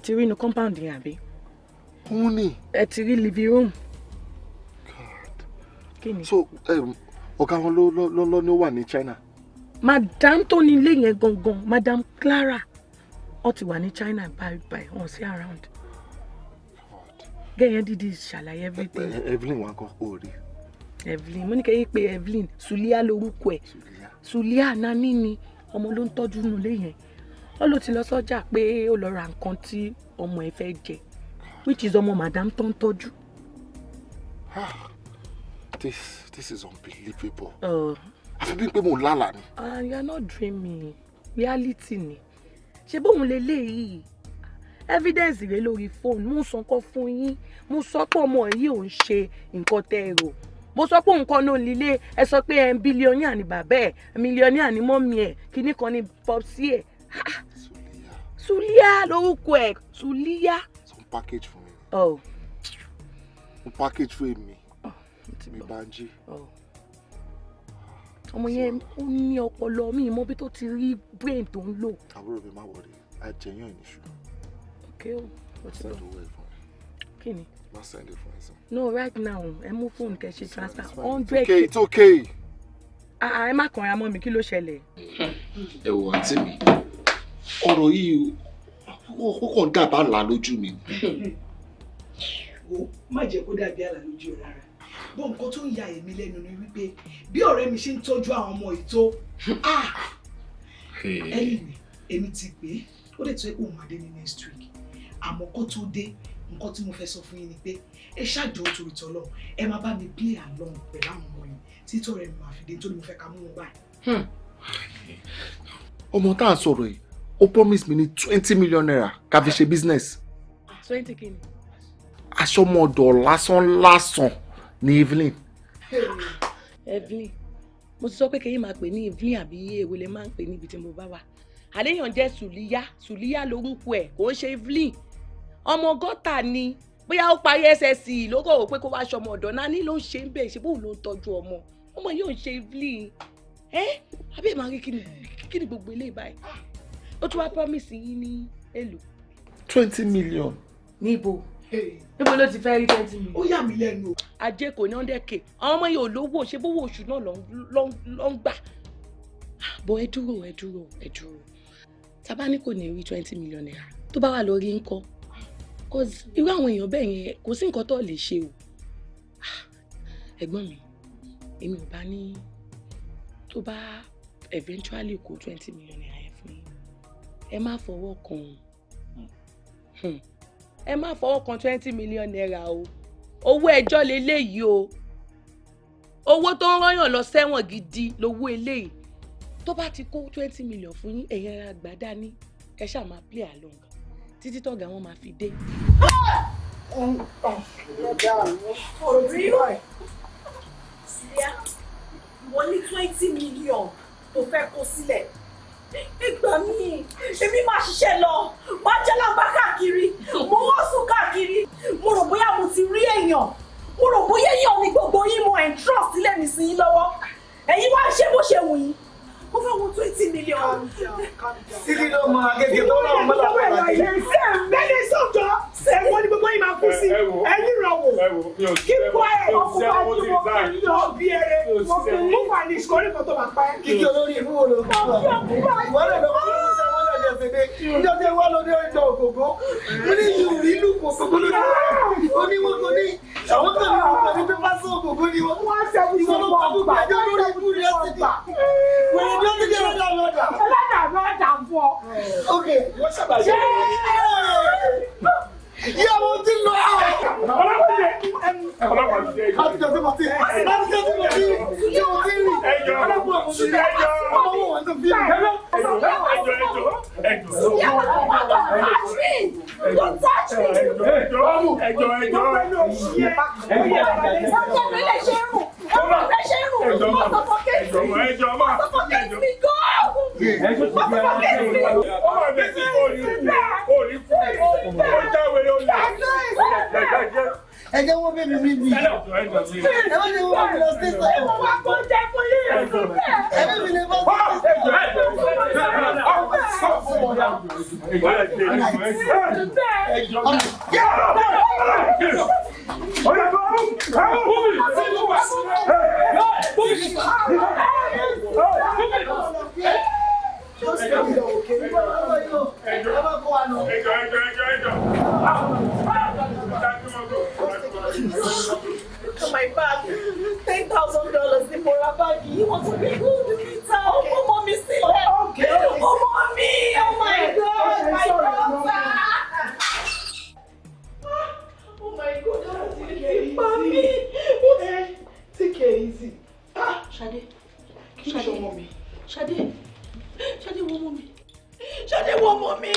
ti rí inú compound yẹn àbí. kúnni. ẹ ti rí living room so um, ọ̀gá wọn ló ló wà ní China. madam tó ní ilé yẹn gangan madam Clara ó ti wà ní China bye bye wọn sí around gẹ́yẹn dídí ṣàlàyé everything. Evelyn wà kọ́ òòrè. Evelyn mo ní kẹ́yìn pé Evelyn Sulia lorúkọ ẹ̀ Sulia nani ni ọmọ ló ń tọ́jú nulẹ̀ yẹn ó ló ti lọ sọ́jà pé ó lọ ra nǹkan tí ọmọ ẹ̀ fẹ́ jẹ which is ọmọ madam tó ń tọ́jú. This, this is unbelievable. Oh. Àfi bí pé mo lálàá ni. Ah, you are not dreaming. Reality ni. Ṣé bóun leléyìí? Evidence rèé lórí fóònù. Mo sọ nǹkan fún yín. Mo sọ pé ọmọ yìí ò ń ṣe nǹkan tẹ́ ẹ rò. Mo sọ pé nǹkan náà líle. Ẹ sọ pé ẹ ń bílíọ̀nìà ni bàbá ẹ̀, mílíọ̀nìà ni mọ́mí ẹ̀, kìíní kan ni pọ́psí ẹ̀. Sulia lórúkọ ẹ̀, Sulia. Some package for me. Oh. Mo package for me ti gbọ́. mi ọmọ yẹn ó ní ọpọlọ mi mọ̀ bí tó ti rí brain tó ń lò. àbúrò mi má wọlé àjẹyàn ìníṣu. ok o mo ti gbọ́. kí ni. má send it for ẹ no right now ẹ mú fóònù kẹ ṣe transfer hundred. it's okay it's okay. ẹ má kàn ra mọ́ mi kí ló ṣẹlẹ̀. ẹ wò àǹtí mi ọ̀rọ̀ yìí ó kàn dàbà àlá lójú mi. má jẹ́ kó dàbí àlá lójú rárá bó nǹkan tó ń ya èmi lẹ́nu ni wípé bí ọ̀rẹ́ mi ṣe ń tọ́jú àwọn ọmọ ìtó ẹ̀yìn mi èmi ti pè é ó lè tó ẹ̀kọ́ màdé ní next week àmọ́ kó tó dé nǹkan tí mo fẹ́ sọ fún yín ni pé ẹ ṣáàjọ torí tọ́lọ̀ ẹ máa bá mi play along pẹ̀lú àwọn ọmọ yìí títọ́ rẹ̀ máa fi dé nítorí mo fẹ́ ká mú wọn báyìí. Hmm. ọmọ tá a sọ̀rọ̀ yìí ó promise mi ni twenty million naira ká fi ṣe business. twenty kini. aṣọ ọmọ ọ̀dọ̀ lásán lásán ní Evelyn. Evelyn mo ti sọ pé kẹ́yìn máa pè ní Evelyn àbí èwo lè máa ń pè níbi tí mo bá wà àléyàn jẹ́ sùlíyá sùlíyá lórúkọ ẹ̀ kò ń ṣe Evelyn ọmọ gọ́tà ni bóyá ó parí ssc ló kọ̀ wò pé kó wá ọmọ ọ̀dọ́ náà ní ló ń ṣe ń bẹ̀ ṣe bóun ló ń tọ́jú ọmọ ọmọ yóò ṣe Evelyn ẹ abẹ́ ìmọ̀ rí kí ni gbogbo eléyìí báyìí ó tún wá promise yín ní èlò. twenty million. níbo níbo ló ti fẹ́ rí twenty million. ó yà mí lẹ́nu. ajé kò ní hundred k àwọn ọmọ yìí ò lówó ṣe bówó oṣù náà ló ń gbà. bọ ẹ dúró ẹ dúró ẹ dúró tábà ní kò ní rí twenty million naira tó bá wà lórí ńkọ́ cause irú àwọn èèyàn bẹ́ẹ̀ yẹn kò sí nǹkan tó lè ṣe o ẹ̀gbọ́n mi èmi ò bá ní tó bá eventually kó twenty million naira yẹn fún yín ẹ má fọwọ́ kàn án. Hmm. Hmm ẹ má fọwọ́ kan twenty million naira o owó ẹjọ́ leléyìí o owó tó ń rọ́yàn lọ sẹ́wọ̀n gidi lówó eléyìí tó bá ti kó twenty million fún yín ẹ̀yin ara dání ẹ ṣáà máa play along títí tọ̀gá wọn máa fi dé. mo ní twenty million tó fẹ́ kó sílẹ̀ ìgbà míì èmi máa ṣiṣẹ́ lọ máa lágbá káàkiri ń sùn káàkiri mo rò bóyá mo ti rí èèyàn mo rò bóyá èèyàn ni gbogbo yín mo ẹ̀ ń trọ̀ sílẹ̀ mi sí yín lọ́wọ́ ẹ̀yin wá ṣé bó ṣe wù yín mo fẹ́ wo twenty million. sídìí ló mọ agége tó náà mọ làwọn ẹ̀rọ ayé. bẹ́ẹ̀ni sọ̀tọ̀ sẹ́wọ́n ni gbogbo yín máa kú sí ẹ̀yìn ìrànwọ́ kí kú ẹ̀ ọkùnrin tí mo fi lọ bí ẹrẹ mo fi mú wà ní ìṣòro kan tó bá kíkí olórí ìlú ṣẹ̀ṣẹ̀dẹ̀ níjọ́ tí wọ́n lọ ní ọjọ́ ògògó wọ́n ní yìí rí inú ògògó lórí oníwọ́gbọ́n ní àwọn kan ní ògògó ní pípa sí ògògó ni wọ́n. wọ́n ṣe fi ìwọ bọ̀ gbà ẹjọ́ lórí ikú rẹ̀ ṣe gbà. wọ́n ní ọdún tí wọ́n dà lọ́dà. ẹlẹ́dàá lọ́dà fún ọ. ok wọ́n ṣàbàyẹ ìyàwó ti lọ àwọn. ọlọ́pàá ti dé ọlọ́pàá ti dé. láti jọ sí mo ti láti jọ sí mo ti tí mo ti rí. ẹjọ ọlọ́pàá mo ti rí ẹjọ. ọmọ wọn ti bí mi. ẹjọ ẹjọ ẹjọ ẹjọ. ìyàwó ọlọ́pàá tó touch me tó touch me. ẹjọ ẹjọ ẹjọ ẹjọ. ọjọ́ mi lè ṣe rù ọmọ mi lè ṣe rù mo suffocate me suffocate me go. mo suffocate me. ọmọ mi ti kórìí kórìí kórìí kórìí jáwé ẹ jẹ́ wọ́n bẹ̀rẹ̀ mi bì ẹ wọ́n ní wọ́n mi lọ sí sọ. ẹ wọ́n wá kó jẹ́ fún yín ẹ̀ sọ bẹ́ẹ̀. ẹ bẹ́ẹ̀ mi lè bọ́ sí sọ. Hey! tó sì ń lọ òkè nígbà lọ́wọ́ yìí o ẹ bá kó wa nù. ẹjọ ẹjọ ẹjọ ẹjọ. To my bag, ten thousand dollars ni mo ra báàgì yìí, wọ́n tún bí gúdù mi ta, ọmọ ọmọ mi sílẹ̀, ọmọ mi, oh my God, my daughter. Oh my God, ọ̀rọ̀ ti lè pa mí. Take it easy. Ṣadé, Ṣadé, Ṣadé. Ṣadé wo ọmọ mi? Ṣadé wo ọmọ mi?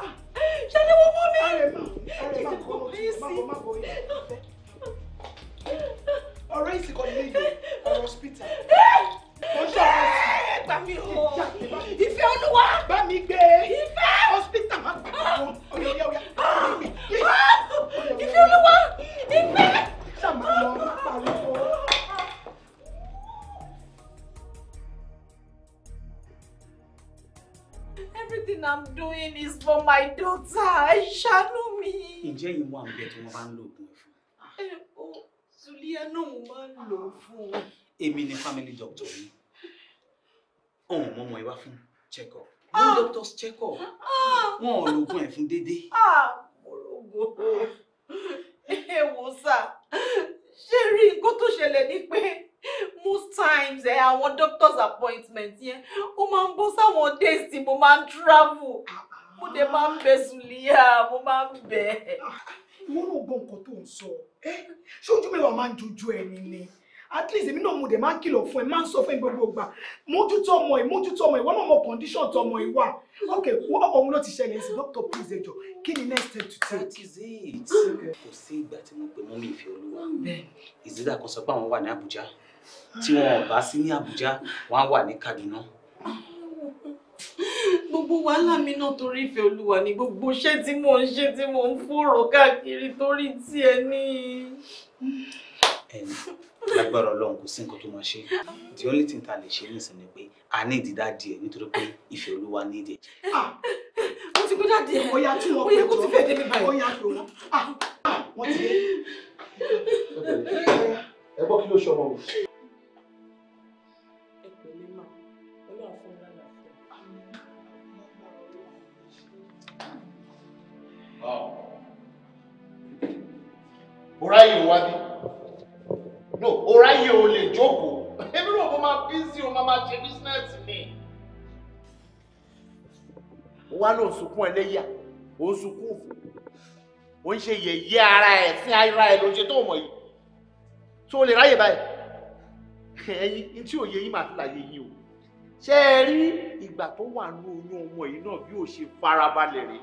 Ah, Ṣadé wo ọmọ mi? Ọ̀rọ̀ ìsìnkọ̀ ní ìlú, ọ̀rọ̀ hospital. Eh! Ọjọ́ ọ̀sìn. Eh! Gbà mí o. Ìfẹ́ olúwa. Bá mi gbé. Ìfẹ́. Hospital máa pàdé wọn. Ọ̀yọ̀ ọ̀yọ̀ ọ̀yọ̀. Ìfẹ́ olúwa. Ìfẹ́. Ṣàmàlọ́ máa pariwo. Everything I'm doing is for my daughter. Ṣàánú mi. Ǹjẹ́ yìí wà níbẹ̀ tí wọ́n bá ń lò ògùn ẹ̀fọn? Ẹ o Zulia náà mo máa ń lò fún. Èmi ni family doctor yìí. Ọ̀hún mọ́mọ́ ẹ wá fún check-up. Ah! No doctors check-up. Ah! Wọ́n ò lo ògùn ẹ̀fọn déédéé. Ah! Morogo. Ẹ wo sà, ṣé rí nǹkan tó ṣẹlẹ̀ ni pé most times eh, àwọn doctors are treatment yẹn ó máa ń bọ́ sáwọn days mo máa ń travel mo dẹ̀ máa ń bẹ sùlíà mo máa ń bẹ. ìwọ náà gbọ́ nǹkan tó ń sọ ṣé ojú mẹ́wàá máa ń jojú ẹni ni at least èmi náà mo dẹ̀ máa ń kìlọ̀ fún ẹ máa ń sọ fún ẹ gbogbo ìgbà mójútó ọmọ ẹ mójútó ọmọ ẹ wọ́n náà mọ condition tó ọmọ ẹ wà ok ọ̀hún ló ti ṣẹlẹ̀ sí doctor please ẹjọ kí ni next step to take. that is it ah. kò sí ìgbà tí mo pe mọ́mí ìfẹ́ olúwa ìzídà kan sọ pé àwọn wà ní Àbújá tí wọn ò bá sí ní Àbújá wọn á wà ní Kaduna. gbogbo wàhálà mi náà torí ìfẹ́ olúwa ni gbogbo iṣẹ́ tí mò ń ṣe tí mò ń fòrò káàkiri torí tiẹ̀ ní. ẹni lágbára Ọlọ́run kò sí nǹkan tó máa ṣe the only thing tá a lè ṣe nísìnyí ni pé a ní ìdídá díẹ̀ nítorí pé ìfẹ́ olúwa ní ìdí. mo ti gbọ́dọ̀ díẹ̀ ó yá tí wọ́n pè tó ó yẹ kó ti fẹ́ débi báyìí ó yá pé wọ́n ah! Ah! wọ́n ti dé. ẹ gbọ́ kí ló ṣe ọmọ mi. wá ló sunkún ẹlẹ́yà ó ń sunkún òfò ó ń ṣe yẹ̀yẹ́ ara ẹ̀ sí ara ẹ̀ ló ń ṣe tó mọ̀ yìí tó lè ráyè báyìí ẹ̀yin tí òye yìí máa fi yìí o ṣé ẹ rí ìgbà tó wà ní oyún ọmọ yìí náà bí ó ṣe farabalẹ̀ rèé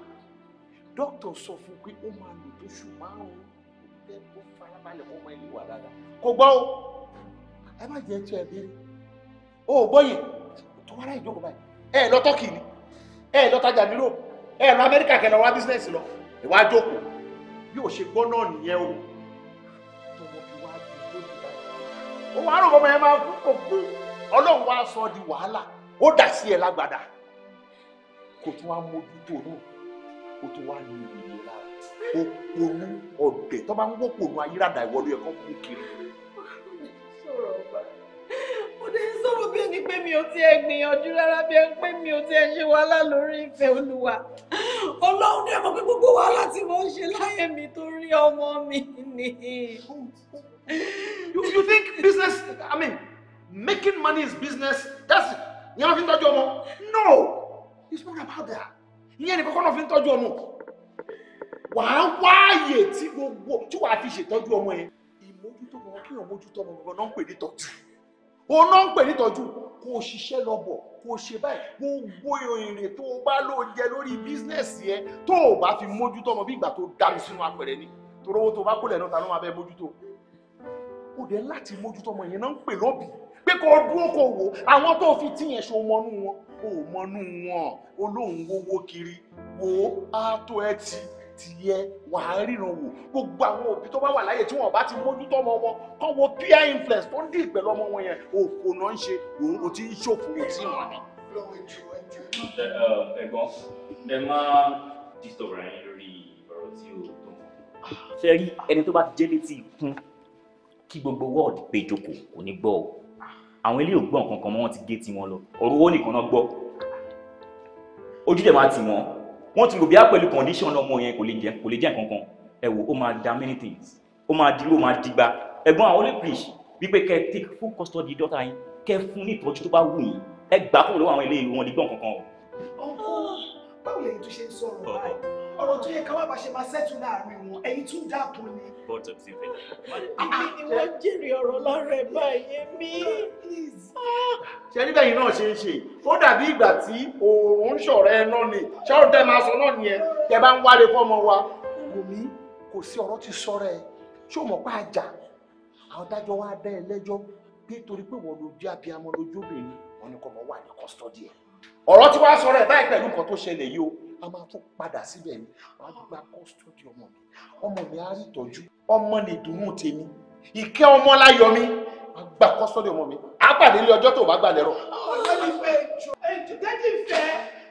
dókítà sọ fún pé ó máa lò tóṣù márùn-ún bẹ́ẹ̀ ó farabalẹ̀ ọmọ ilé wà dáadáa kò gbọ́ o ẹ má jẹ́ tí ẹ béèrè o ò gbọ́ yẹn tó wá láì jókòó báyìí ẹ lọ tọ́kì ni ẹ lọ tajà ní Europe ẹ lọ Amẹ́ríkà kẹ lọ wá bísínẹ́sì lọ ìwà jókòó yóò ṣe gbọ́ náà nìyẹn o e ó wàá rò bọ́mọ yẹn máa kú kò kú Ọlọ́run wá sọ di wàhálà ó dà sí ẹ lágbàdà kò tún wá mójútó náà kò tún wá ní ìyè lára òpònú ọ̀dẹ̀ tó bá ń wọ́pònú ayírádà ìwọlé ẹ̀kọ́ kú kiri pé mi ò tiẹ̀ gbìyànjú rárá bí ẹni pé mi ò tiẹ̀ ṣe wàhálà lórí ìfẹ́ olúwa ọlọ́run dẹ̀ mọ̀ pé gbogbo wàhálà tí mo ń ṣe láyé mi torí ọmọ mi ni. you you think business i mean making money is business that's it ìyẹn ló fi ń tọ́jú ọmọ no it's not about that ìyẹn nìkan kọ́ ló fi ń tọ́jú ọmọ wàá wáàyè tí gbogbo tí wàá fi ṣètọ́jú ọmọ yẹn ìmójútó ọmọ kí ọmọ ojútọ́ ọmọ náà ń pè ní tọ́jú òun náà ń pè ní tọ́jú kó o ṣiṣẹ́ lọ́bọ̀ kó o ṣe báyìí gbogbo èrè tó o bá lò jẹ lórí bísínẹ́sì ẹ tó o bá fi mójútó ọmọ bí ìgbà tó dàrú sínú apẹ̀rẹ̀ ni torí owó tó o bá kó lẹ́nu ta ló máa bẹ mójútó o dẹ̀ láti mójútó ọmọ yẹn náà ń pè lọ́bì pé kó o dúró kó o wò àwọn tó o fi tí ṣe o mọnú wọn o mọnú wọn olóhùn owó kiri wo á ẹ ti tiẹ̀ wàá ríran wò gbogbo àwọn òbí tó bá wà láyè tí wọn bá ti mójútó ọmọ wọn kọ́ wo peer influence tó ń dì pẹ̀lú ọmọ wọn yẹn òfò náà ń ṣe òun ò ti ń ṣòfò ò tí wọn ni. ẹ máa disturb ara lórí ọ̀rọ̀ tí o tó mọ̀. ṣe rí ẹni tó bá ti jẹ́ létí ikún kí gbogbo world péjọpọ̀ kò ní gbọ́ ọ àwọn ilé ò gbọ́ mọ́ wọn ti gé tiwọn lọ ọ̀rọ̀ owó nìkan náà gbọ́ ojú wọ́n ti rò bí á pẹ̀lú condition ọmọ yẹn kò lè jẹ́ kò lè jẹ́ nǹkan kan ẹ ó máa da many things ó máa dirú ó máa digba ẹ̀gbọ́n àwọn olè preach wípé kẹ́ take full custody daughter yín kẹ́ fún ní ìtọ́jú tó bá wù yín ẹ gbà kúrò lọ́wọ́ àwọn eléyìí wọn lè gbọ́n kankan o. ọ̀nkọ́ báwo lẹ́yìn tó ṣe ń sọ̀rọ̀ báyìí ọ̀rọ̀ tó yẹ káwá bá ṣe máa ṣẹ́tù láàrin wọn ẹ̀yin tún dáàbò ni bottom sí fẹ́. èmi ni wọ́n jèrè ọ̀rọ̀ lára ẹ̀ báyìí mi. ṣe nígbà yìí náà ṣe é ṣe ó dàbí ìgbà tí òòrùn ń ṣọ̀rẹ́ ẹ náà ni ṣáà tẹ́ máa sọ náà nìyẹn tẹ́ bá ń wáre fọ́mọ wa. wùmí kò sí ọ̀rọ̀ ti sọ́rọ̀ ẹ ṣé o mọ̀ pé àjà àwọn dájọ́ wa dá ẹ lẹ́jọ́ pé torí pé wọ́n lójú abiyamọ lójú obìnrin wọn ni kò mọ̀ wà ní kọ́sítọ́dì ẹ̀ ọ̀rọ̀ tí wàá sọ̀rọ̀ ẹ̀ báyìí pẹ̀lú nǹkan tó ṣẹlẹ̀ yìí o a máa tún padà síbẹ̀ ni a gba kọ́sítọ́dì ọmọ mi ọmọ mi á rí ìtọ́jú ọmọ lè dùnnú tèmi ìkẹ́ ọmọ láyọ̀ mi a gba kọ́sítọ́dì ọmọ mi á pàdé ilé ọjọ́ tó bá gbà lẹ́rọ. ọ̀sẹ̀ ìfẹ́ ìjọ ẹ̀jọ̀ dẹ́jì ìfẹ́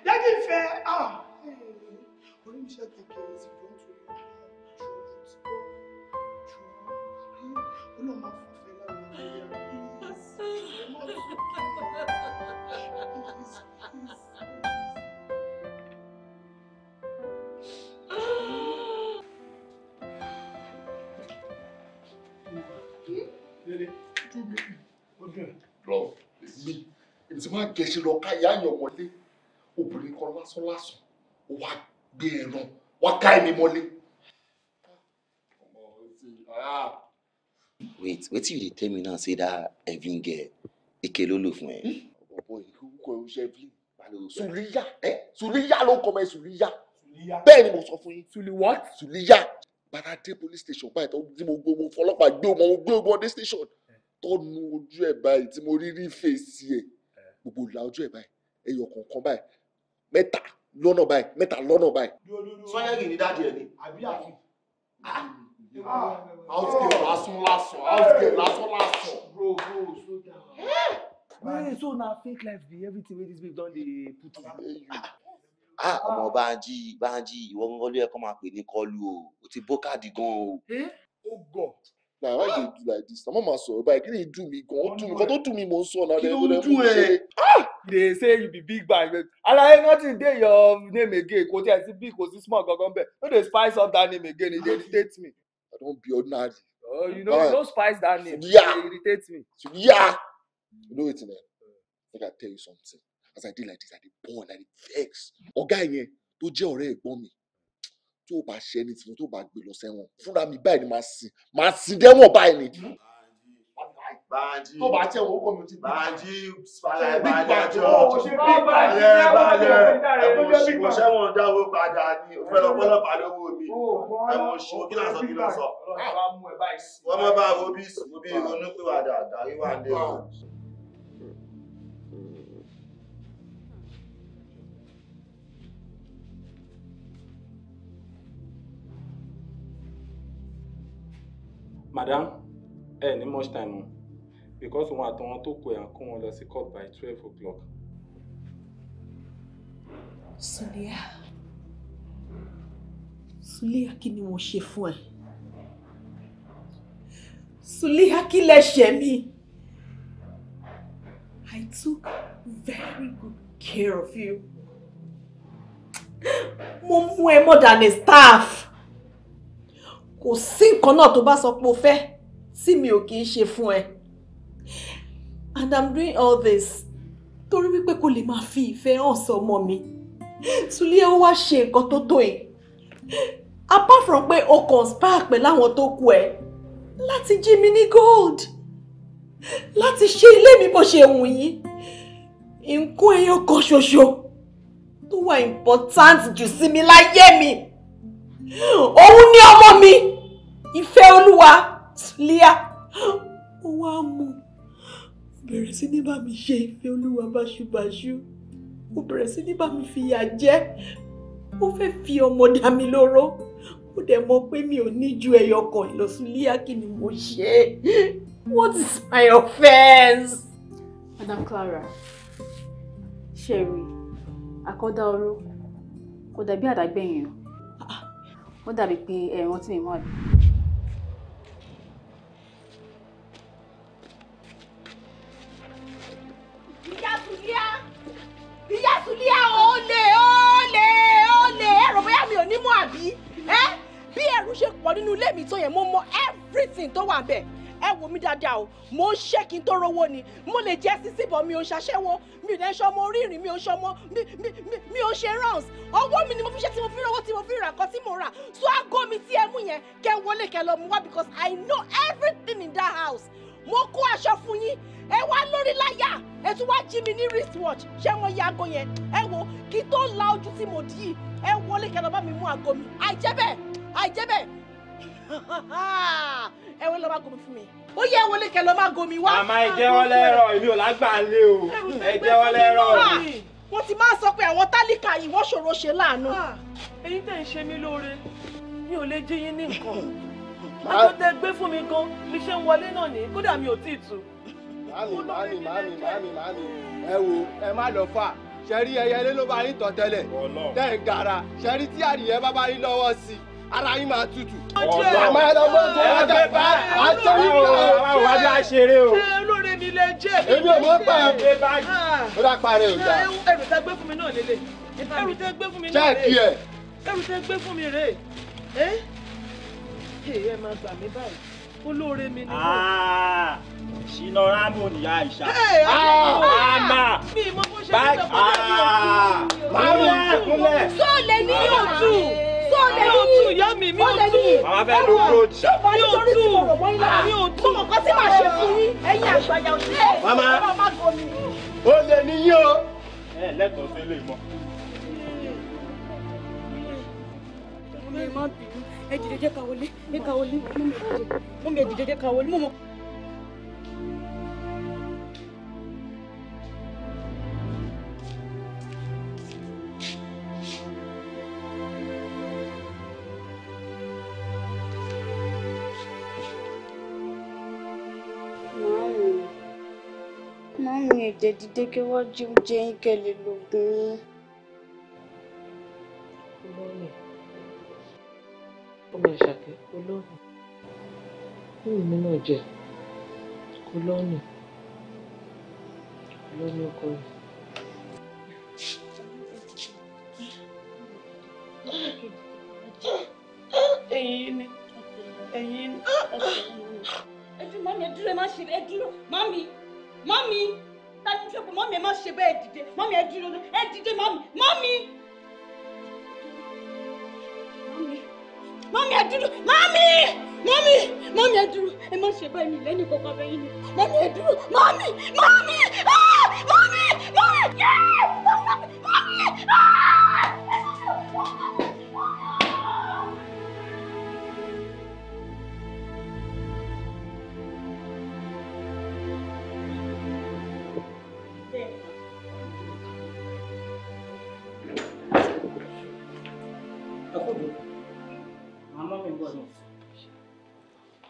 dẹ́jì ìfẹ́ orí mi ṣe kékeré sí i lóun tó yẹ ọlọ́run máa fọ́fẹ́ lára ìgbéyàwó. lọ mi èmi ti máa gẹ̀ẹ́sì lọ ká ìyá yàn wọlé obìnrin kan lásán lásán ó wá gbé ẹran wá ká ẹni mọ́lé. wait wetin you dey tell me now say that evelyn girl ike ló lò fún ẹ. ọ̀pọ̀ orúkọ ẹ̀ ń ṣe evelyn sùlíyà ẹ sùlíyà ló kọ́ mẹ́ sùlíyà bẹ́ẹ̀ ni mo sọ fún yín. sùlí what. sùlíyà bàtà dé police station báyìí tó ń dín mo gbé mo fọlọ́pàá gbé mo gbé mo dé station tọ́nu ojú ẹ̀ báyìí tí mo rí rí fèsì ẹ̀ gbogbo la ojú ẹ̀ báyìí ẹyọ kọ̀ọ̀kan báyìí mẹ́ta lọ́nà báyìí mẹ́ta lọ́nà báyìí. sọ́yẹ́gì ni dáàdi ẹ̀ ni. àbí àfi. Ah, ah. housegate ah. lásán lásán housegate lásán lásán. bro bro so down. Eh? wait so na fake life be everything wey dis babe don dey put on. ah ọmọ banji banji ìwọ ngọlú ẹ kọ́ máa pè ní kọlu o o ti bókàdì gan o. Eh? ó gọ̀ na why you dey like this na mama sọ ọba ìkíni dùn mí gan ó dùn mí kan tó dùn mí mò ń sọ ọ̀nà ẹ̀rọ ẹ̀rọ mú they say you be big man alaye nothing dey your name again kò tiẹ̀ sí big kò sí small gangan bẹ́ẹ̀ no dey spice up that name again e dey irritate me. i don be ordinary. oh you know you no spice that name e dey irritate me. Yeah, you know wetin eh make i tell you something as i dey like this i dey born i dey vex Oga, yẹn tó jẹ́ ọ̀rẹ́ ẹ̀gbọ́n mi tó bá ṣe ẹni tí mo tó bá gbé lọ sẹ́wọ̀n fúnra mi báyìí ni màá sìn màá sìn dẹ́wọ̀n báyìí ni. tó bá jẹ́ owó kọ́ mi ò ti gbé. bàjí balẹ̀ balẹ̀ jọ balẹ̀ balẹ̀ ẹ̀mọ̀ṣì kò sẹ́wọ̀n dáwó padà ní ọ̀pọ̀lọpọ̀lọ balẹ̀wò mi ẹ̀mọ̀ṣì kí lásọ kí lásọ. wọ́n mọ bá wo bí ronú pé wàdà àdáyé wà lé o. madam ẹ ní much time o because òun àtàwọn tó kù ẹ̀ à ń kó wọn lọ sí court by twelve o'clock. Sulia Sulia kí ni mo ṣe fún ẹ Sulia kí lẹ ṣe mí I took very good care of you mo mú ẹ more than a staff kò sí nǹkan náà tó bá sọ pé o fẹ́ sí mi ò kì í ṣe fún ẹ and i'm doing all this torí wípé kò lè máa fi ìfẹ́ hàn sọmọ mi Sùlíyà ó wá ṣe nǹkan tó tó yìí apart from pé o conspire pẹ̀lú àwọn tó kù ẹ láti jí mi ní gold láti ṣe ilé mi bó ṣe wù yín nǹkan ẹyọ kan ṣoṣo tó wà important jù sí mi láyé mi òun ni ọmọ mi ìfẹ́ olúwa Sulia ó wá mú bẹ̀rẹ̀ sí ní bá mi ṣe ìfẹ́ olúwa báṣubàṣu ó bẹ̀rẹ̀ sí ní bá mi fìyà jẹ ó fẹ́ fi ọmọ dá mi lóró ó dẹ̀ mọ̀ pé mi ò ní ju ẹyọ lọ Sulia kí ni mo ṣe what is my offence. Madam Clara Sherry akọ́dá ọ̀rọ̀ kò dàbí àdágbẹ̀yìn o ó dàbí pé ẹ̀rọ tí mi mọ̀ rí. ìyá Sùlíà ìyá Sùlíà olè olè olè ẹ̀rọ bóyá mi ò ní mọ̀ àbí bí ẹ̀rù ṣe pọ̀ nínú ilé mi tó yẹ mo mọ̀ everything tó wà bẹ́ẹ̀ ẹ wò mí dáadáa o mò ń ṣe kí n tó rówó ni mo lè jẹ́ sísì bọ̀ mi ò ń ṣaṣẹ́wó mi ò dẹ́ ṣọmọ orírìn mi ò ṣọmọ mi ò ṣe rounds ọwọ́ mi ni mo fi ṣe tí mo fi rówó tí mo fi rà nǹkan tí mo rà so aago mi tí ẹ mú yẹn kẹ́ wọlé kẹ́ lọ mú wá because I know everything in that house mo kó aṣọ fún yín ẹ wá lórí láyà ẹ tún wá jí mi ní wristwatch ṣé wọn ya aago yẹn ẹ wo kí tó la ojú tí mo dì í ẹ wọlé kẹ́ lọ bá mi mú aago mi àìjẹ́ bẹ́ẹ̀ ẹ wọ́n lọ máa gomi fún mi ó yẹ wọlé kẹ lọ máa gomi wá. màmá ẹ jẹ́wọ́ lẹ́rọ̀ èmi ò lágbà o ẹ jẹ́wọ́ lẹ́rọ̀. wọ́n ti máa sọ pé àwọn tálíkà yìí wọ́n ṣòro ṣe láàánú. Ah, ẹ̀yin tẹ̀ ń ṣe mí lóore mi ò lè jí yín ní nǹkan àtúntẹ gbé fún mi gan mi ṣe ń wọlé náà ní kódà mi ò tí ì tù. màmí màmí màmí màmí ẹ wo ẹ má lọ fà ṣẹ́rí ẹyẹlé ló bá yín tọ̀ tẹ́ ń gara ṣẹ́rí tí àdìyẹ bá bá yín lọ́wọ́ sí i ara yín máa tutù. àmọ́ ẹ lọ gbọ́dọ̀ ọjà bá àtọ́yìn náà. àwọn àjọ àṣeré o. olóore mi lè jẹ́. èmi ò mọ̀ pa ẹ̀ ah. ó dá parẹ́ ò dá. ẹrù tẹ gbé fún mi náà lélẹ̀. ẹrù tẹ gbé fún mi náà lélẹ̀. ẹrù tẹ gbé fún mi rèé. ẹ ẹ máa gbà mí báyìí olóore mi ni. Ah. ṣìnà rambo ni àìsà. Ah. àmà báyìí àmà kúnlẹ̀. sóòlẹ̀ ní yóò tù sóòlẹ̀ ní yóò tù ìyá mi mi ò tú. màmá fẹ́ lu roach. mi ò tú mi ò tú. mo mọ̀ màá ṣe fún yín ẹ̀yin àgbàyà òṣìṣẹ́. màmá ó lè níyìn o. ẹ lẹ́tọ̀ọ́ sí ilé ìmọ̀. ẹ má bínú ẹ dìde jẹ́ ẹ ká wọlé mú mi dìde mú mi dìde dìde kí wọ́n jí oúnjẹ yín kẹ́ lè lògùn yín. olórí ọmọ ìṣàkẹ́ olórí ní ìmí náà jẹ olórí olórí ọkọ rẹ. ẹ̀yin ni ẹ̀yin ni. ẹ dúró mami ẹ dúró ẹ má ṣe ẹ dúró mami mami tani ṣe pé mọ́mí ẹ má ṣe bẹ́ẹ̀ dìde mọ́mí ẹ dúró ẹ dìde mọ́mí mọ́mí mọ́mí ẹ dúró mọ́mí mọ́mí mọ́mí ẹ dúró ẹ má ṣe bẹ́ẹ̀ ní lẹ́nu kankan bẹ́ẹ̀ ni mọ́mí ẹ dúró mọ́mí mọ́mí ah, mọ́mí mọ́mí mọ́mí mọ́mí. Ah!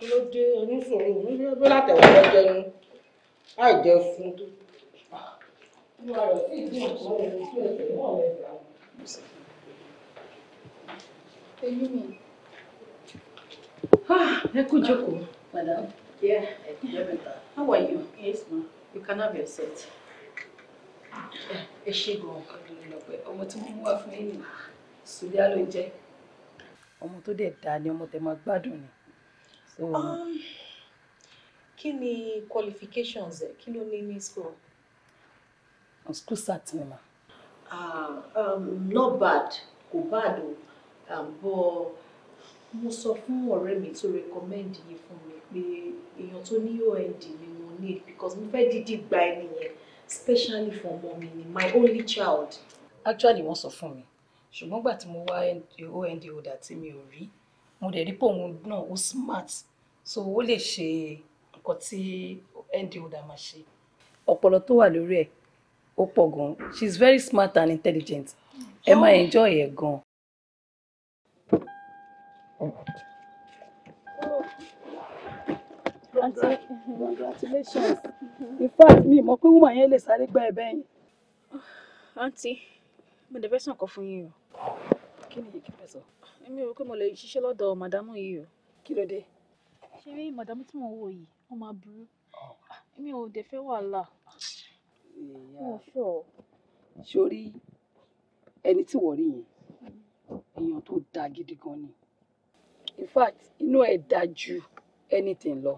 kí ló dé oníṣòro níbi ẹgbẹ́ látẹ̀wọ́ lọ́jọ́ inú láì jẹ́ sun tó. olúwa rẹ̀ sì dín ìtọ́ ẹni tí ẹsẹ̀ náà rẹ̀ madam yeah how are you. yes ma you can have your seat. ẹ ṣe gan-an ọmọ tí mo mú wá fún yín nìyí sùdíà ló jẹ́. ọmọ tó ni ọmọ tẹ máa gbádùn ni. So. Um, kí ni qualifications ẹ kí ló ní ní school. school start ni ma. Uh, um, not bad kò bad o àbọ̀ um, mo sọ fún ọ̀rẹ́ mi tó recommend yìí fún mi pé èèyàn tó ní ond ni mo need because mo fẹ́ dídí gba ẹni yẹn especially for ọmọ mi ni my only child. actually wọ́n sọ fún mi ṣùgbọ́n gbà tí mo wá ond holder tí mi ò rí mo dẹ̀ rí pé òun náà ó smart so ó lè ṣe nǹkan tí end holder máa ṣe. ọpọlọ tó wà lórí ẹ̀ ó pọ̀ gan she is very smart and intelligent ẹ máa enjoy ẹ̀ gan-an. congratulations in fact mi mọ̀ pé woman yẹn lè sáré gba ẹ̀bẹ̀ yẹn. aunty mo dẹ̀ fẹ́ sàn kan fún yín o. kí ni yìí kí fẹ́ sọ èmi ò rò pé mo lè ṣiṣẹ́ lọ́dọ̀ màdámù yìí o. kí ló dé. ṣé rí màdámù tí mò ń wò yìí wọ́n máa burú ah. Ah, èmi ò dé fẹ́ wàhálà. mo sọ. sórí ẹni tí wọ́n rí yẹn èèyàn tó dáa gidi gan ni in fact inú ẹ̀ dáa ju anything lọ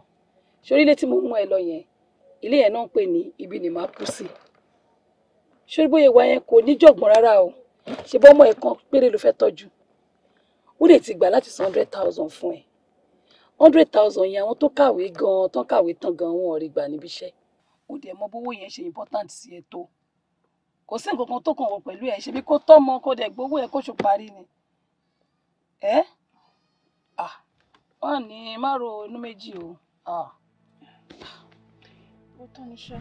sórí ilé tí mo mú ẹ lọ yẹn ilé yẹn náà ń pè ní ibi ni màá kú sí sórí bóyá ìwà yẹn kò ní jọ̀gbọ́n rárá o ṣe bọ́ ọmọ ẹ̀ kan péré ló fẹ́ tọ́jú ó lè ti gbà láti san hundred thousand fún ẹ hundred thousand yẹn àwọn tó kàwé gan-an tán kàwé tán gan-an wọn ò rí gbà níbi iṣẹ́ ó dẹ̀ mọ bówó yẹn ṣe important sí ẹ tó kò sí nǹkan kan tó kàn wọ pẹ̀lú ẹ ṣebí kó tọ́mọ kó dẹ̀ gbowó ẹ kó ṣù parí ni ẹ ah wọn ní má ro méjì o ah. ó tán ní ṣá.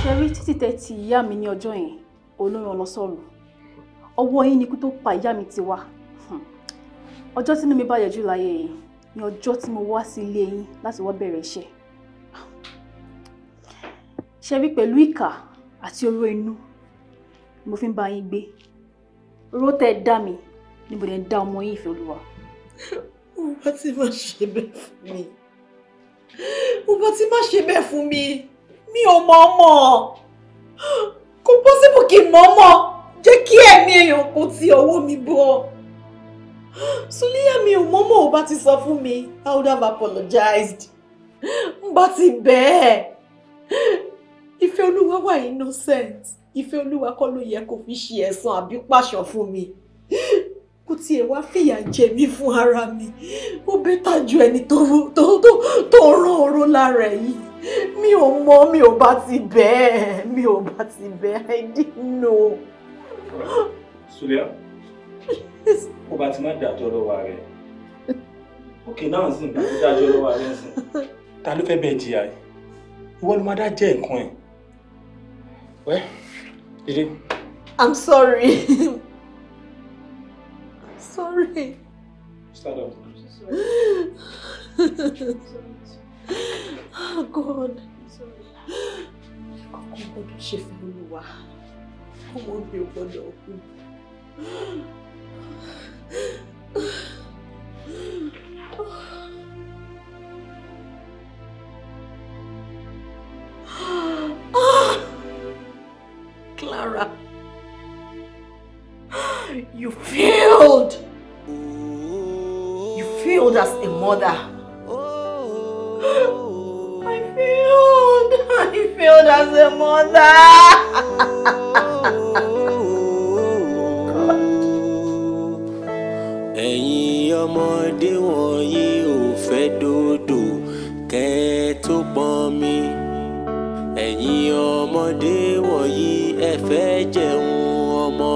ṣe rí títí tẹ ti ìyá mi ní ọjọ́ yẹn olóyún ọlọ́sọ̀rọ̀ ọwọ́ yín ni kú tó pa ìyá mi ti wá ọjọ́ tínú mi bàjẹ́ jù láyé yìí ni ọjọ́ tí mo wá sí ilé yín láti wá bẹ̀rẹ̀ iṣẹ́ ṣe rí pẹ̀lú ìkà àti oró inú mo fi ń bá yín gbé oró tẹ́ ẹ dá mi ni mo lè ń dá ọmọ yín ìfẹ́ olúwa. mo bá ti má ṣe bẹ́ẹ̀ fún mi mo bá ti má ṣe bẹ́ẹ̀ fún mi mi ò mọ̀ ọmọ kò pọ́sibù kí n mọ̀ ọmọ jẹ́ kí ẹ̀mí èèyàn kò ti ọwọ́ mi bọ́. Suliya mi ò mọ́mọ́ ò bá ti sọ fún mi I would have apologized n bá ti bẹ́ẹ̀ ìfẹ́ olúwa wà innocent ìfẹ́ olúwa kọ́ ló yẹ kó fi ṣe ẹ̀san àbí pàṣọ fún mi kò tiẹ̀ wá fìyà jẹ mí fún ara mi ó bẹ́tà ju ẹni tó tó tó rán oró lára ẹ̀ yìí mi ò mọ mi ò bá ti bẹ́ẹ̀ mi ò bá ti bẹ́ẹ̀ I didn't know. Suliya kó bá ti má dájọ́ lọ́wọ́ rẹ̀ òkè náà sì ń dájọ́ lọ́wọ́ rẹ̀ sìn ta ló fẹ́ bẹ́ẹ̀ jìyà yìí ìwọ ló má dá jẹ́ nǹkan ẹ̀ wẹ́ ìdí. I'm sorry. I'm sorry. oh God. Ọkọ gbọ́dọ̀ ṣe fún Olúwa. Ọmọ mi ò gbọ́dọ̀ kú mother. I failed. I failed as a mother. ẹ̀yin ọmọdé wọ̀nyí ò fẹ́ dòdò kẹ́ ẹ tó pọn mi ẹ̀yin ọmọdé wọ̀nyí ẹ fẹ́ jẹun ọmọ.